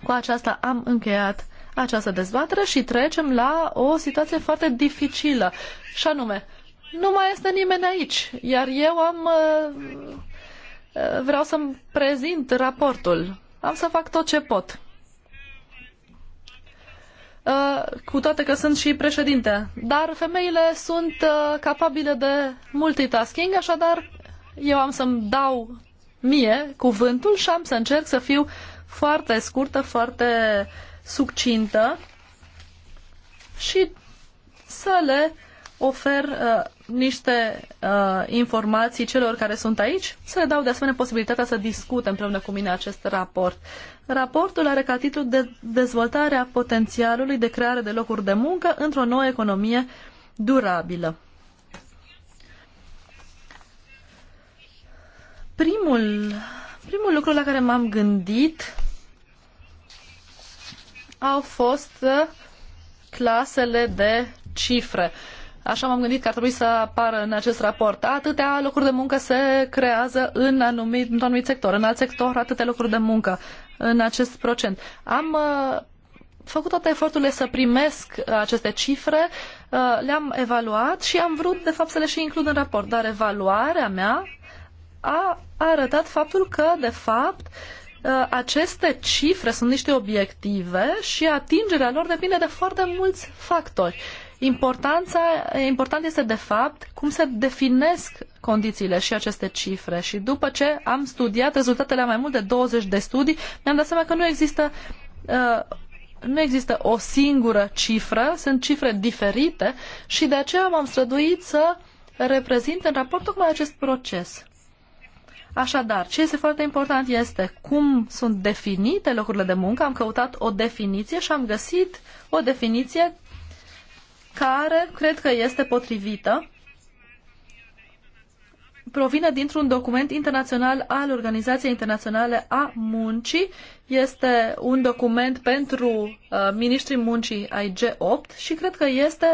Cu aceasta am încheiat această dezbatere și trecem la o situație foarte dificilă, și anume, nu mai este nimeni aici, iar eu am... Uh, uh, vreau să-mi prezint raportul. Am să fac tot ce pot. Uh, cu toate că sunt și președinte. Dar femeile sunt capabile de multitasking, așadar eu am să-mi dau mie cuvântul și am să încerc să fiu foarte scurtă, foarte succintă și să le ofer uh, niște uh, informații celor care sunt aici, să le dau de asemenea posibilitatea să discute împreună cu mine acest raport. Raportul are ca titlu de dezvoltarea potențialului de creare de locuri de muncă într-o nouă economie durabilă. Primul, primul lucru la care m-am gândit au fost clasele de cifre. Așa m-am gândit că ar trebui să apară în acest raport. Atâtea locuri de muncă se creează în anumit, într-un anumit sector, în alt sector atâtea locuri de muncă în acest procent. Am uh, făcut toate eforturile să primesc uh, aceste cifre, uh, le-am evaluat și am vrut, de fapt, să le și includ în raport. Dar evaluarea mea a arătat faptul că, de fapt, uh, aceste cifre sunt niște obiective și atingerea lor depinde de foarte mulți factori. Importanța, important este, de fapt, cum se definesc condițiile și aceste cifre. Și după ce am studiat rezultatele a mai mult de 20 de studii, mi-am dat seama că nu există uh, nu există o singură cifră, sunt cifre diferite și de aceea m-am străduit să reprezint în raport tocmai acest proces. Așadar, ce este foarte important este cum sunt definite locurile de muncă. Am căutat o definiție și am găsit o definiție care cred că este potrivită. Provine dintr-un document internațional al Organizației Internaționale a Muncii. Este un document pentru uh, ministrii muncii ai G8 și cred că este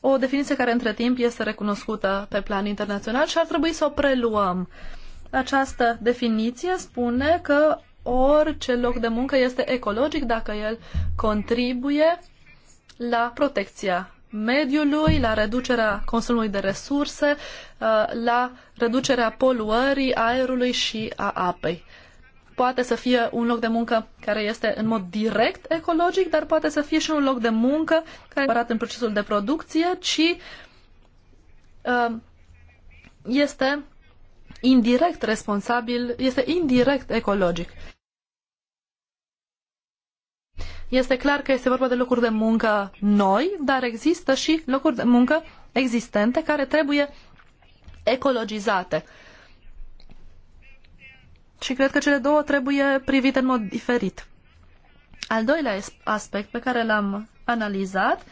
o definiție care între timp este recunoscută pe plan internațional și ar trebui să o preluăm. Uh, această definiție spune că orice loc de muncă este ecologic dacă el contribuie la protecția mediului, la reducerea consumului de resurse, uh, la reducerea poluării aerului și a apei. Poate să fie un loc de muncă care este în mod direct ecologic, dar poate să fie și un loc de muncă care nu în procesul de producție, ci uh, este indirect responsabil, este indirect ecologic. Este clar că este vorba de locuri de muncă noi, dar există și locuri de muncă existente care trebuie ecologizate. Și cred că cele două trebuie privite în mod diferit. Al doilea aspect pe care l-am analizat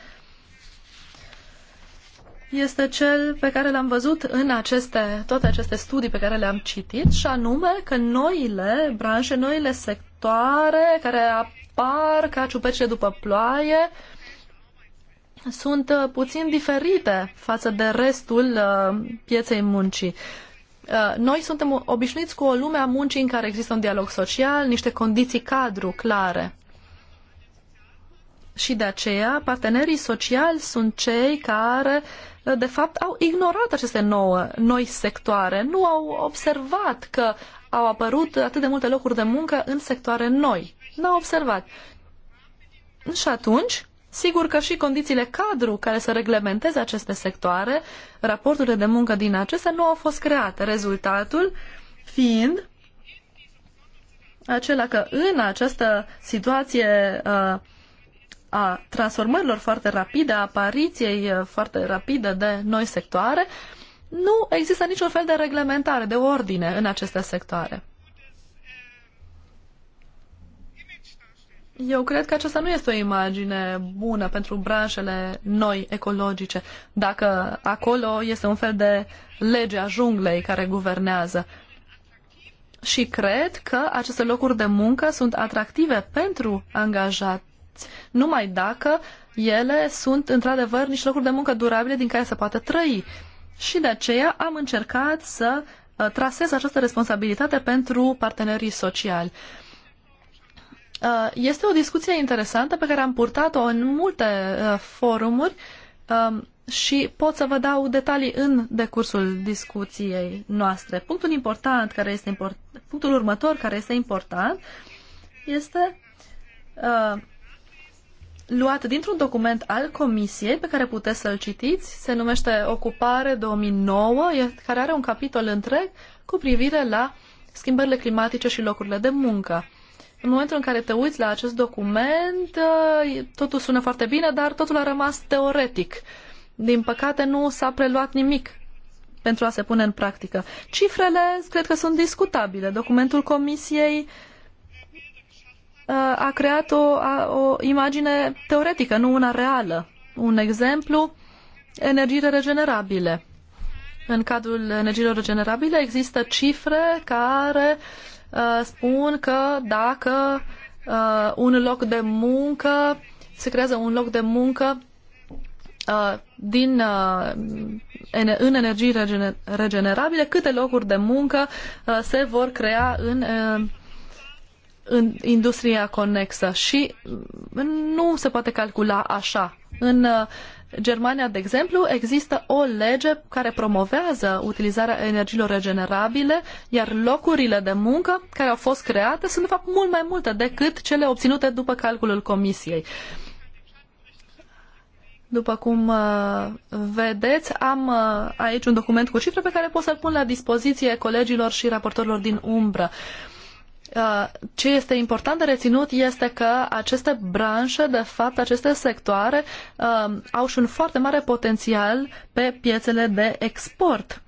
este cel pe care l-am văzut în aceste, toate aceste studii pe care le-am citit și anume că noile branșe, noile sectoare care apar ca ciupercile după ploaie sunt uh, puțin diferite față de restul uh, pieței muncii. Uh, noi suntem obișnuiți cu o lume a muncii în care există un dialog social, niște condiții cadru clare. Și de aceea, partenerii sociali sunt cei care de fapt, au ignorat aceste nouă, noi sectoare, nu au observat că au apărut atât de multe locuri de muncă în sectoare noi. Nu au observat. Și atunci, sigur că și condițiile cadru care să reglementeze aceste sectoare, raporturile de muncă din acestea nu au fost create. Rezultatul fiind acela că în această situație uh, a transformărilor foarte rapide, a apariției eh, foarte rapide de noi sectoare, nu există niciun fel de reglementare, de ordine în aceste sectoare. Eu cred că aceasta nu este o imagine bună pentru branșele noi ecologice, dacă acolo este un fel de lege a junglei care guvernează. Și cred că aceste locuri de muncă sunt atractive pentru angajați numai dacă ele sunt într-adevăr niște locuri de muncă durabile din care se poate trăi. Și de aceea am încercat să uh, trasez această responsabilitate pentru partenerii sociali. Uh, este o discuție interesantă pe care am purtat-o în multe uh, forumuri um, și pot să vă dau detalii în decursul discuției noastre. Punctul important care este important, punctul următor care este important este luat dintr-un document al Comisiei pe care puteți să-l citiți. Se numește Ocupare 2009, care are un capitol întreg cu privire la schimbările climatice și locurile de muncă. În momentul în care te uiți la acest document, uh, totul sună foarte bine, dar totul a rămas teoretic. Din păcate nu s-a preluat nimic pentru a se pune în practică. Cifrele cred că sunt discutabile. Documentul Comisiei uh, Uh, a creat o, a, o imagine teoretică, nu una reală. Un exemplu, energiile regenerabile. În cadrul energiilor regenerabile există cifre care uh, spun că dacă uh, un loc de muncă, se creează un loc de muncă uh, din, uh, în energii regenerabile, câte locuri de muncă uh, se vor crea în uh, în industria conexă și mm, nu se poate calcula așa. În uh, Germania, de exemplu, există o lege care promovează utilizarea energiilor regenerabile, iar locurile de muncă care au fost create sunt, de fapt, mult mai multe decât cele obținute după calculul comisiei. După cum uh, vedeți, am uh, aici un document cu cifre pe care pot să-l pun la dispoziție colegilor și raportorilor din umbră. Uh, ce este important de reținut este că aceste branșe, de fapt, aceste sectoare uh, au și un foarte mare potențial pe piețele de export.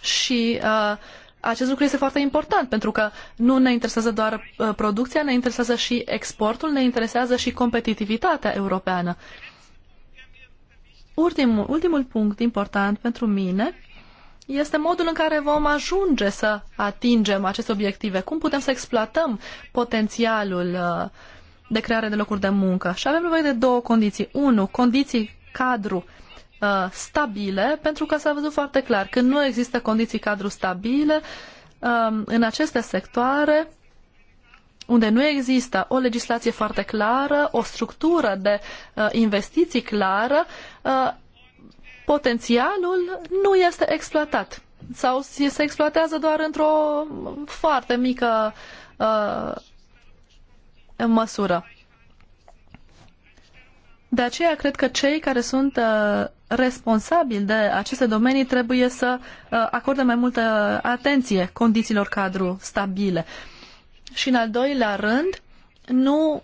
Și uh, acest lucru este foarte important pentru că nu ne interesează doar producția, ne interesează și exportul, ne interesează și competitivitatea europeană. Ultimul, ultimul punct important pentru mine este modul în care vom ajunge să atingem aceste obiective, cum putem să exploatăm potențialul uh, de creare de locuri de muncă. Și avem nevoie de două condiții. Unu, condiții cadru uh, stabile, pentru că s-a văzut foarte clar, că nu există condiții cadru stabile, um, în aceste sectoare, unde nu există o legislație foarte clară, o structură de uh, investiții clară, potențialul nu este exploatat sau se exploatează doar într-o foarte mică uh, măsură. De aceea cred că cei care sunt uh, responsabili de aceste domenii trebuie să uh, acorde mai multă atenție condițiilor cadru stabile. Și în al doilea rând, nu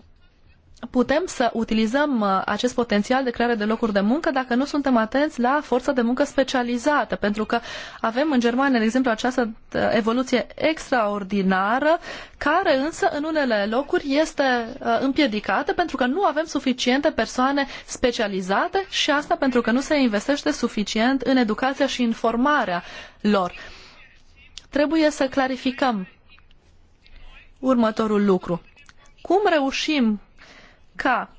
putem să utilizăm uh, acest potențial de creare de locuri de muncă dacă nu suntem atenți la forța de muncă specializată, pentru că avem în Germania, de exemplu, această uh, evoluție extraordinară, care însă în unele locuri este uh, împiedicată pentru că nu avem suficiente persoane specializate și asta pentru că nu se investește suficient în educația și informarea lor. Trebuie să clarificăm următorul lucru. Cum reușim ca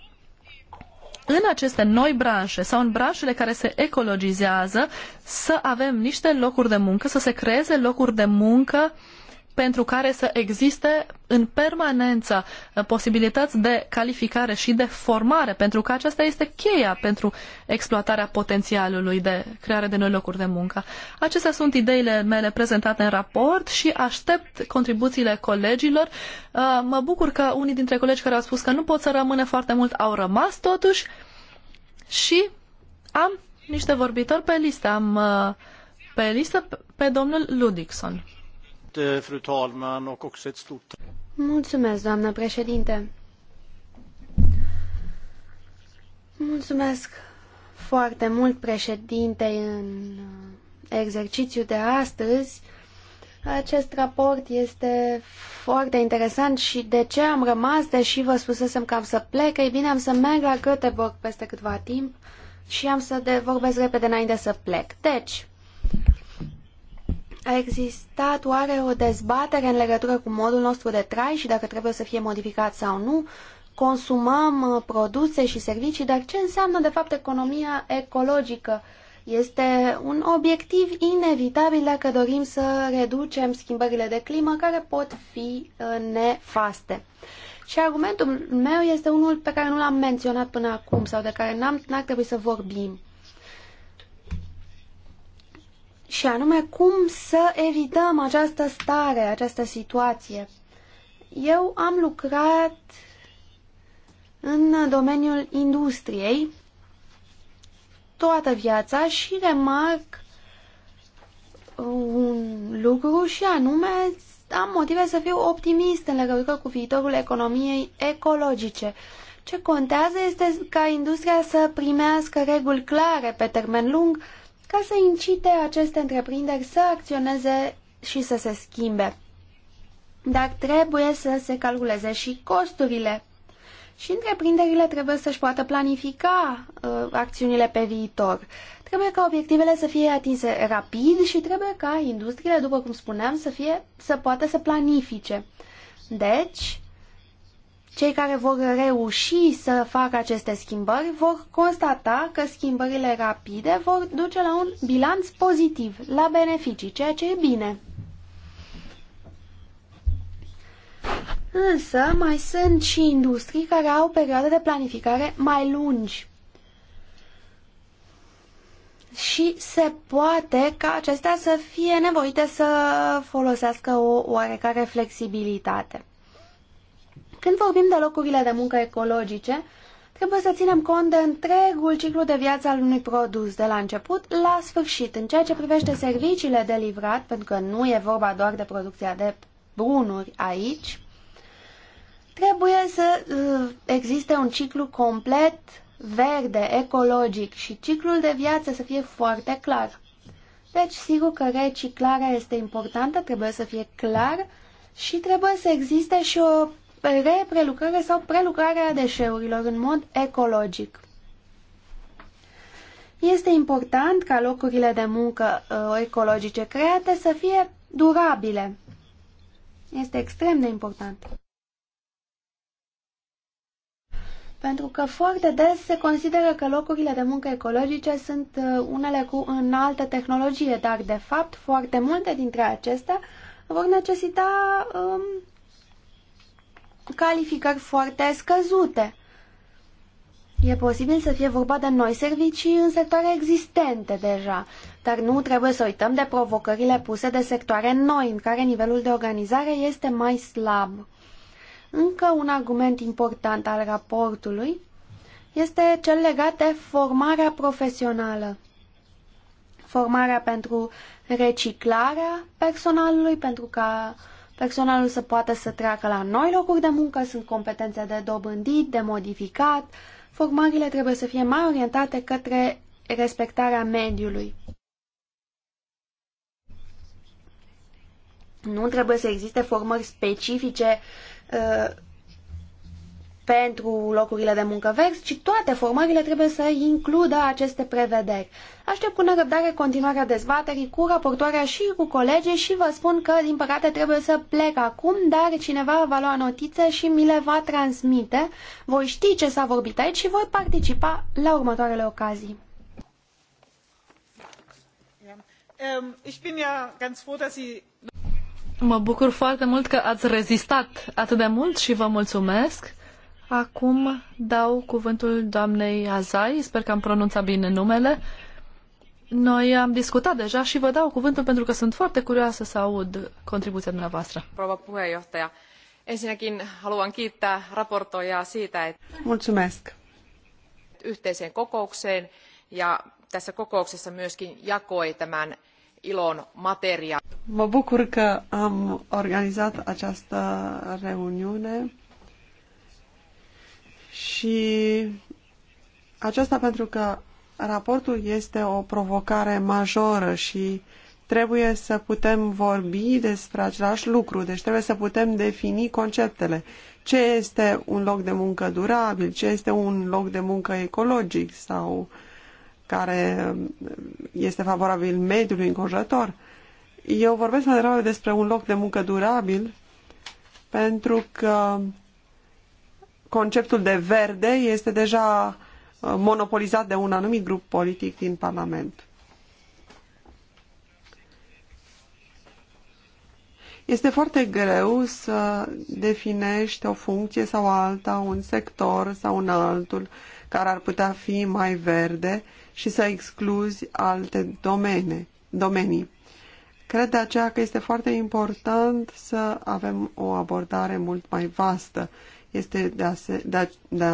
în aceste noi branșe sau în branșele care se ecologizează să avem niște locuri de muncă, să se creeze locuri de muncă uh, pentru care să existe în permanență uh, posibilități de calificare și de formare, pentru că aceasta este cheia pentru exploatarea potențialului de creare de noi locuri de muncă. Acestea sunt ideile mele prezentate în raport și aștept contribuțiile colegilor. Uh, mă bucur că unii dintre colegi care au spus că nu pot să rămâne foarte mult au rămas totuși și am niște vorbitori pe listă. Am uh, pe listă pe domnul Ludixon. Eh, Mulțumesc, doamnă președinte. Mulțumesc foarte mult președintei în eh, exercițiu de astăzi. Acest raport este foarte interesant și de ce am rămas, deși vă spusesem că am să plec, ei bine, am să merg la Göteborg peste câtva timp și am să de vorbesc repede înainte să plec. Deci, a existat oare o dezbatere în legătură cu modul nostru de trai și dacă trebuie să fie modificat sau nu? Consumăm uh, produse și servicii, dar ce înseamnă de fapt economia ecologică? Este un obiectiv inevitabil dacă dorim să reducem schimbările de climă care pot fi uh, nefaste. Și argumentul meu este unul pe care nu l-am menționat până acum sau de care n-ar trebui să vorbim și anume cum să evităm această stare, această situație. Eu am lucrat în domeniul industriei toată viața și remarc un lucru și anume am motive să fiu optimist în legătură cu viitorul economiei ecologice. Ce contează este ca industria să primească reguli clare pe termen lung ca să incite aceste întreprinderi să acționeze și să se schimbe. Dar trebuie să se calculeze și costurile. Și întreprinderile trebuie să-și poată planifica uh, acțiunile pe viitor. Trebuie ca obiectivele să fie atinse rapid și trebuie ca industriile, după cum spuneam, să, fie, să poată să planifice. Deci, cei care vor reuși să facă aceste schimbări vor constata că schimbările rapide vor duce la un bilanț pozitiv, la beneficii, ceea ce e bine. Însă mai sunt și industrii care au perioade de planificare mai lungi. Și se poate ca acestea să fie nevoite să folosească o oarecare flexibilitate. Când vorbim de locurile de muncă ecologice, trebuie să ținem cont de întregul ciclu de viață al unui produs, de la început la sfârșit, în ceea ce privește serviciile de livrat, pentru că nu e vorba doar de producția de brunuri aici, trebuie să uh, existe un ciclu complet verde, ecologic și ciclul de viață să fie foarte clar. Deci, sigur că reciclarea este importantă, trebuie să fie clar și trebuie să existe și o reprelucrare sau prelucrarea deșeurilor în mod ecologic. Este important ca locurile de muncă uh, ecologice create să fie durabile. Este extrem de important. Pentru că foarte des se consideră că locurile de muncă ecologice sunt uh, unele cu înaltă tehnologie, dar de fapt foarte multe dintre acestea vor necesita uh, calificări foarte scăzute. E posibil să fie vorba de noi servicii în sectoare existente deja, dar nu trebuie să uităm de provocările puse de sectoare noi, în care nivelul de organizare este mai slab. Încă un argument important al raportului este cel legat de formarea profesională. Formarea pentru reciclarea personalului, pentru ca uh, personalul să poată să treacă la noi locuri de muncă, sunt competențe de dobândit, de modificat, formările trebuie să fie mai orientate către respectarea mediului. Nu trebuie să existe formări specifice uh, pentru locurile de muncă verzi, ci toate formările trebuie să includă aceste prevederi. Aștept cu nerăbdare continuarea dezbaterii cu raportoarea și cu colegii și vă spun că, din păcate, trebuie să plec acum, dar cineva va lua notițe și mi le va transmite. Voi ști ce s-a vorbit aici și voi participa la următoarele ocazii. Ehm, mă bucur foarte mult că ați rezistat atât de mult și vă mulțumesc. Acum dau cuvântul doamnei Azai, sper că am pronunțat bine numele. Noi am discutat deja și vă dau cuvântul pentru că sunt foarte curioasă să aud contribuția dumneavoastră. Prova puheenjohtaja. Ensinnäkin haluan kiittää raportoijaa siitä, että Mulțumesc. yhteiseen kokoukseen ja tässä kokouksessa myöskin jakoi tämän ilon materiaalin. Mă bucur că am organizat această reuniune și aceasta pentru că raportul este o provocare majoră și trebuie să putem vorbi despre același lucru, deci trebuie să putem defini conceptele. Ce este un loc de muncă durabil, ce este un loc de muncă ecologic sau care este favorabil mediului înconjurător. Eu vorbesc mai degrabă despre un loc de muncă durabil pentru că conceptul de verde este deja uh, monopolizat de un anumit grup politic din Parlament. Este foarte greu să definești o funcție sau alta, un sector sau un altul care ar putea fi mai verde și să excluzi alte domene, domenii. Cred de aceea că este foarte important să avem o abordare mult mai vastă este de, ase, de, de,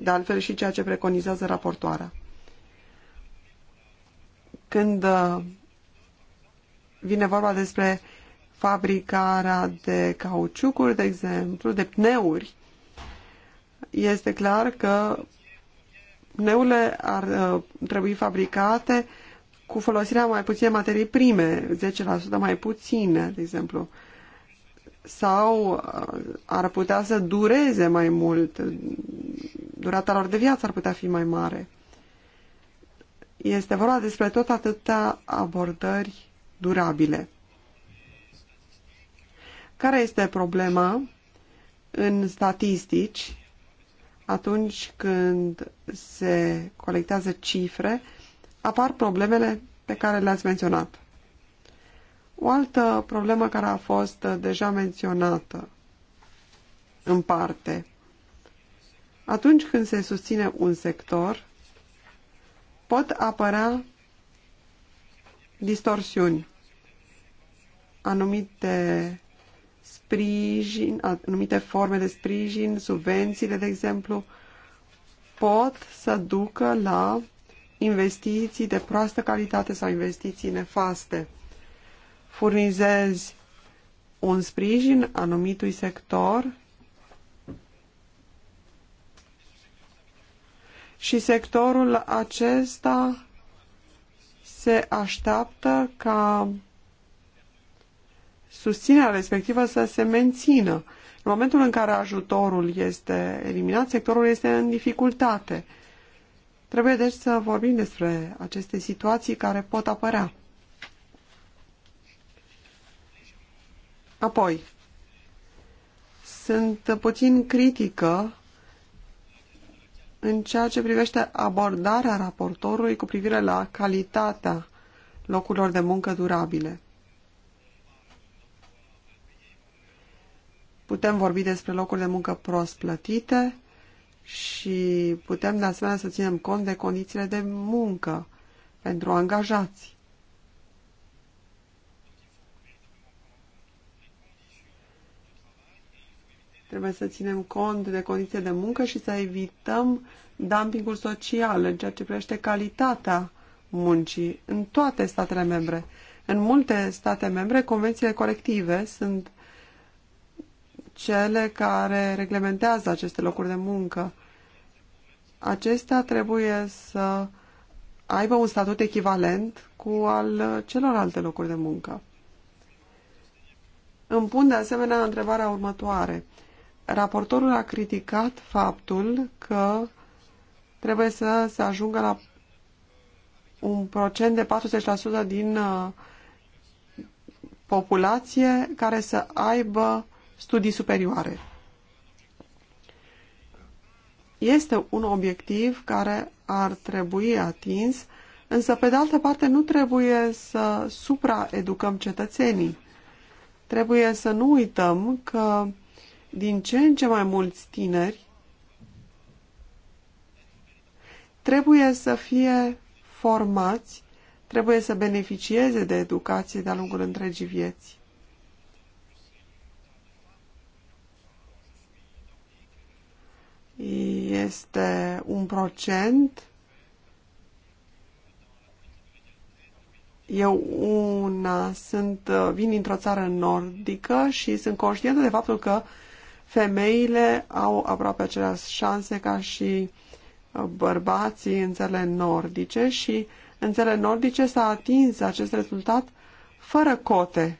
de altfel și ceea ce preconizează raportoarea. Când uh, vine vorba despre fabricarea de cauciucuri, de exemplu, de pneuri, este clar că pneurile ar uh, trebui fabricate cu folosirea mai puține materii prime, 10% mai puține, de exemplu sau uh, ar putea să dureze mai mult, durata lor de viață ar putea fi mai mare. Este vorba despre tot atâtea abordări durabile. Care este problema în statistici atunci când se colectează cifre, apar problemele pe care le-ați menționat. O altă problemă care a fost deja menționată în parte. Atunci când se susține un sector, pot apărea distorsiuni, anumite sprijin, anumite forme de sprijin, subvențiile, de exemplu, pot să ducă la investiții de proastă calitate sau investiții nefaste furnizezi un sprijin anumitui sector și sectorul acesta se așteaptă ca susținerea respectivă să se mențină. În momentul în care ajutorul este eliminat, sectorul este în dificultate. Trebuie deci să vorbim despre aceste situații care pot apărea. Apoi, sunt puțin critică în ceea ce privește abordarea raportorului cu privire la calitatea locurilor de muncă durabile. Putem vorbi despre locuri de muncă prost plătite și putem de asemenea să ținem cont de condițiile de muncă pentru angajați. Trebuie să ținem cont de condiții de muncă și să evităm dumpingul social în ceea ce privește calitatea muncii în toate statele membre. În multe state membre, convențiile colective sunt cele care reglementează aceste locuri de muncă. Acestea trebuie să aibă un statut echivalent cu al celorlalte locuri de muncă. Îmi pun de asemenea întrebarea următoare raportorul a criticat faptul că trebuie să se ajungă la un procent de 40% din uh, populație care să aibă studii superioare. Este un obiectiv care ar trebui atins, însă, pe de altă parte, nu trebuie să supraeducăm cetățenii. Trebuie să nu uităm că din ce în ce mai mulți tineri trebuie să fie formați, trebuie să beneficieze de educație de-a lungul întregii vieți. Este un procent Eu una sunt, vin dintr-o țară nordică și sunt conștientă de faptul că Femeile au aproape aceleași șanse ca și uh, bărbații în țările nordice și în țările nordice s-a atins acest rezultat fără cote.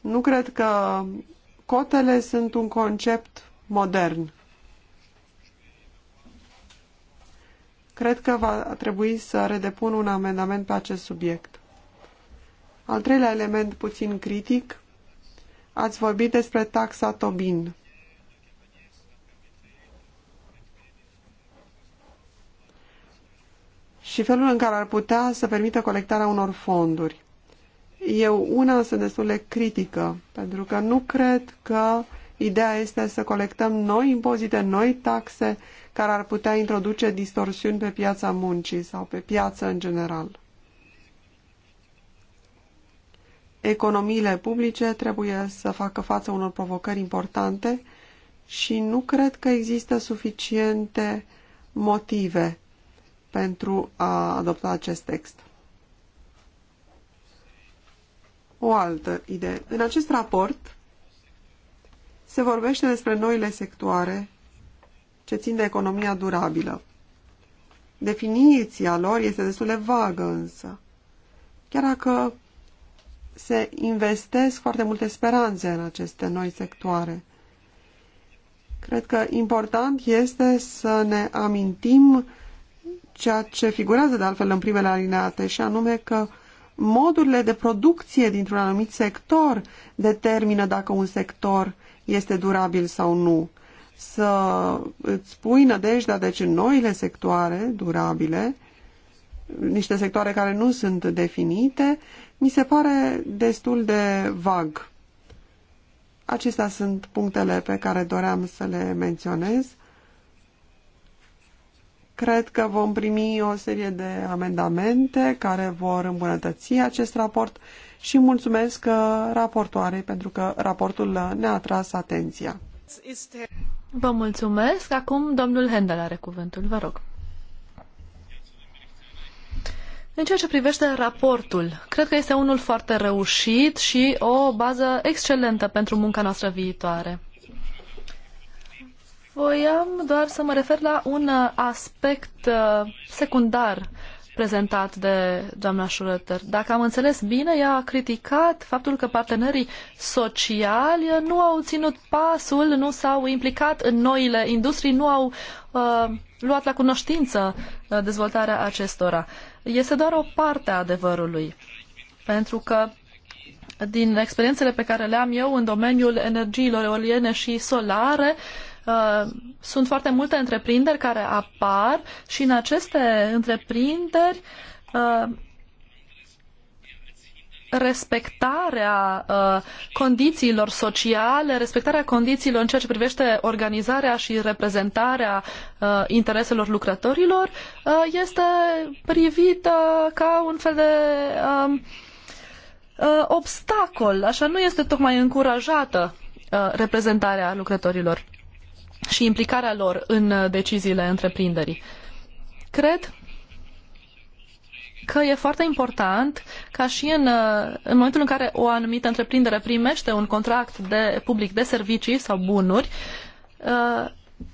Nu cred că cotele sunt un concept modern. Cred că va trebui să redepun un amendament pe acest subiect. Al treilea element puțin critic ați vorbit despre taxa Tobin. și felul în care ar putea să permită colectarea unor fonduri. Eu una sunt destul de critică, pentru că nu cred că ideea este să colectăm noi impozite, noi taxe care ar putea introduce distorsiuni pe piața muncii sau pe piață în general. economiile publice trebuie să facă față unor provocări importante și nu cred că există suficiente motive pentru a adopta acest text. O altă idee. În acest raport se vorbește despre noile sectoare ce țin de economia durabilă. Definiția lor este destul de vagă însă. Chiar dacă se investesc foarte multe speranțe în aceste noi sectoare. Cred că important este să ne amintim ceea ce figurează de altfel în primele alineate și anume că modurile de producție dintr-un anumit sector determină dacă un sector este durabil sau nu. Să îți pui nădejdea, deci, în noile sectoare durabile, niște sectoare care nu sunt definite, mi se pare destul de vag. Acestea sunt punctele pe care doream să le menționez. Cred că vom primi o serie de amendamente care vor îmbunătăți acest raport și mulțumesc uh, raportoarei pentru că raportul uh, ne-a atras atenția. Vă mulțumesc. Acum domnul Hendel are cuvântul. Vă rog. În ceea ce privește raportul, cred că este unul foarte reușit și o bază excelentă pentru munca noastră viitoare. Voiam doar să mă refer la un aspect uh, secundar prezentat de doamna Schroeter. Dacă am înțeles bine, ea a criticat faptul că partenerii sociali nu au ținut pasul, nu s-au implicat în noile industrii, nu au uh, luat la cunoștință uh, dezvoltarea acestora. Uh, este doar o parte a adevărului. Pentru că din experiențele pe care le am eu în domeniul energiilor eoliene și solare, uh, sunt foarte multe întreprinderi care apar și în aceste întreprinderi uh, respectarea uh, condițiilor sociale, respectarea condițiilor în ceea ce privește organizarea și reprezentarea uh, intereselor lucrătorilor, uh, este privită ca un fel de um, uh, obstacol, așa nu este tocmai încurajată uh, reprezentarea lucrătorilor și implicarea lor în uh, deciziile întreprinderii. Cred că e foarte important ca și în, uh, în momentul în care o anumită întreprindere primește un contract de public de servicii sau bunuri, uh,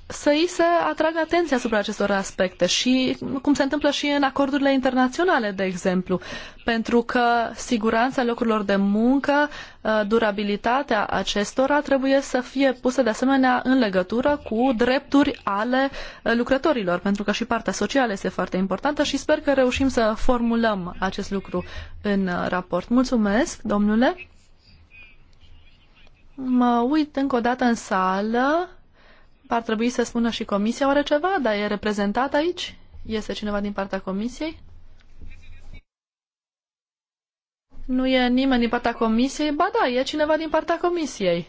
să îi se atragă atenția asupra acestor aspecte și cum se întâmplă și în acordurile internaționale, de exemplu, pentru că siguranța locurilor de muncă, uh, durabilitatea acestora trebuie să fie pusă de asemenea în legătură cu drepturi ale uh, lucrătorilor, pentru că și partea socială este foarte importantă și sper că reușim să formulăm acest lucru în uh, raport. Mulțumesc, domnule! Mă uit încă o dată în sală ar trebui să spună și comisia oare ceva, dar e reprezentat aici? Este cineva din partea comisiei? Nu e nimeni din partea comisiei? Ba da, e cineva din partea comisiei.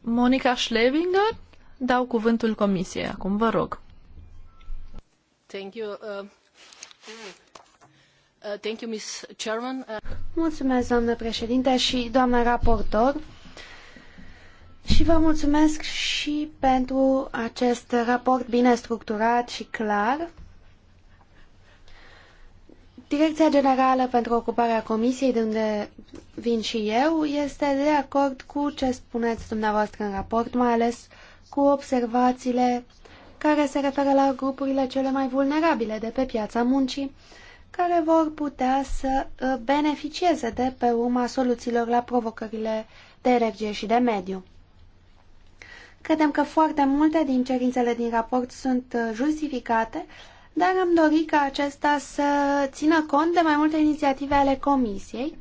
Monica Schlevinger? Dau cuvântul comisiei acum, vă rog. Thank you. Uh... uh Mulțumesc, doamnă președinte și doamnă raportor. Și vă mulțumesc și pentru acest raport bine structurat și clar. Direcția Generală pentru Ocuparea Comisiei, de unde vin și eu, este de acord cu ce spuneți dumneavoastră în raport, mai ales cu observațiile care se referă la grupurile cele mai vulnerabile de pe piața muncii, care vor putea să uh, beneficieze de pe urma soluțiilor la provocările de energie și de mediu. Credem că foarte multe din cerințele din raport sunt uh, justificate, dar am dorit ca acesta să țină cont de mai multe inițiative ale Comisiei,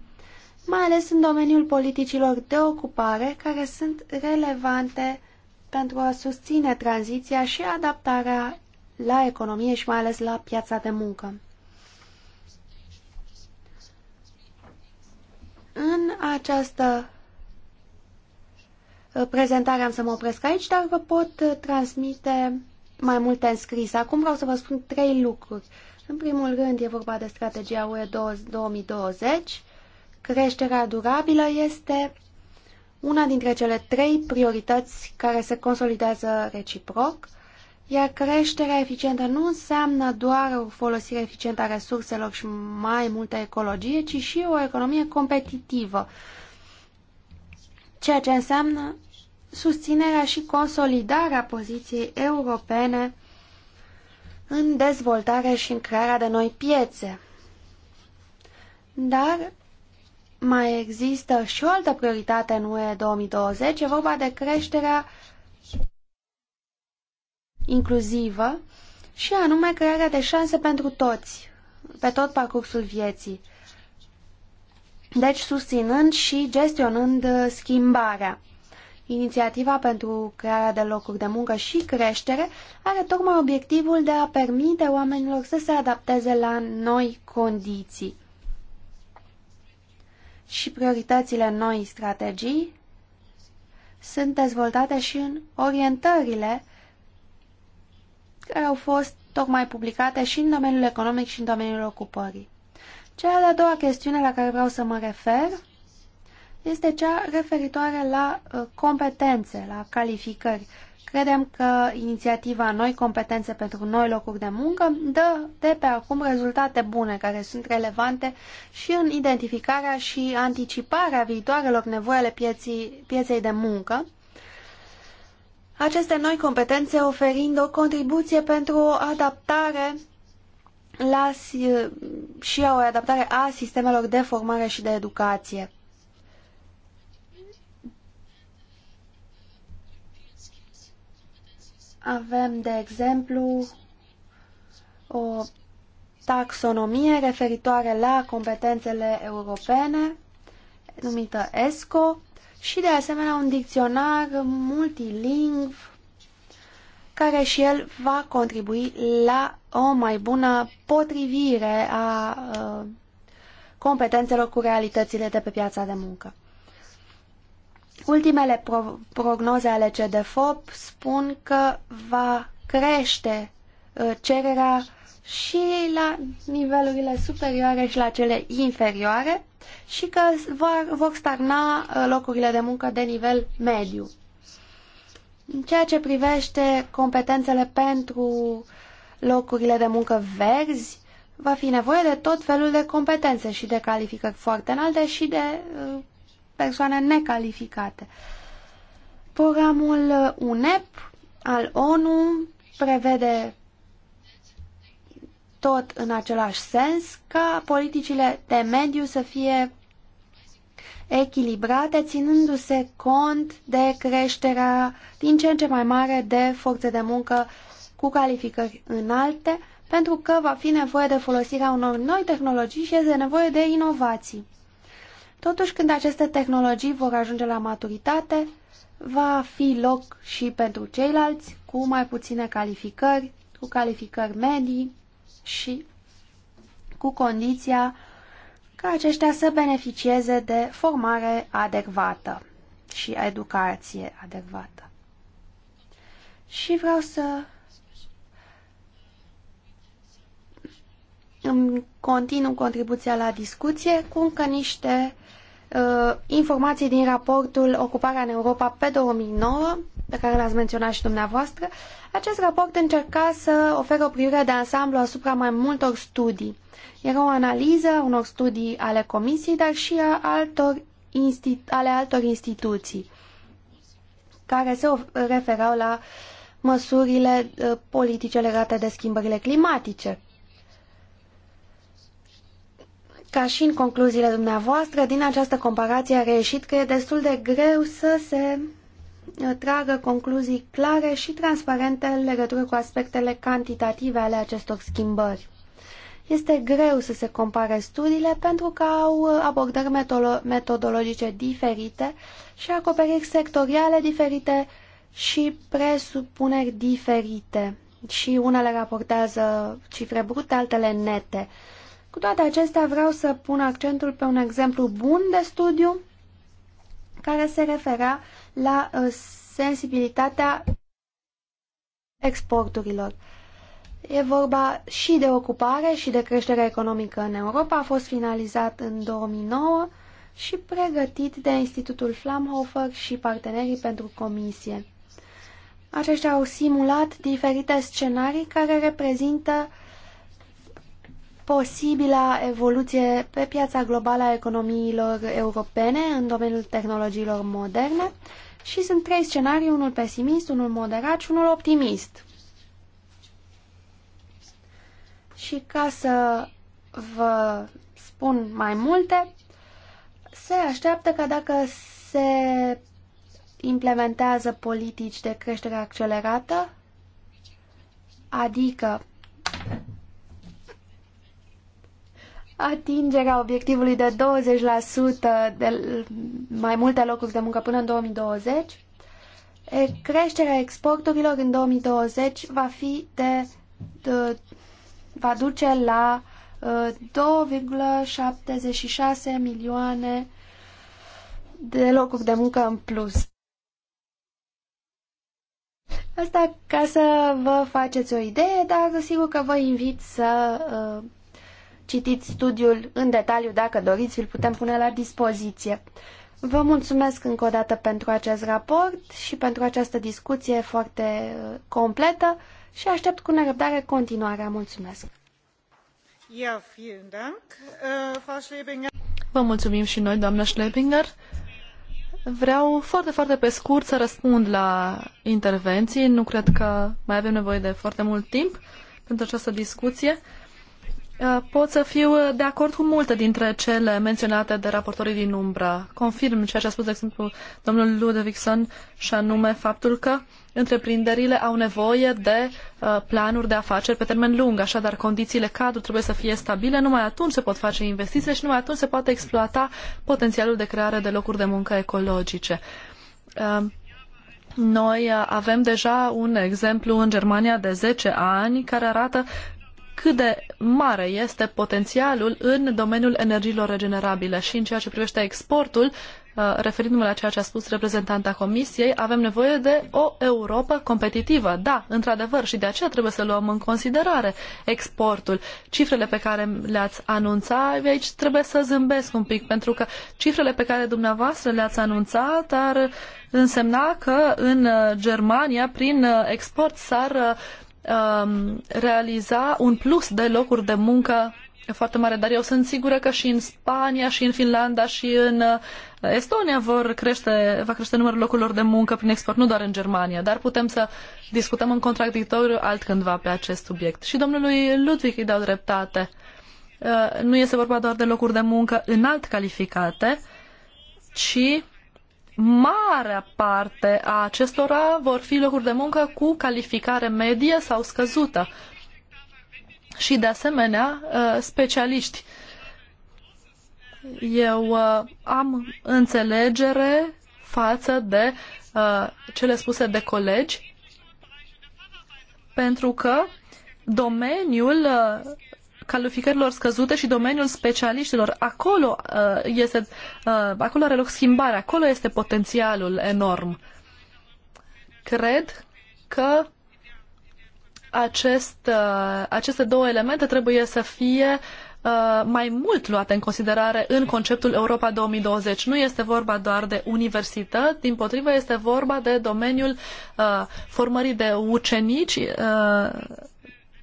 mai ales în domeniul politicilor de ocupare, care sunt relevante pentru a susține tranziția și adaptarea la economie și mai ales la piața de muncă. În această prezentarea am să mă opresc aici, dar vă pot uh, transmite mai multe în scris. Acum vreau să vă spun trei lucruri. În primul rând e vorba de strategia UE 2020. Creșterea durabilă este una dintre cele trei priorități care se consolidează reciproc, iar creșterea eficientă nu înseamnă doar o folosire eficientă a resurselor și mai multă ecologie, ci și o economie competitivă, ceea ce înseamnă susținerea și consolidarea poziției europene în dezvoltare și în crearea de noi piețe. Dar mai există și o altă prioritate în UE 2020, e vorba de creșterea inclusivă și anume crearea de șanse pentru toți, pe tot parcursul vieții. Deci susținând și gestionând schimbarea. Inițiativa pentru crearea de locuri de muncă și creștere are tocmai obiectivul de a permite oamenilor să se adapteze la noi condiții. Și prioritățile noi strategii sunt dezvoltate și în orientările care au fost tocmai publicate și în domeniul economic și în domeniul ocupării. Cea de-a doua chestiune la care vreau să mă refer este cea referitoare la uh, competențe, la calificări. Credem că inițiativa Noi competențe pentru noi locuri de muncă dă de pe acum rezultate bune care sunt relevante și în identificarea și anticiparea viitoarelor nevoi ale pieții, pieței de muncă, aceste noi competențe oferind o contribuție pentru o adaptare la, și o adaptare a sistemelor de formare și de educație. Avem, de exemplu, o taxonomie referitoare la competențele europene, numită ESCO, și de asemenea un dicționar multilingv care și el va contribui la o mai bună potrivire a uh, competențelor cu realitățile de pe piața de muncă. Ultimele pro prognoze ale CDFOP spun că va crește uh, cererea și la nivelurile superioare și la cele inferioare și că vor, vor stagna uh, locurile de muncă de nivel mediu. În ceea ce privește competențele pentru locurile de muncă verzi, va fi nevoie de tot felul de competențe și de calificări foarte înalte și de uh, persoane necalificate. Programul UNEP al ONU prevede tot în același sens ca politicile de mediu să fie echilibrate, ținându-se cont de creșterea din ce în ce mai mare de forțe de muncă cu calificări înalte, pentru că va fi nevoie de folosirea unor noi tehnologii și este nevoie de inovații. Totuși, când aceste tehnologii vor ajunge la maturitate, va fi loc și pentru ceilalți cu mai puține calificări, cu calificări medii și cu condiția ca aceștia să beneficieze de formare adecvată și educație adecvată. Și vreau să îmi continu contribuția la discuție cu încă niște Uh, informații din raportul Ocuparea în Europa pe 2009, pe care l-ați menționat și dumneavoastră. Acest raport încerca să ofere o privire de ansamblu asupra mai multor studii. Era o analiză a unor studii ale comisiei, dar și a altor ale altor instituții care se referau la măsurile uh, politice legate de schimbările climatice. Ca și în concluziile dumneavoastră, din această comparație a reieșit că e destul de greu să se uh, tragă concluzii clare și transparente în legătură cu aspectele cantitative ale acestor schimbări. Este greu să se compare studiile pentru că au uh, abordări metodologice diferite și acoperiri sectoriale diferite și presupuneri diferite. Și unele raportează cifre brute, altele nete. Cu toate acestea vreau să pun accentul pe un exemplu bun de studiu care se referea la uh, sensibilitatea exporturilor. E vorba și de ocupare și de creștere economică în Europa. A fost finalizat în 2009 și pregătit de Institutul Flamhofer și partenerii pentru comisie. Aceștia au simulat diferite scenarii care reprezintă uh, posibila evoluție pe piața globală a economiilor europene în domeniul tehnologiilor moderne și sunt trei scenarii, unul pesimist, unul moderat și unul optimist. Și ca să vă spun mai multe, se așteaptă ca dacă se implementează politici de creștere accelerată, adică atingerea obiectivului de 20% de mai multe locuri de muncă până în 2020, creșterea exporturilor în 2020 va fi de, de va duce la 2,76 ă, milioane de locuri de muncă în plus. Asta ca să vă faceți o idee, dar sigur că vă invit să uh, Citiți studiul în detaliu dacă doriți, îl putem pune la dispoziție. Vă mulțumesc încă o dată pentru acest raport și pentru această discuție foarte uh, completă și aștept cu nerăbdare continuarea. Mulțumesc! Äh, Vă mulțumim și noi, doamna Schlebinger. Vreau foarte, foarte pe scurt să răspund la intervenții. Nu cred că mai avem nevoie de foarte mult timp pentru această discuție. Uh, pot să fiu uh, de acord cu multe dintre cele menționate de raportorii din umbra. Confirm ceea ce a spus, de exemplu, domnul Ludovicson și anume faptul că întreprinderile au nevoie de uh, planuri de afaceri pe termen lung, așadar condițiile cadru trebuie să fie stabile, numai atunci se pot face investiții și numai atunci se poate exploata potențialul de creare de locuri de muncă ecologice. Noi avem deja un exemplu în Germania de 10 ani care arată cât de mare este potențialul în domeniul energiilor regenerabile și în ceea ce privește exportul, uh, referindu-mă la ceea ce a spus reprezentanta Comisiei, avem nevoie de o Europa competitivă. Da, într-adevăr, și de aceea trebuie să luăm în considerare exportul. Cifrele pe care le-ați anunțat, aici trebuie să zâmbesc un pic, pentru că cifrele pe care dumneavoastră le-ați anunțat ar însemna că în uh, Germania, prin uh, export, s-ar um, realiza un plus de locuri de muncă foarte mare, dar eu sunt sigură că și în Spania, și în Finlanda, și în uh, Estonia vor crește, va crește numărul locurilor de muncă prin export, nu doar în Germania, dar putem să discutăm în contradictoriu altcândva pe acest subiect. Și domnului Ludwig îi dau dreptate. Uh, nu este vorba doar de locuri de muncă înalt calificate, ci marea parte a acestora vor fi locuri de muncă cu calificare medie sau scăzută și, de asemenea, uh, specialiști. Eu uh, am înțelegere față de uh, cele spuse de colegi, pentru că domeniul calificărilor scăzute și domeniul specialiștilor. Acolo, uh, este, uh, acolo are loc schimbarea, acolo este potențialul enorm. Cred că acest, uh, aceste două elemente trebuie să fie mai mult luate în considerare în conceptul Europa 2020. Nu este vorba doar de universități, din potrivă este vorba de domeniul formării de ucenici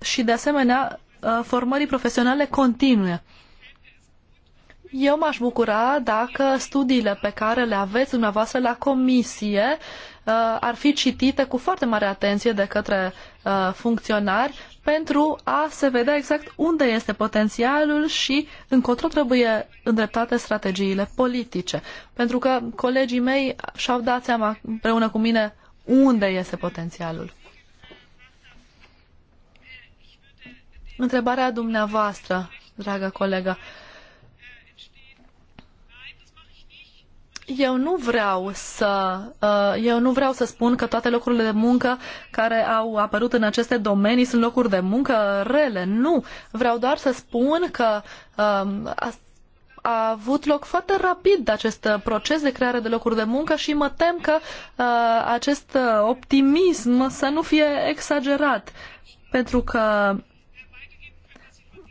și de asemenea Uh, formării profesionale continue. Eu m-aș bucura dacă studiile pe care le aveți dumneavoastră la comisie uh, ar fi citite cu foarte mare atenție de către uh, funcționari pentru a se vedea exact unde este potențialul și încotro trebuie îndreptate strategiile politice. Pentru că colegii mei și-au dat seama împreună cu mine unde este potențialul. întrebarea dumneavoastră, dragă colegă. Eu nu vreau să uh, eu nu vreau să spun că toate locurile de muncă care au apărut în aceste domenii sunt locuri de muncă rele. Nu, vreau doar să spun că um, a, a avut loc foarte rapid acest proces de creare de locuri de muncă și mă tem că uh, acest optimism să nu fie exagerat, pentru că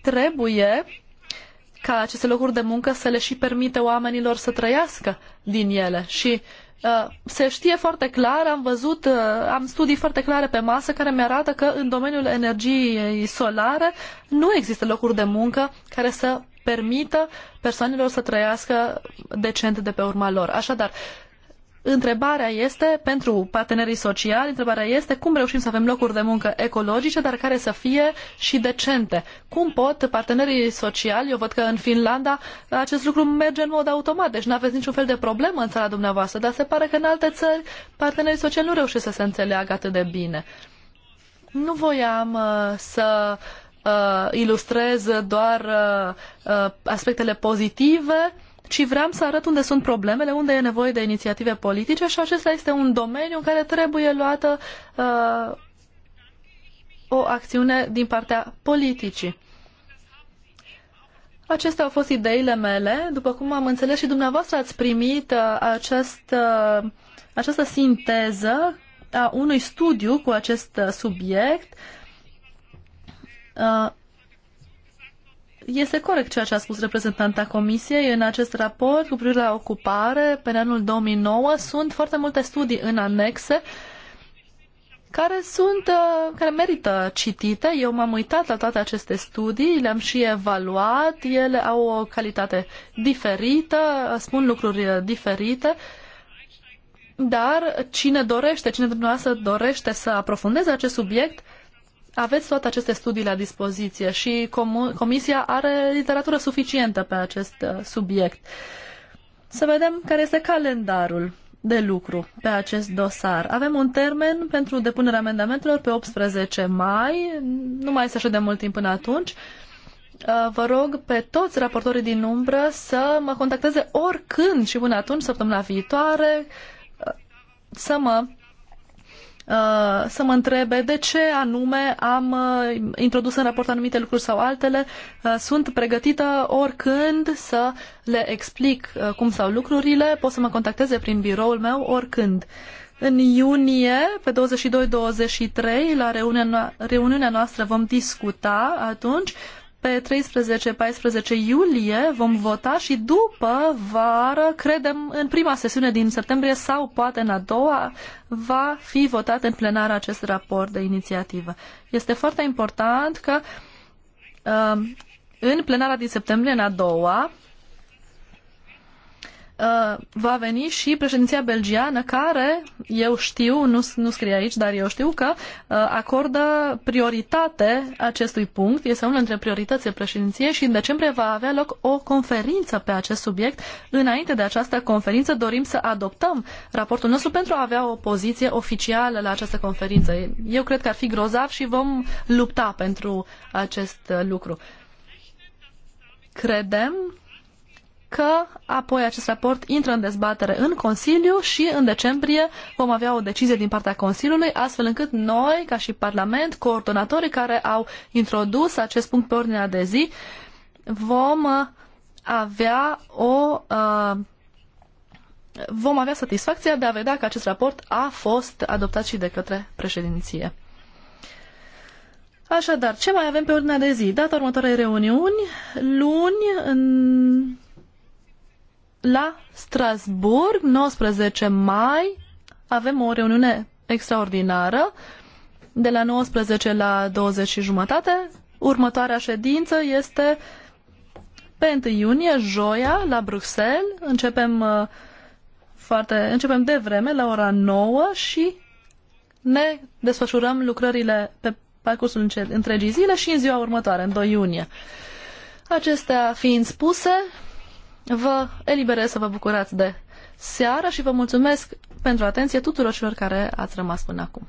trebuie ca aceste locuri de muncă să le și permite oamenilor să trăiască din ele. Și uh, se știe foarte clar, am văzut, uh, am studii foarte clare pe masă care mi arată că în domeniul energiei solare nu există locuri de muncă care să permită persoanelor să trăiască decent de pe urma lor. Așadar, uh, întrebarea este, pentru partenerii sociali, întrebarea este cum reușim să avem locuri de muncă ecologice, dar care să fie și decente. Cum pot partenerii sociali, eu văd că în Finlanda acest lucru merge în mod automat, deci nu aveți niciun fel de problemă în țara dumneavoastră, dar se pare că în alte țări partenerii sociali nu reușesc să se înțeleagă atât de bine. Nu voiam uh, să uh, ilustrez doar uh, uh aspectele pozitive, uh, ci vreau să arăt unde sunt problemele, unde e nevoie de inițiative politice și acesta este un domeniu în care trebuie luată uh, o acțiune din partea politicii. Acestea au fost ideile mele. După cum am înțeles și dumneavoastră ați primit uh, această, uh, această sinteză a unui studiu cu acest uh, subiect. Este corect ceea ce a spus reprezentanta Comisiei în acest raport cu privire la ocupare pe anul 2009. Sunt foarte multe studii în anexe care sunt, uh, care merită citite. Eu m-am uitat la toate aceste studii, le-am și evaluat, ele au o calitate diferită, spun lucruri uh, diferite, dar cine dorește, cine dumneavoastră dorește să aprofundeze acest subiect, aveți toate aceste studii la dispoziție și com Comisia are literatură suficientă pe acest uh, subiect. Să vedem care este calendarul de lucru pe acest dosar. Avem un termen pentru depunerea amendamentelor pe 18 mai, nu mai este așa de mult timp până atunci. Uh, vă rog pe toți raportorii din umbră să mă contacteze oricând și până atunci, săptămâna viitoare, uh, să mă Uh, să mă întrebe de ce anume am uh, introdus în raport anumite lucruri sau altele. Uh, sunt pregătită oricând să le explic cum stau lucrurile, pot să mă contacteze prin biroul meu oricând. În iunie, pe 22-23, la reuniunea, reuniunea noastră vom discuta atunci pe 13-14 iulie vom vota și după vară, credem, în prima sesiune din septembrie sau poate în a doua, va fi votat în plenară acest raport de inițiativă. Este foarte important că um, în plenara din septembrie, în a doua, Uh, va veni și președinția belgiană care, eu știu, nu, nu scrie aici, dar eu știu că uh, acordă prioritate acestui punct, este unul dintre prioritățile președinției și în decembrie va avea loc o conferință pe acest subiect. Înainte de această conferință dorim să adoptăm raportul nostru pentru a avea o poziție oficială la această conferință. Eu cred că ar fi grozav și vom lupta pentru acest lucru. Credem că apoi acest raport intră în dezbatere în Consiliu și în decembrie vom avea o decizie din partea Consiliului, astfel încât noi, ca și Parlament, coordonatorii care au introdus acest punct pe ordinea de zi, vom uh, avea o uh, vom avea satisfacția de a vedea că acest raport a fost adoptat și de către președinție. Așadar, ce mai avem pe ordinea de zi? Data următoarei reuniuni, luni, în la Strasburg, 19 mai, avem o reuniune extraordinară de la 19 la 20 și jumătate. Următoarea ședință este pe 1 iunie, joia, la Bruxelles. Începem uh, foarte, începem de vreme, la ora 9 și ne desfășurăm lucrările pe parcursul întregii zile și în ziua următoare, în 2 iunie. Acestea fiind spuse, vă eliberez să vă bucurați de seară și vă mulțumesc pentru atenție tuturor celor care ați rămas până acum.